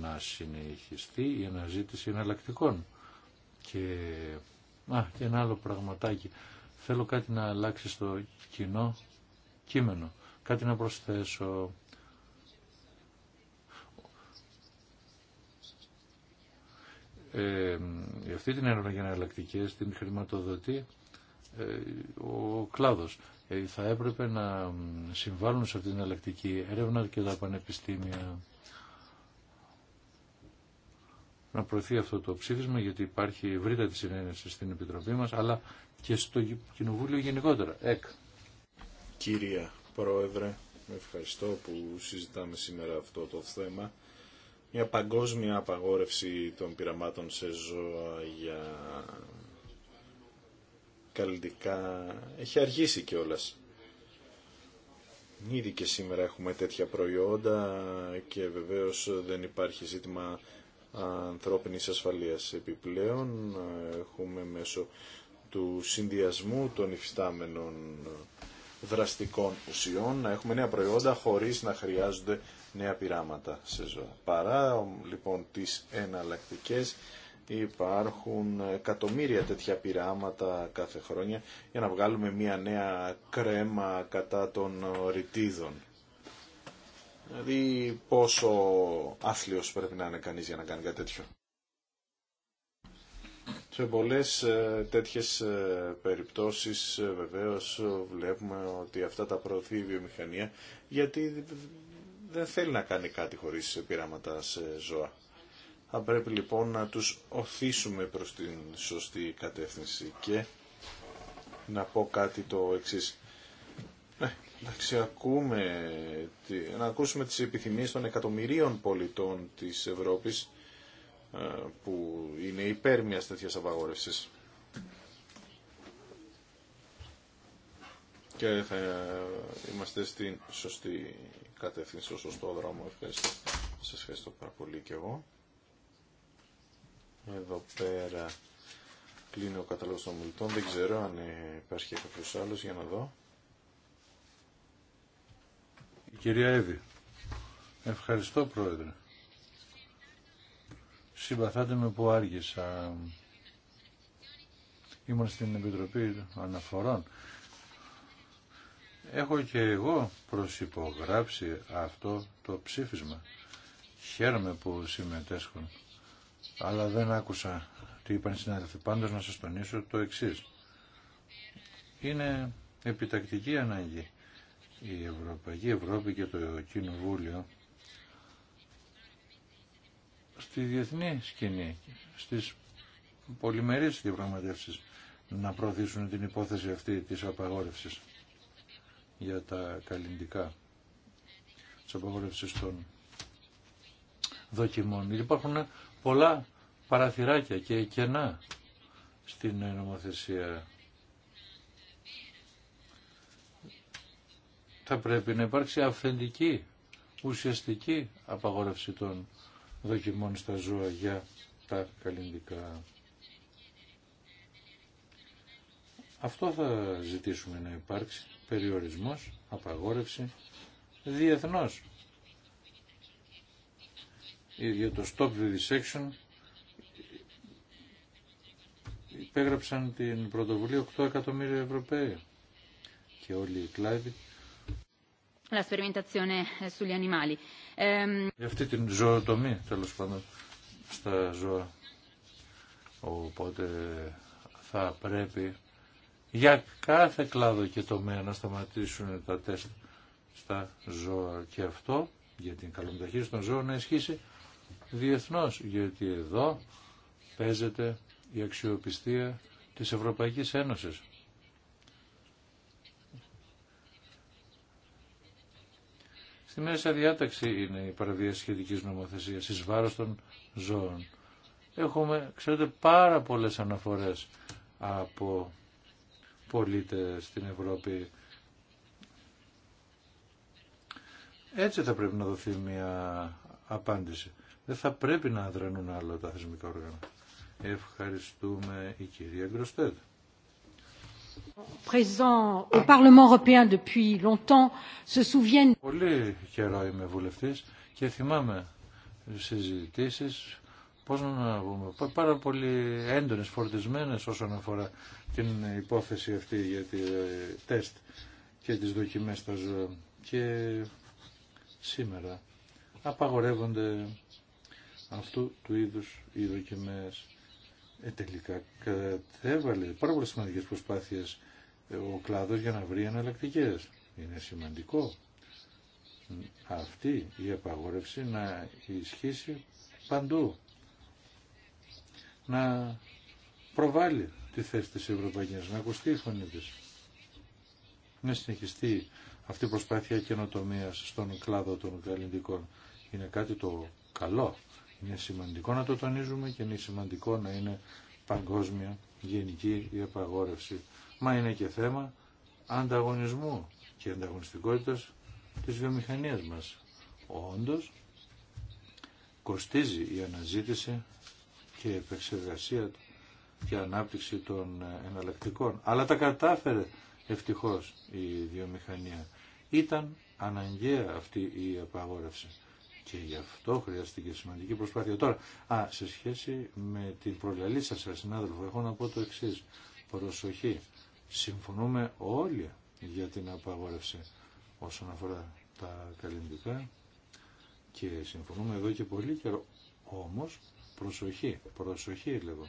να συνεχιστεί η αναζήτηση εναλλακτικών. Και, α, και ένα άλλο πραγματάκι. Θέλω κάτι να αλλάξει στο κοινό κείμενο. Κάτι να προσθέσω. Ε, ε, αυτή την έρευνα για εναλλακτικέ την χρηματοδοτεί ε, ο κλάδος. θα έπρεπε να συμβάλλουν σε αυτή την εναλλακτική έρευνα και τα πανεπιστήμια να προωθεί αυτό το ψήφισμα γιατί υπάρχει ευρύτατη συνένεση στην Επιτροπή μας αλλά και στο Κοινοβούλιο γενικότερα. ΕΚ. Κύρια Πρόεδρε, ευχαριστώ που συζητάμε σήμερα αυτό το θέμα μια παγκόσμια απαγόρευση των πειραμάτων σε ζώα για καλλιτικά. Έχει αργήσει όλας. Ήδη και σήμερα έχουμε τέτοια προϊόντα και βεβαίως δεν υπάρχει ζήτημα ανθρώπινης ασφαλείας. Επιπλέον έχουμε μέσω του συνδυασμού των υφιστάμενων δραστικών ουσιών να έχουμε νέα προϊόντα χωρίς να χρειάζονται νέα πειράματα σε ζώα. Παρά λοιπόν τις εναλλακτικέ υπάρχουν εκατομμύρια τέτοια πειράματα κάθε χρόνια για να βγάλουμε μια νέα κρέμα κατά των ρητίδων. Δηλαδή πόσο άθλιος πρέπει να είναι κανείς για να κάνει κάτι τέτοιο. Σε πολλές ε, τέτοιες ε, περιπτώσεις ε, βεβαίως βλέπουμε ότι αυτά τα προωθεί η βιομηχανία γιατί δεν θέλει να κάνει κάτι χωρίς πειράματα σε ζώα. Θα πρέπει λοιπόν να τους οθήσουμε προς την σωστή κατεύθυνση και να πω κάτι το εξής. Ναι, εντάξει, ακούμε, να ακούσουμε τις επιθυμίες των εκατομμυρίων πολιτών της Ευρώπης ε, που είναι υπέρ μιας τέτοιας απαγόρευσης. Και θα είμαστε στην σωστή κατεύθυνση στο σωστό δρόμο. Ευχαριστώ. Σας ευχαριστώ πάρα πολύ και εγώ. Εδώ πέρα κλείνει ο καταλόγος των μιλτών. Δεν ξέρω αν υπάρχει κάποιος άλλος για να δω. Η κυρία Εύη. Ευχαριστώ πρόεδρε. Συμπαθάτε με που άργησα. Ήμουν στην Επιτροπή Αναφορών Έχω και εγώ προσυπογράψει αυτό το ψήφισμα. Χαίρομαι που συμμετέσχουν. Αλλά δεν άκουσα τι είπαν οι συνάδελφοι. Πάντως να σας τονίσω το εξή. Είναι επιτακτική ανάγκη η Ευρωπαϊκή Ευρώπη και το Κοινοβούλιο στη διεθνή σκηνή, στις πολυμερείς διαπραγματεύσεις να προωθήσουν την υπόθεση αυτή της απαγόρευσης για τα καλλιντικά της απαγόρευσης των δοκιμών. Υπάρχουν πολλά παραθυράκια και κενά στην νομοθεσία. Θα πρέπει να υπάρξει αυθεντική, ουσιαστική απαγόρευση των δοκιμών στα ζώα για τα καλλιντικά. Αυτό θα ζητήσουμε να υπάρξει περιορισμός, απαγόρευση διεθνώς. Για το Stop Vivisection υπέγραψαν την πρωτοβουλία 8 εκατομμύρια Ευρωπαίοι και όλοι οι κλάδοι. La sperimentazione eh, sugli animali. Ehm, Για αυτή την ζωοτομή, τέλος πάντων, στα ζώα. Οπότε θα πρέπει για κάθε κλάδο και τομέα να σταματήσουν τα τεστ στα ζώα και αυτό για την καλομεταχείριση των ζώων να ισχύσει διεθνώς γιατί εδώ παίζεται η αξιοπιστία της Ευρωπαϊκής Ένωσης. Στη μέσα διάταξη είναι η παραβίαση σχετικής νομοθεσίας εις βάρος των ζώων. Έχουμε, ξέρετε, πάρα πολλές αναφορές από πολίτες στην Ευρώπη. Έτσι θα πρέπει να δοθεί μια απάντηση. Δεν θα πρέπει να αδρανούν άλλο τα θεσμικά όργανα. Ευχαριστούμε η κυρία Γκροστέτ. Πολύ καιρό είμαι βουλευτής και θυμάμαι συζητήσεις πώς να πάρα πολύ έντονες, φορτισμένες όσον αφορά την υπόθεση αυτή για τη ε, τεστ και τις δοκιμές στα Και σήμερα απαγορεύονται αυτού του είδους οι δοκιμές. Ε, τελικά κατέβαλε πάρα πολύ σημαντικές προσπάθειες ε, ο κλάδος για να βρει εναλλακτικέ. Είναι σημαντικό αυτή η απαγόρευση να ισχύσει παντού να προβάλλει τη θέση της Ευρωπαϊκής, να ακουστεί η φωνή της. Να συνεχιστεί αυτή η προσπάθεια καινοτομία στον κλάδο των καλλιντικών. Είναι κάτι το καλό. Είναι σημαντικό να το τονίζουμε και είναι σημαντικό να είναι παγκόσμια γενική η απαγόρευση. Μα είναι και θέμα ανταγωνισμού και ανταγωνιστικότητας της βιομηχανίας μας. Όντως, κοστίζει η αναζήτηση και επεξεργασία και ανάπτυξη των εναλλακτικών. Αλλά τα κατάφερε ευτυχώς η βιομηχανία. Ήταν αναγκαία αυτή η απαγόρευση. Και γι' αυτό χρειάστηκε σημαντική προσπάθεια. Τώρα, α, σε σχέση με την προλαλή σας, συνάδελφο, έχω να πω το εξή. Προσοχή. Συμφωνούμε όλοι για την απαγόρευση όσον αφορά τα καλλιντικά και συμφωνούμε εδώ και πολύ καιρό. Όμως, Προσοχή, προσοχή λίγο.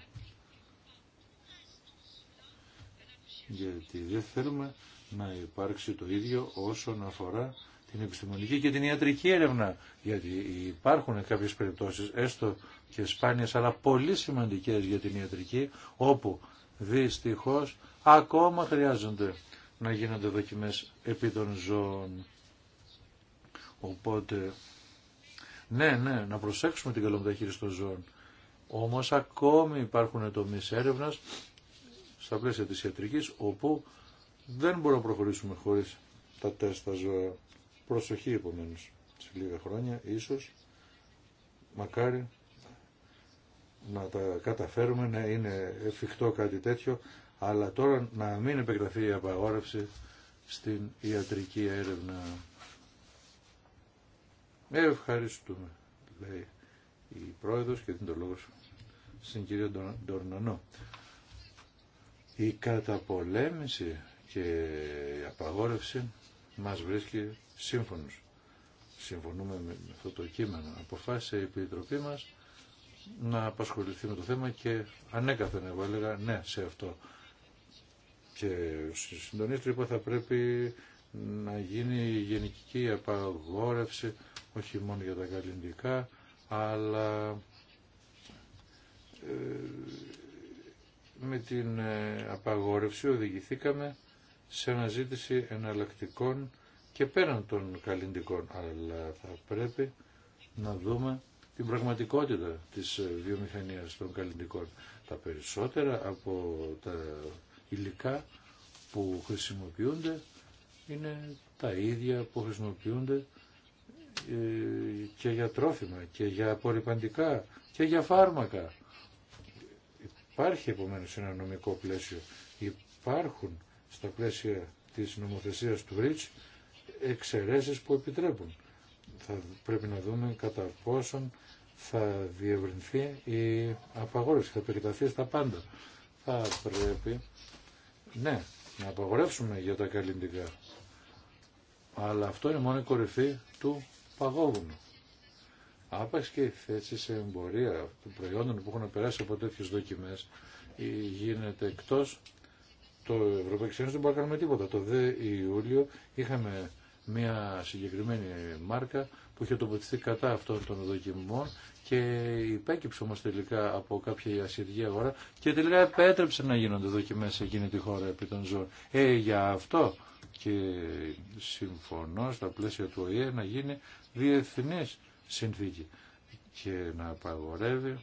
Γιατί δεν θέλουμε να υπάρξει το ίδιο όσον αφορά την επιστημονική και την ιατρική έρευνα. Γιατί υπάρχουν κάποιες περιπτώσεις, έστω και σπάνιες, αλλά πολύ σημαντικές για την ιατρική, όπου δυστυχώς ακόμα χρειάζονται να γίνονται δοκιμές επί των ζώων. Οπότε, ναι, ναι, να προσέξουμε την καλομεταχείριση των ζώων. Όμως ακόμη υπάρχουν τομεί έρευνα στα πλαίσια της ιατρικής όπου δεν μπορούμε να προχωρήσουμε χωρίς τα τεστ τα ζώα. Προσοχή επομένως σε λίγα χρόνια ίσως μακάρι να τα καταφέρουμε να είναι εφικτό κάτι τέτοιο αλλά τώρα να μην επεκταθεί η απαγόρευση στην ιατρική έρευνα. Ευχαριστούμε, λέει η πρόεδρος και δίνει το λόγο στην κυρία Ντορνανό. Η καταπολέμηση και η απαγόρευση μας βρίσκει σύμφωνος. Συμφωνούμε με αυτό το κείμενο. Αποφάσισε η Επιτροπή μας να απασχοληθεί με το θέμα και ανέκαθεν εγώ έλεγα ναι σε αυτό. Και συντονίστρια είπα θα πρέπει να γίνει η γενική απαγόρευση όχι μόνο για τα καλλιντικά αλλά ε, με την ε, απαγόρευση οδηγηθήκαμε σε αναζήτηση εναλλακτικών και πέραν των καλλιντικών, αλλά θα πρέπει να δούμε την πραγματικότητα της ε, βιομηχανίας των καλλιντικών. Τα περισσότερα από τα υλικά που χρησιμοποιούνται είναι τα ίδια που χρησιμοποιούνται ε, και για τρόφιμα και για απορριπαντικά και για φάρμακα. Υπάρχει επομένως ένα νομικό πλαίσιο. Υπάρχουν στα πλαίσια της νομοθεσίας του ΡΙΤΣ εξαιρέσεις που επιτρέπουν. Θα πρέπει να δούμε κατά πόσον θα διευρυνθεί η απαγόρευση, θα περιταθεί στα πάντα. Θα πρέπει, ναι, να απαγορεύσουμε για τα καλλιντικά. Αλλά αυτό είναι μόνο η κορυφή του παγόβουνο. Άπαξ και η θέση σε εμπορία των προϊόντων που έχουν περάσει από τέτοιε δοκιμέ γίνεται εκτό. Το Ευρωπαϊκή Ένωση δεν μπορεί να κάνουμε τίποτα. Το 2 Ιούλιο είχαμε μια συγκεκριμένη μάρκα που είχε τοποθετηθεί κατά αυτών των δοκιμών και υπέκυψε όμως τελικά από κάποια ασυργή αγορά και τελικά επέτρεψε να γίνονται δοκιμές σε εκείνη τη χώρα επί των ζώων. Ε, για αυτό και συμφωνώ στα πλαίσια του ΟΗΕ να γίνει διεθνής συνθήκη και να απαγορεύει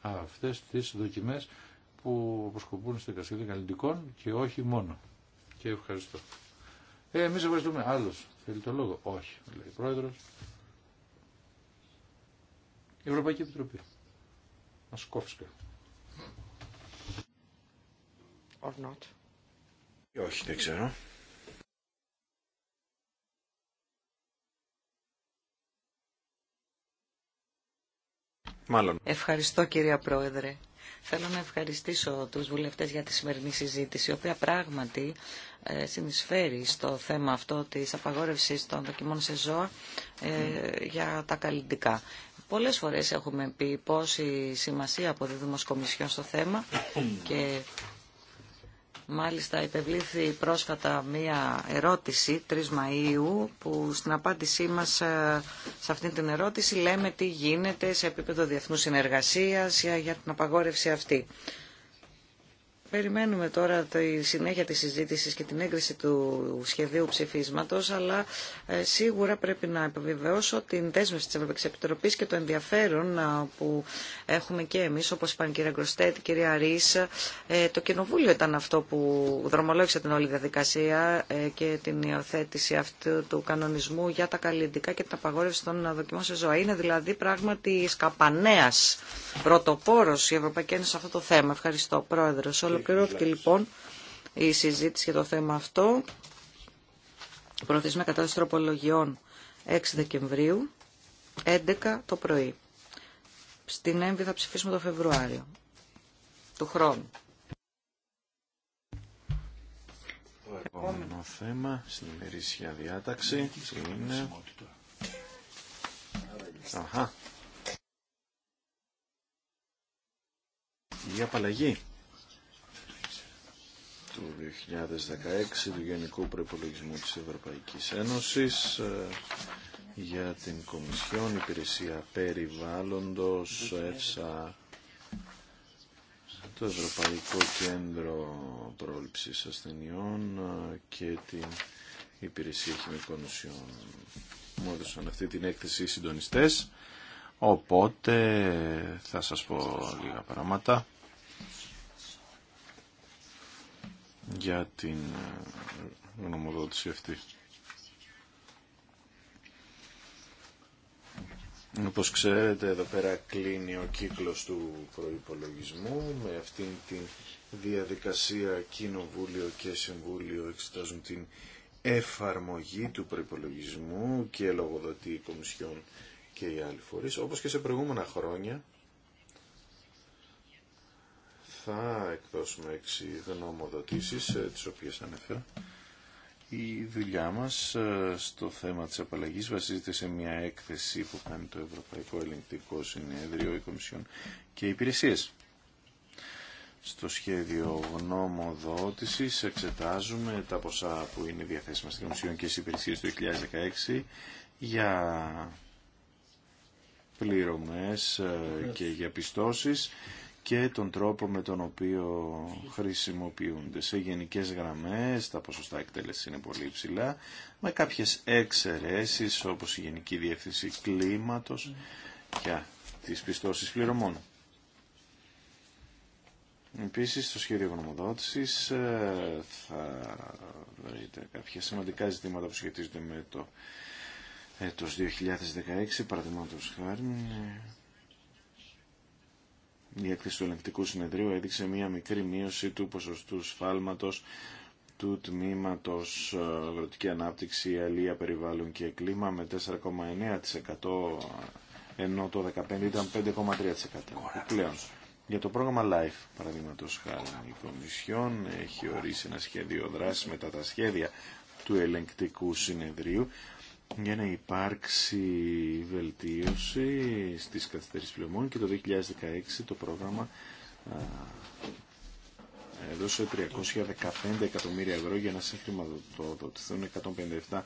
αυτές τις δοκιμές που αποσκοπούν στην κατασκευή καλλιτικών και όχι μόνο. Και ευχαριστώ. Ε, εμείς ευχαριστούμε. Άλλος θέλει το λόγο. Όχι, λέει ο Πρόεδρος. Ευρωπαϊκή Επιτροπή. κάτι. Or not. Ε, όχι, δεν ξέρω. Μάλλον. Ευχαριστώ κυρία Πρόεδρε. Θέλω να ευχαριστήσω τους βουλευτές για τη σημερινή συζήτηση, η οποία πράγματι ε, συνεισφέρει στο θέμα αυτό της απαγόρευσης των δοκιμών σε ζώα ε, για τα καλλιντικά. Πολλές φορές έχουμε πει πόση σημασία αποδίδουμε ως Κομισιόν στο θέμα και Μάλιστα υπευλήθη πρόσφατα μία ερώτηση 3 Μαΐου που στην απάντησή μας ε, σε αυτή την ερώτηση λέμε τι γίνεται σε επίπεδο διεθνούς συνεργασίας για την απαγόρευση αυτή. Περιμένουμε τώρα τη συνέχεια της συζήτησης και την έγκριση του σχεδίου ψηφίσματος, αλλά ε, σίγουρα πρέπει να επιβεβαιώσω την δέσμευση της Ευρωπαϊκής Επιτροπής και το ενδιαφέρον που έχουμε και εμείς, όπως είπαν κύριε Γκροστέτ, κυρία ε, Το Κοινοβούλιο ήταν αυτό που δρομολόγησε την όλη διαδικασία ε, και την υιοθέτηση αυτού του κανονισμού για τα καλλιντικά και την απαγόρευση των δοκιμών σε ζωή. Είναι δηλαδή πράγματι σκαπανέας πρωτοπόρος η Ευρωπαϊκή Ένωση σε αυτό το θέμα. Ευχαριστώ, Πρόεδρος. Ολοκληρώθηκε λοιπόν η συζήτηση για το θέμα αυτό. Προωθήσουμε κατάσταση τροπολογιών 6 Δεκεμβρίου, 11 το πρωί. Στην ΕΜΒΗ θα ψηφίσουμε το Φεβρουάριο του χρόνου. Το επόμενο θέμα στην ημερήσια διάταξη είναι... Αχα. Η απαλλαγή του 2016 του Γενικού Προϋπολογισμού της Ευρωπαϊκής Ένωσης ε, για την Κομισιόν Υπηρεσία Περιβάλλοντος ΕΦΣΑ το Ευρωπαϊκό Κέντρο Πρόληψης Ασθενειών ε, και την Υπηρεσία Χημικών Ουσιών. Μου έδωσαν αυτή την έκθεση οι συντονιστές, οπότε θα σας πω λίγα πράγματα. για την ε, γνωμοδότηση αυτή. Όπως ξέρετε εδώ πέρα κλείνει ο κύκλος του προϋπολογισμού με αυτήν την διαδικασία Κοινοβούλιο και Συμβούλιο εξετάζουν την εφαρμογή του προϋπολογισμού και λογοδοτεί η Κομισιόν και οι άλλοι φορείς όπως και σε προηγούμενα χρόνια θα εκδώσουμε έξι νομοδοτήσεις ε, τις οποίες ανέφερα. Η δουλειά μας ε, στο θέμα της απαλλαγής βασίζεται σε μια έκθεση που κάνει το Ευρωπαϊκό Ελεγκτικό Συνέδριο, η Κομισιόν και οι υπηρεσίες. Στο σχέδιο γνωμοδότησης εξετάζουμε τα ποσά που είναι διαθέσιμα στην Κομισιόν και στις υπηρεσίες του 2016 για πληρωμές ε, και για πιστώσεις και τον τρόπο με τον οποίο χρησιμοποιούνται. Σε γενικές γραμμές τα ποσοστά εκτέλεσης είναι πολύ υψηλά, με κάποιες εξαιρέσεις όπως η Γενική Διεύθυνση Κλίματος για τις πιστώσεις πληρωμών. Επίσης, στο σχέδιο γνωμοδότησης ε, θα βρείτε κάποια σημαντικά ζητήματα που σχετίζονται με το έτος 2016, παραδείγματος χάρη, η έκθεση του ελεγκτικού συνεδρίου έδειξε μία μικρή μείωση του ποσοστού σφάλματος του τμήματος ε, αγροτική ανάπτυξη, αλία περιβάλλον και κλίμα με 4,9% ενώ το 2015 ήταν 5,3% πλέον. Για το πρόγραμμα LIFE, παραδείγματο χάρη, η Κομισιόν έχει ορίσει ένα σχέδιο δράση μετά τα σχέδια του ελεγκτικού συνεδρίου για να υπάρξει βελτίωση στις καθυστερήσεις πληρωμών και το 2016 το πρόγραμμα έδωσε 315 εκατομμύρια ευρώ για να συγχρηματοδοτηθούν 157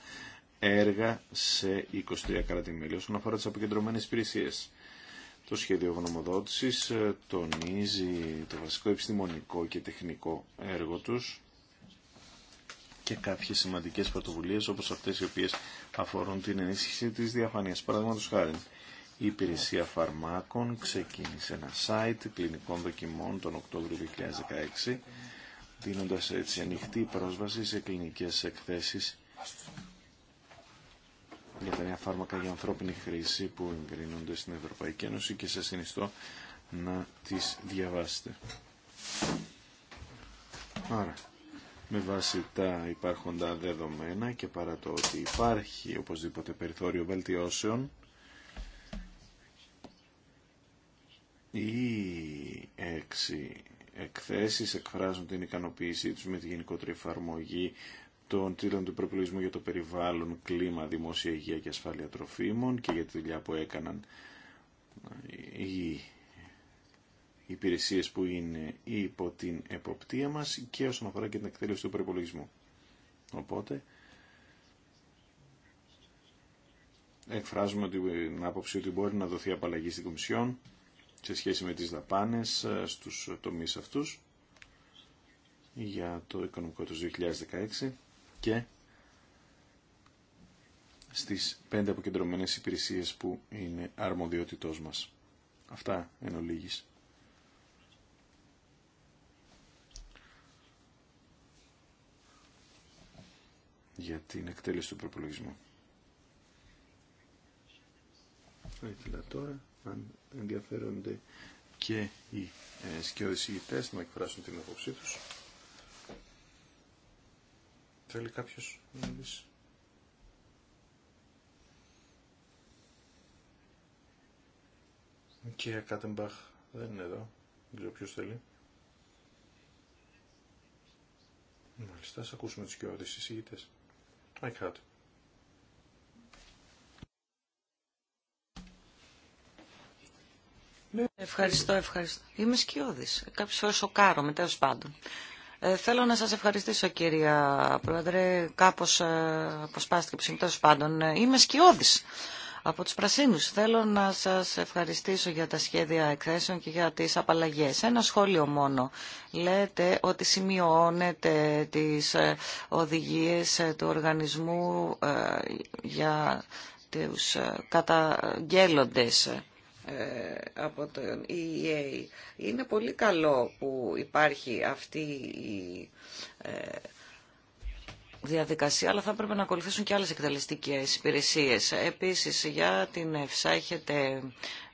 έργα σε 23 κρατη Όσον αφορά τις αποκεντρωμένες υπηρεσίες, το σχέδιο γνωμοδότησης ε, τονίζει το βασικό επιστημονικό και τεχνικό έργο τους και κάποιες σημαντικές πρωτοβουλίες όπως αυτές οι οποίες αφορούν την ενίσχυση της διαφανείας. Παραδείγματος χάρη, η υπηρεσία φαρμάκων ξεκίνησε ένα site κλινικών δοκιμών τον Οκτώβριο 2016, δίνοντας έτσι ανοιχτή πρόσβαση σε κλινικές εκθέσεις για τα νέα φάρμακα για ανθρώπινη χρήση που εγκρίνονται στην Ευρωπαϊκή Ένωση και σας συνιστώ να τις διαβάσετε. Άρα, με βάση τα υπάρχοντα δεδομένα και παρά το ότι υπάρχει οπωσδήποτε περιθώριο βελτιώσεων οι έξι εκθέσεις εκφράζουν την ικανοποίησή τους με τη γενικότερη εφαρμογή των τίτλων του προπολογισμού για το περιβάλλον, κλίμα, δημόσια υγεία και ασφάλεια τροφίμων και για τη δουλειά που έκαναν οι υπηρεσίες που είναι υπό την εποπτεία μας και όσον αφορά και την εκτέλεση του προπολογισμού. Οπότε, εκφράζουμε την άποψη ότι μπορεί να δοθεί απαλλαγή στην Κομισιόν σε σχέση με τις δαπάνες ε, στους τομείς αυτούς για το οικονομικό του 2016 και στις πέντε αποκεντρωμένες υπηρεσίες που είναι αρμοδιότητός μας. Αυτά εν ολίγης. για την εκτέλεση του προπολογισμού. Θα ήθελα τώρα, αν ενδιαφέρονται και οι ε, σκιοδησηγητές να εκφράσουν την απόψή τους. Θέλει κάποιος να μιλήσει. Η Κάτεμπαχ δεν είναι εδώ. Δεν ξέρω ποιος θέλει. Μάλιστα, ας ακούσουμε τους κοιόδες συζήτητε. Ευχαριστώ, ευχαριστώ. Είμαι σκιώδης. Κάποιες φορές σοκάρομαι, τέλος πάντων. Ε, θέλω να σας ευχαριστήσω κυρία Πρόεδρε, κάπως ε, αποσπάστηκε τέλος πάντων. Ε, είμαι σκιώδης από τους Πρασίνους θέλω να σας ευχαριστήσω για τα σχέδια εκθέσεων και για τις απαλλαγές. Ένα σχόλιο μόνο. Λέτε ότι σημειώνετε τις ε, οδηγίες ε, του οργανισμού ε, για τους καταγγέλλοντες από τον EEA. Είναι πολύ καλό που υπάρχει αυτή η διαδικασία, αλλά θα πρέπει να ακολουθήσουν και άλλες εκτελεστικές υπηρεσίες. Επίσης, για την ΕΦΣΑ έχετε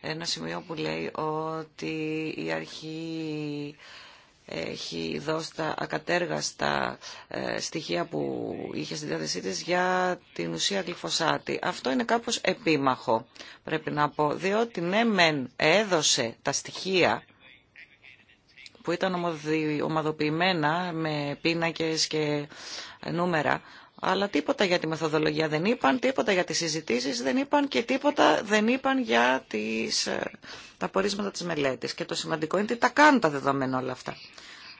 ένα σημείο που λέει ότι η αρχή έχει δώσει τα ακατέργαστα ε, στοιχεία που είχε στη διάθεσή της για την ουσία γλυφοσάτη. Αυτό είναι κάπως επίμαχο, πρέπει να πω, διότι ναι μεν έδωσε τα στοιχεία που ήταν ομαδοποιημένα με πίνακες και νούμερα, αλλά τίποτα για τη μεθοδολογία δεν είπαν, τίποτα για τις συζητήσεις δεν είπαν και τίποτα δεν είπαν για τις, ε, τα πορίσματα της μελέτης. Και το σημαντικό είναι ότι τα κάνουν τα δεδομένα όλα αυτά.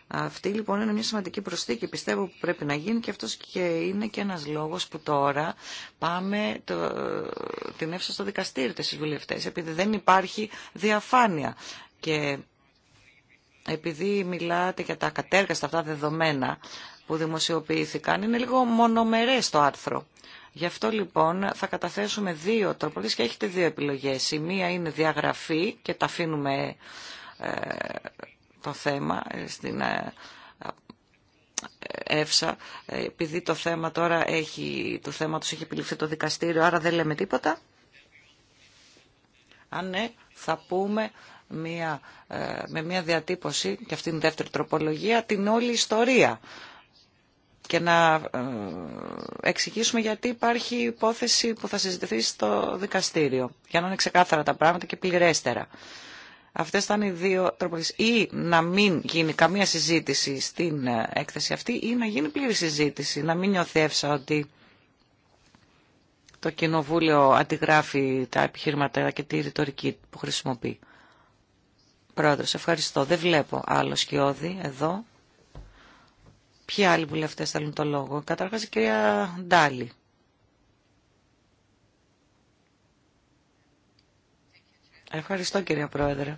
Αυτή λοιπόν είναι μια σημαντική προσθήκη, πιστεύω που πρέπει να γίνει και αυτός και είναι και ένας λόγος που τώρα πάμε την εύσα στο δικαστήριο τις Βουλευτέ, επειδή δεν υπάρχει διαφάνεια. Και επειδή μιλάτε για τα κατέργαστα αυτά δεδομένα που δημοσιοποιήθηκαν, είναι λίγο μονομερές το άρθρο. Γι' αυτό λοιπόν θα καταθέσουμε δύο τροπολίες και έχετε δύο επιλογές. Η μία είναι διαγραφή και τα αφήνουμε ε, το θέμα ε, στην Εύσα... Ε, επειδή το θέμα τώρα έχει, το θέμα τους έχει επιληφθεί το δικαστήριο, άρα δεν λέμε τίποτα. Αν ναι, θα πούμε μια, ε, με μια διατύπωση, και αυτήν την δεύτερη τροπολογία, την όλη ιστορία και να ε, εξηγήσουμε γιατί υπάρχει υπόθεση που θα συζητηθεί στο δικαστήριο, για να είναι ξεκάθαρα τα πράγματα και πληρέστερα. Αυτές ήταν οι δύο τροπολογίες. Ή να μην γίνει καμία συζήτηση στην ε, έκθεση αυτή ή να γίνει πλήρη συζήτηση, να μην νιωθεύσα ότι το Κοινοβούλιο αντιγράφει τα επιχείρηματα και τη ρητορική που χρησιμοποιεί. Πρόεδρος, ευχαριστώ. Δεν βλέπω άλλο σκιώδη εδώ. Ποιοι άλλοι βουλευτέ θέλουν το λόγο. Καταρχάς η κυρία Ντάλη. Ευχαριστώ κυρία Πρόεδρε.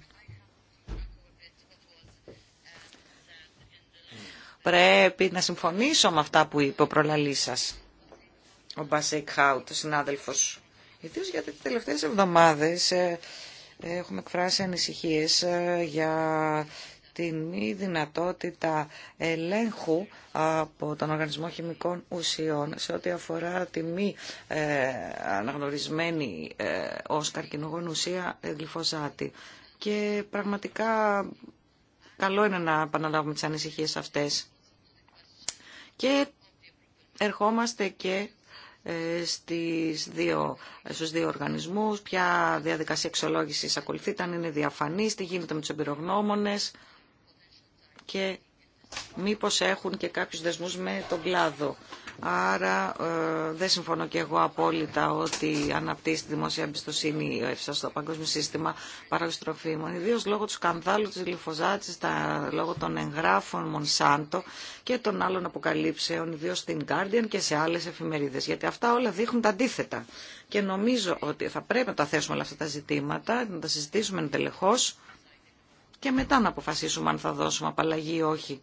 Πρέπει να συμφωνήσω με αυτά που είπε ο προλαλή σα, ο Μπασέικ Χάουτ, συνάδελφο. Ιδίω γιατί τι τελευταίε εβδομάδε ε, έχουμε εκφράσει ανησυχίες ε, για την μη δυνατότητα ελέγχου από τον Οργανισμό Χημικών Ουσιών σε ό,τι αφορά τη μη ε, αναγνωρισμένη ε, ως καρκινογόνη ουσία γλυφοζάτη. Και πραγματικά καλό είναι να επαναλάβουμε τις ανησυχίες αυτές. Και ερχόμαστε και ε, στις δύο, στους δύο οργανισμούς, ποια διαδικασία εξολόγησης ακολουθείται, αν είναι διαφανής, τι γίνεται με τους εμπειρογνώμονες και μήπως έχουν και κάποιους δεσμούς με τον κλάδο. Άρα ε, δεν συμφωνώ και εγώ απόλυτα ότι αναπτύσσει τη δημόσια εμπιστοσύνη ε, στο Παγκόσμιο Σύστημα Παραγωγής Τροφίμων, ιδίω λόγω του σκανδάλου τη γλυφοζάτη, λόγω των εγγράφων Μονσάντο και των άλλων αποκαλύψεων, ιδίω στην Guardian και σε άλλε εφημερίδε. Γιατί αυτά όλα δείχνουν τα αντίθετα. Και νομίζω ότι θα πρέπει να τα θέσουμε όλα αυτά τα ζητήματα, να τα συζητήσουμε εντελεχώ και μετά να αποφασίσουμε αν θα δώσουμε απαλλαγή ή όχι,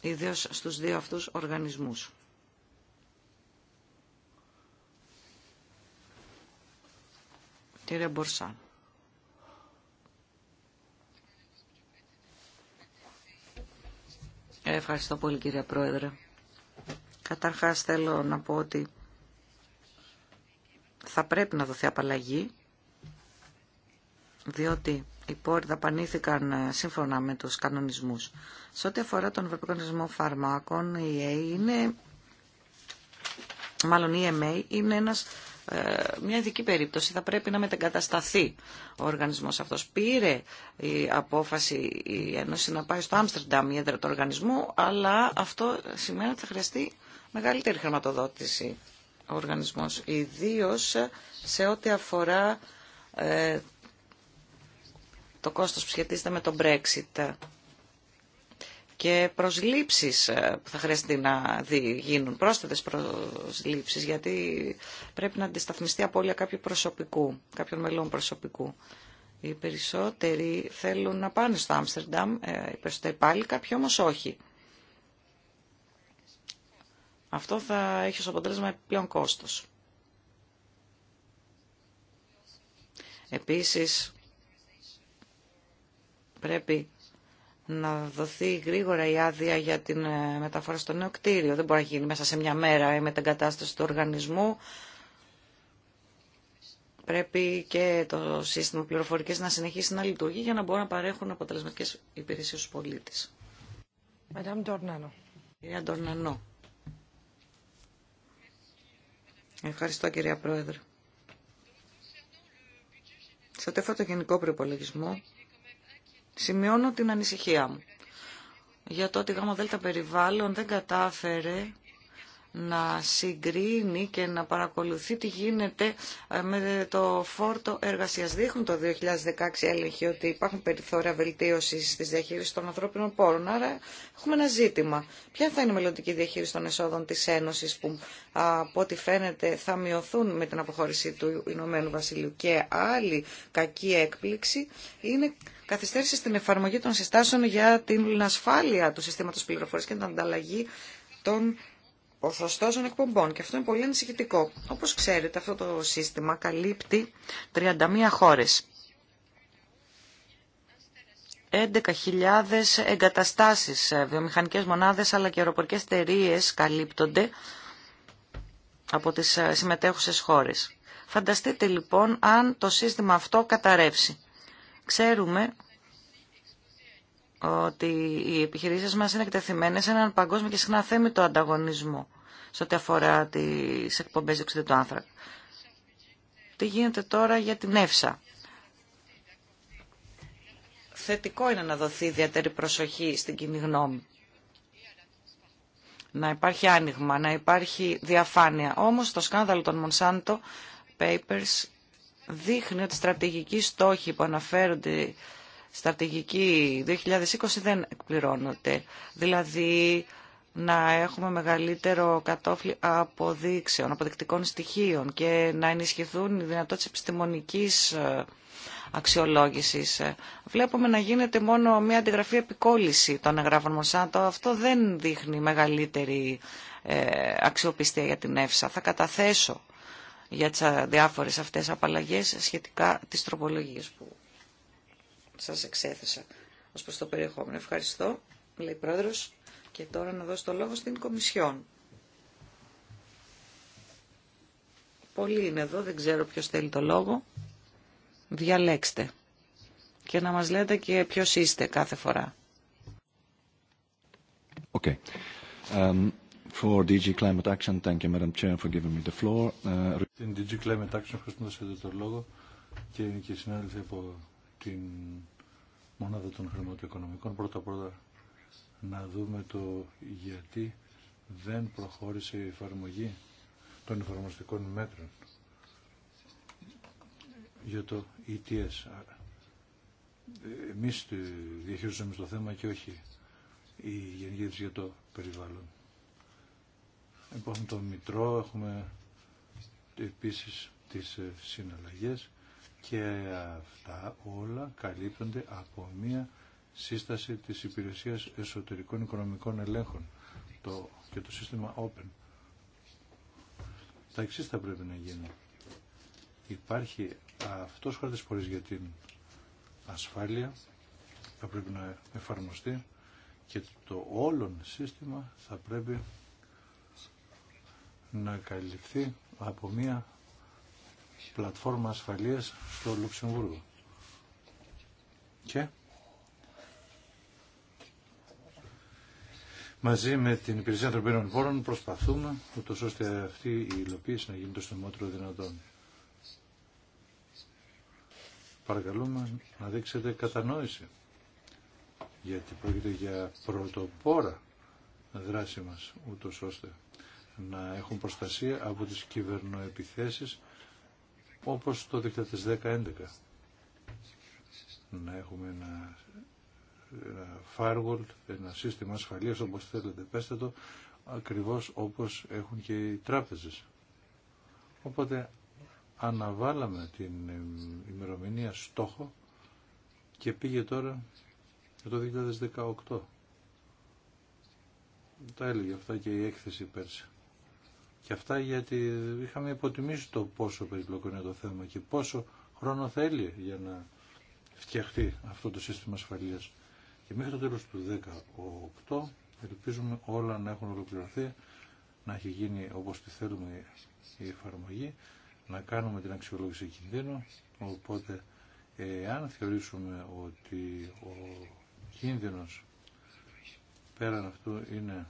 ιδίω στους δύο αυτούς οργανισμούς. Κύριε Μπορσάν. Ευχαριστώ πολύ κύριε Πρόεδρε. Καταρχάς θέλω να πω ότι θα πρέπει να δοθεί απαλλαγή διότι οι πόροι δαπανήθηκαν ε, σύμφωνα με τους κανονισμούς. Σε ό,τι αφορά τον Ευρωπαϊκό Φαρμάκων, η ΕΕ είναι, μάλλον η EMA είναι ένας ε, μια ειδική περίπτωση. Θα πρέπει να μετεγκατασταθεί ο οργανισμός αυτός. Πήρε η απόφαση η Ένωση να πάει στο Άμστερνταμ η έδρα του οργανισμού, αλλά αυτό σημαίνει ότι θα χρειαστεί μεγαλύτερη χρηματοδότηση ο οργανισμός, ιδίως σε ό,τι αφορά ε, το κόστος που σχετίζεται με το Brexit και προσλήψεις ε, που θα χρειαστεί να γίνουν, πρόσθετες προσλήψεις, γιατί πρέπει να αντισταθμιστεί απόλυτα κάποιου προσωπικού, κάποιων μελών προσωπικού. Οι περισσότεροι θέλουν να πάνε στο Άμστερνταμ, ε, οι περισσότεροι πάλι, κάποιοι όμως όχι. Αυτό θα έχει ως αποτέλεσμα πλέον κόστος. Επίσης, πρέπει να δοθεί γρήγορα η άδεια για την ε, μεταφορά στο νέο κτίριο. Δεν μπορεί να γίνει μέσα σε μια μέρα με την κατάσταση του οργανισμού. Πρέπει και το σύστημα πληροφορικής να συνεχίσει να λειτουργεί για να μπορούν να παρέχουν αποτελεσματικές υπηρεσίες στους πολίτες. Κυρία Ντορνανό. Ευχαριστώ κυρία Πρόεδρε. Σε ό,τι το γενικό προπολογισμό, Σημειώνω την ανησυχία μου για το ότι η ΔΕΛΤΑ περιβάλλον δεν κατάφερε να συγκρίνει και να παρακολουθεί τι γίνεται ε, με το φόρτο εργασίας. Δείχνουν το 2016 έλεγχοι ότι υπάρχουν περιθώρια βελτίωσης της διαχείρισης των ανθρώπινων πόρων. Άρα έχουμε ένα ζήτημα. Ποια θα είναι η μελλοντική διαχείριση των εσόδων της Ένωσης που από ό,τι φαίνεται θα μειωθούν με την αποχώρηση του Ηνωμένου Βασιλείου και άλλη κακή έκπληξη είναι καθυστέρηση στην εφαρμογή των συστάσεων για την ασφάλεια του συστήματος πληροφορίας και την ανταλλαγή των των εκπομπών. Και αυτό είναι πολύ ανησυχητικό. Όπως ξέρετε, αυτό το σύστημα καλύπτει 31 χώρες. 11.000 εγκαταστάσεις, ε, βιομηχανικές μονάδες αλλά και αεροπορικές εταιρείε καλύπτονται από τις ε, συμμετέχουσες χώρες. Φανταστείτε λοιπόν αν το σύστημα αυτό καταρρεύσει. Ξέρουμε ότι οι επιχειρήσεις μας είναι εκτεθειμένες σε έναν παγκόσμιο και συχνά θέμητο ανταγωνισμό σε ό,τι αφορά τις εκπομπές διοξιδίου του άνθρακα. Τι γίνεται τώρα για την ΕΦΣΑ. Θετικό είναι να δοθεί ιδιαίτερη προσοχή στην κοινή γνώμη. Να υπάρχει άνοιγμα, να υπάρχει διαφάνεια. Όμως το σκάνδαλο των Monsanto Papers δείχνει ότι στρατηγικοί στόχοι που αναφέρονται στρατηγική 2020 δεν εκπληρώνονται. Δηλαδή να έχουμε μεγαλύτερο κατόφλι αποδείξεων, αποδεικτικών στοιχείων και να ενισχυθούν οι δυνατότητες επιστημονικής ε, αξιολόγησης. Βλέπουμε να γίνεται μόνο μια αντιγραφή επικόλυση των εγγράφων Μονσάντο. Αυτό δεν δείχνει μεγαλύτερη ε, αξιοπιστία για την ΕΦΣΑ. Θα καταθέσω για τις διάφορες αυτές απαλλαγές σχετικά τις τροπολογίες που σας εξέθεσα ως προς το περιεχόμενο. Ευχαριστώ, λέει Πρόεδρος. Και τώρα να δώσω το λόγο στην Κομισιόν. Πολλοί είναι εδώ, δεν ξέρω ποιος θέλει το λόγο. Διαλέξτε. Και να μας λέτε και ποιος είστε κάθε φορά. Okay. Um, for DG Climate Action, thank you, Madam Chair, for giving me the floor. Uh, την DG Climate Action, ευχαριστώ σε το λόγο και, και συνάδελφοι από την μονάδα των χρηματοοικονομικών. Πρώτα πρώτα να δούμε το γιατί δεν προχώρησε η εφαρμογή των εφαρμοστικών μέτρων για το ETS. Εμείς διαχείριζαμε το θέμα και όχι η Γενική για το Περιβάλλον. Υπάρχουν το Μητρό, έχουμε επίσης τις ε, συναλλαγές και αυτά όλα καλύπτονται από μία σύσταση της Υπηρεσίας Εσωτερικών Οικονομικών Ελέγχων το, και το σύστημα Open. Τα εξή θα πρέπει να γίνει. Υπάρχει αυτός ο χάρτης για την ασφάλεια, θα πρέπει να εφαρμοστεί και το όλον σύστημα θα πρέπει να καλυφθεί από μια πλατφόρμα ασφαλείας στο Λουξεμβούργο. Και μαζί με την Υπηρεσία Ανθρωπίνων Πόρων προσπαθούμε ούτως ώστε αυτή η υλοποίηση να γίνει το στομότερο δυνατόν. Παρακαλούμε να δείξετε κατανόηση γιατί πρόκειται για πρωτοπόρα δράση μας ούτως ώστε να έχουν προστασία από τις κυβερνοεπιθέσεις όπως το δεκτατές 2011 Να έχουμε ένα, ένα firewall, ένα σύστημα ασφαλείας όπως θέλετε, πέστε το, ακριβώς όπως έχουν και οι τράπεζες. Οπότε αναβάλαμε την ημερομηνία στόχο και πήγε τώρα το 2018. Τα έλεγε αυτά και η έκθεση πέρσι. Και αυτά γιατί είχαμε υποτιμήσει το πόσο περιπλοκό είναι το θέμα και πόσο χρόνο θέλει για να φτιαχτεί αυτό το σύστημα ασφαλείας. Και μέχρι το τέλος του 2018 ελπίζουμε όλα να έχουν ολοκληρωθεί, να έχει γίνει όπως τη θέλουμε η εφαρμογή, να κάνουμε την αξιολόγηση κινδύνου, οπότε αν θεωρήσουμε ότι ο κίνδυνος πέραν αυτού είναι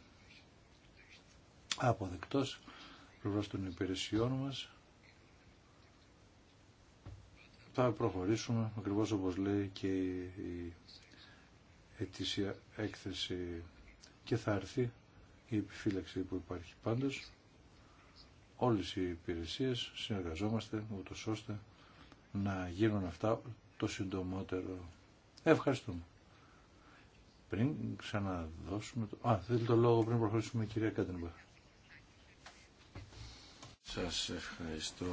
αποδεκτός, πλευρά των υπηρεσιών μας θα προχωρήσουμε ακριβώς όπως λέει και η ετήσια έκθεση και θα έρθει η επιφύλαξη που υπάρχει πάντως όλες οι υπηρεσίες συνεργαζόμαστε ούτως ώστε να γίνουν αυτά το συντομότερο ευχαριστούμε πριν ξαναδώσουμε το... Α, θέλει το λόγο πριν προχωρήσουμε κυρία Κάντενμπαχ. Σας ευχαριστώ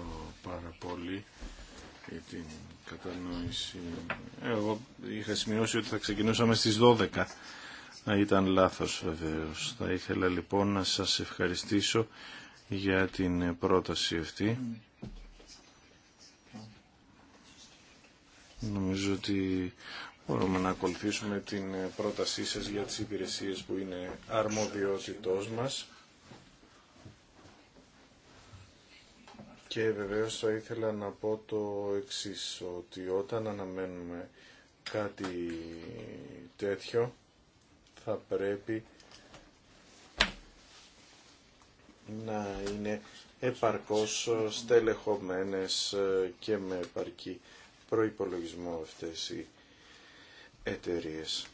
πάρα πολύ για την κατανόηση. Εγώ είχα σημειώσει ότι θα ξεκινούσαμε στις 12. Να ήταν λάθος βεβαίω. Θα ήθελα λοιπόν να σας ευχαριστήσω για την πρόταση αυτή. Νομίζω ότι μπορούμε να ακολουθήσουμε την πρότασή σας για τις υπηρεσίες που είναι αρμοδιότητός μας Και βεβαίως θα ήθελα να πω το εξής, ότι όταν αναμένουμε κάτι τέτοιο θα πρέπει να είναι επαρκώς στελεχωμένες και με επαρκή προϋπολογισμό αυτές οι εταιρείες.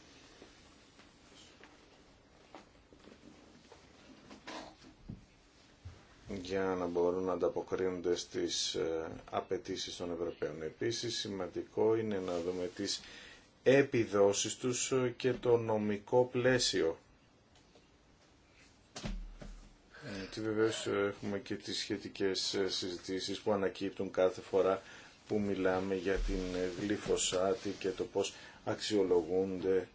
για να μπορούν να ανταποκρίνονται στις ε, απαιτήσεις των Ευρωπαίων. Επίσης σημαντικό είναι να δούμε τις επιδόσεις τους και το νομικό πλαίσιο. Ε, και βεβαίως ε, έχουμε και τις σχετικές συζητήσεις που ανακύπτουν κάθε φορά που μιλάμε για την γλυφοσάτη και το πώς αξιολογούνται.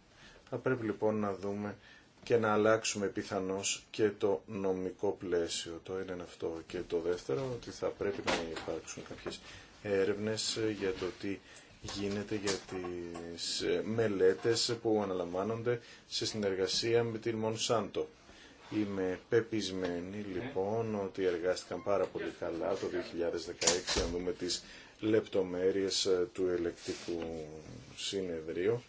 Θα πρέπει λοιπόν να δούμε και να αλλάξουμε πιθανώς και το νομικό πλαίσιο. Το ένα είναι αυτό και το δεύτερο, ότι θα πρέπει να υπάρξουν κάποιες έρευνες για το τι γίνεται για τις ε, μελέτες που αναλαμβάνονται σε συνεργασία με την Μονσάντο. Είμαι πεπισμένη ναι. λοιπόν ότι εργάστηκαν πάρα πολύ καλά το 2016, αν δούμε τις λεπτομέρειες ε, του ελεκτικού συνεδρίου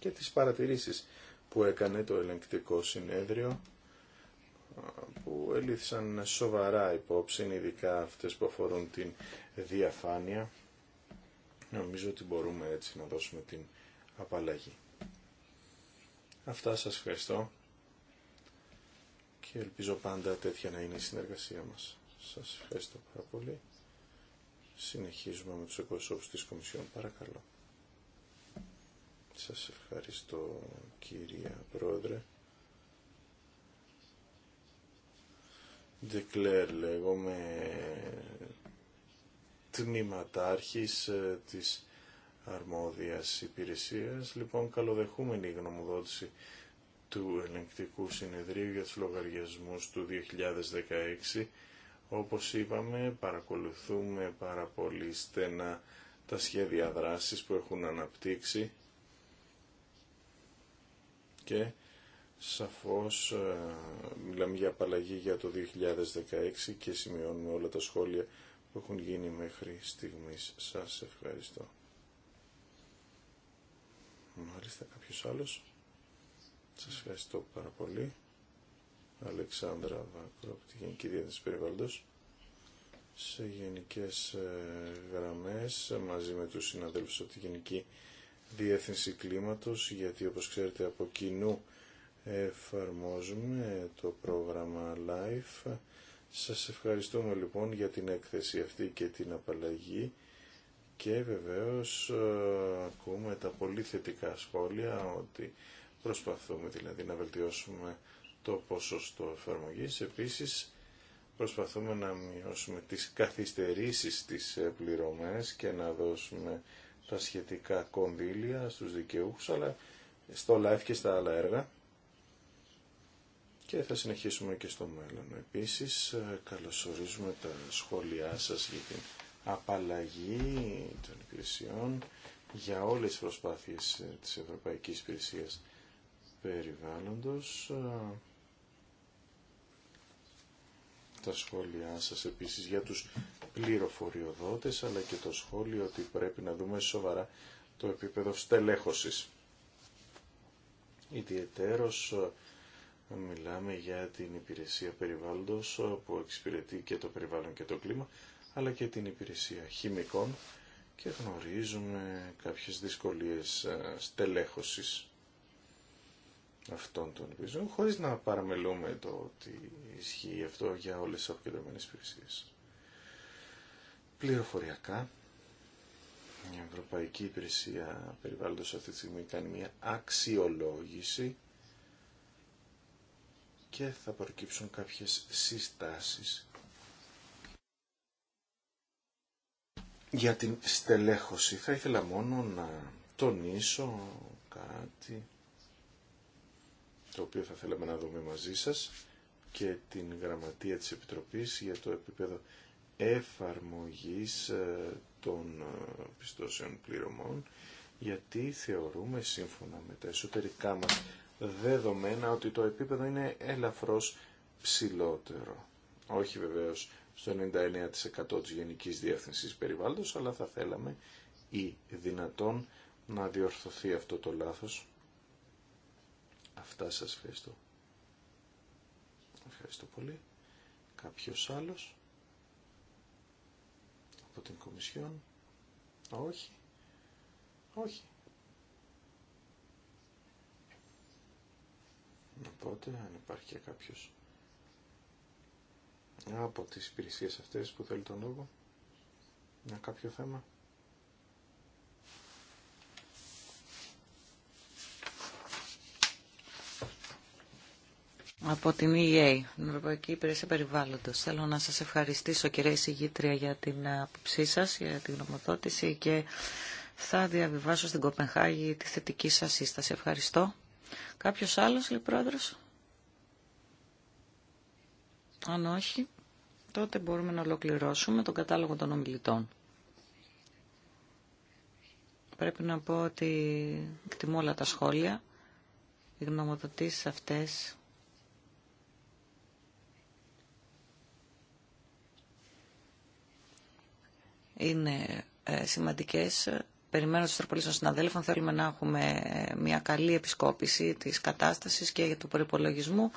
και τις παρατηρήσεις που έκανε το ελεγκτικό συνέδριο που ελήθησαν σοβαρά υπόψη, ειδικά αυτές που αφορούν την διαφάνεια. Νομίζω ότι μπορούμε έτσι να δώσουμε την απαλλαγή. Αυτά σας ευχαριστώ και ελπίζω πάντα τέτοια να είναι η συνεργασία μας. Σας ευχαριστώ πάρα πολύ. Συνεχίζουμε με τους εκπροσώπους της Κομισιόν. Παρακαλώ. Σας ευχαριστώ κυρία Πρόεδρε. Δεκλέρ λέγομαι τμήματάρχης ε, της αρμόδιας υπηρεσίας. Λοιπόν, καλοδεχούμενη η γνωμοδότηση του ελεγκτικού συνεδρίου για τους λογαριασμούς του 2016. Όπως είπαμε, παρακολουθούμε πάρα πολύ στενά τα σχέδια δράσης που έχουν αναπτύξει και σαφώς ε, μιλάμε για απαλλαγή για το 2016 και σημειώνουμε όλα τα σχόλια που έχουν γίνει μέχρι στιγμής. Σας ευχαριστώ. Μάλιστα κάποιος άλλος. Σας ευχαριστώ πάρα πολύ. Αλεξάνδρα Βάκρο από τη Γενική Διεύθυνση Περιβάλλοντος. Σε γενικές ε, γραμμές μαζί με τους συναδέλφους από τη Γενική Διεύθυνση Κλίματος, γιατί όπως ξέρετε από κοινού εφαρμόζουμε το πρόγραμμα LIFE. Σας ευχαριστούμε λοιπόν για την έκθεση αυτή και την απαλλαγή και βεβαίως ε, ακούμε τα πολύ θετικά σχόλια ότι προσπαθούμε δηλαδή να βελτιώσουμε το ποσοστό εφαρμογής. Επίσης προσπαθούμε να μειώσουμε τις καθυστερήσεις της πληρωμές και να δώσουμε τα σχετικά κονδύλια στους δικαιούχους, αλλά στο live και στα άλλα έργα. Και θα συνεχίσουμε και στο μέλλον. Επίσης, καλωσορίζουμε τα σχόλιά σας για την απαλλαγή των υπηρεσιών για όλες τις προσπάθειες της Ευρωπαϊκής Υπηρεσίας Περιβάλλοντος τα σχόλιά σας επίσης για τους πληροφοριοδότες, αλλά και το σχόλιο ότι πρέπει να δούμε σοβαρά το επίπεδο στελέχωσης. Ιδιαιτέρως μιλάμε για την υπηρεσία περιβάλλοντος που εξυπηρετεί και το περιβάλλον και το κλίμα, αλλά και την υπηρεσία χημικών και γνωρίζουμε κάποιες δυσκολίες ε, στελέχωσης αυτών των υπηρεσιών, χωρίς να παραμελούμε το ότι ισχύει αυτό για όλες τις αποκεντρωμένες υπηρεσίες. Πληροφοριακά, η Ευρωπαϊκή Υπηρεσία Περιβάλλοντος αυτή τη στιγμή κάνει μια αξιολόγηση και θα προκύψουν κάποιες συστάσεις για την στελέχωση. Θα ήθελα μόνο να τονίσω κάτι το οποίο θα θέλαμε να δούμε μαζί σας και την γραμματεία της Επιτροπής για το επίπεδο εφαρμογής ε, των ε, πιστώσεων πληρωμών γιατί θεωρούμε σύμφωνα με τα εσωτερικά μας δεδομένα ότι το επίπεδο είναι ελαφρώς ψηλότερο. Όχι βεβαίως στο 99% της Γενικής Διεύθυνσης Περιβάλλοντος, αλλά θα θέλαμε ή δυνατόν να διορθωθεί αυτό το λάθος Αυτά σας ευχαριστώ. Ευχαριστώ πολύ. Κάποιος άλλος από την Κομισιόν. Όχι. Όχι. Οπότε αν υπάρχει και κάποιος από τις υπηρεσίες αυτές που θέλει τον λόγο για κάποιο θέμα. από την EA, την Ευρωπαϊκή Υπηρεσία Περιβάλλοντος. Θέλω να σας ευχαριστήσω κυρία εισηγήτρια για την άποψή σας, για την γνωμοδότηση και θα διαβιβάσω στην Κοπενχάγη τη θετική σας σύσταση. Ευχαριστώ. Κάποιος άλλος, λέει πρόεδρος? Αν όχι, τότε μπορούμε να ολοκληρώσουμε τον κατάλογο των ομιλητών. Πρέπει να πω ότι εκτιμώ όλα τα σχόλια. Οι γνωμοδοτήσεις αυτές είναι ε, σημαντικές. Περιμένω τους τροπολίες των συναδέλφων. Θέλουμε να έχουμε ε, μια καλή επισκόπηση της κατάστασης και του προπολογισμού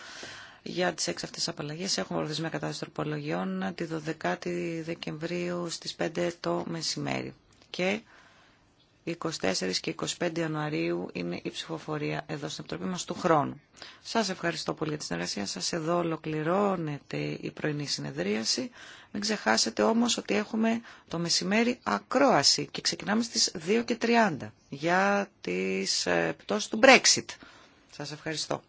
για τις έξι αυτές απαλλαγές. Έχουμε ορθισμένα κατάσταση τροπολογιών τη 12η Δεκεμβρίου στις 5 το μεσημέρι. Και 24 και 25 Ιανουαρίου είναι η ψηφοφορία εδώ στην Επιτροπή μας του χρόνου. Σας ευχαριστώ πολύ για τη συνεργασία σας. Εδώ ολοκληρώνεται η πρωινή συνεδρίαση. Μην ξεχάσετε όμως ότι έχουμε το μεσημέρι ακρόαση και ξεκινάμε στις 2.30 για τις ε, πτώσεις του Brexit. Σας ευχαριστώ.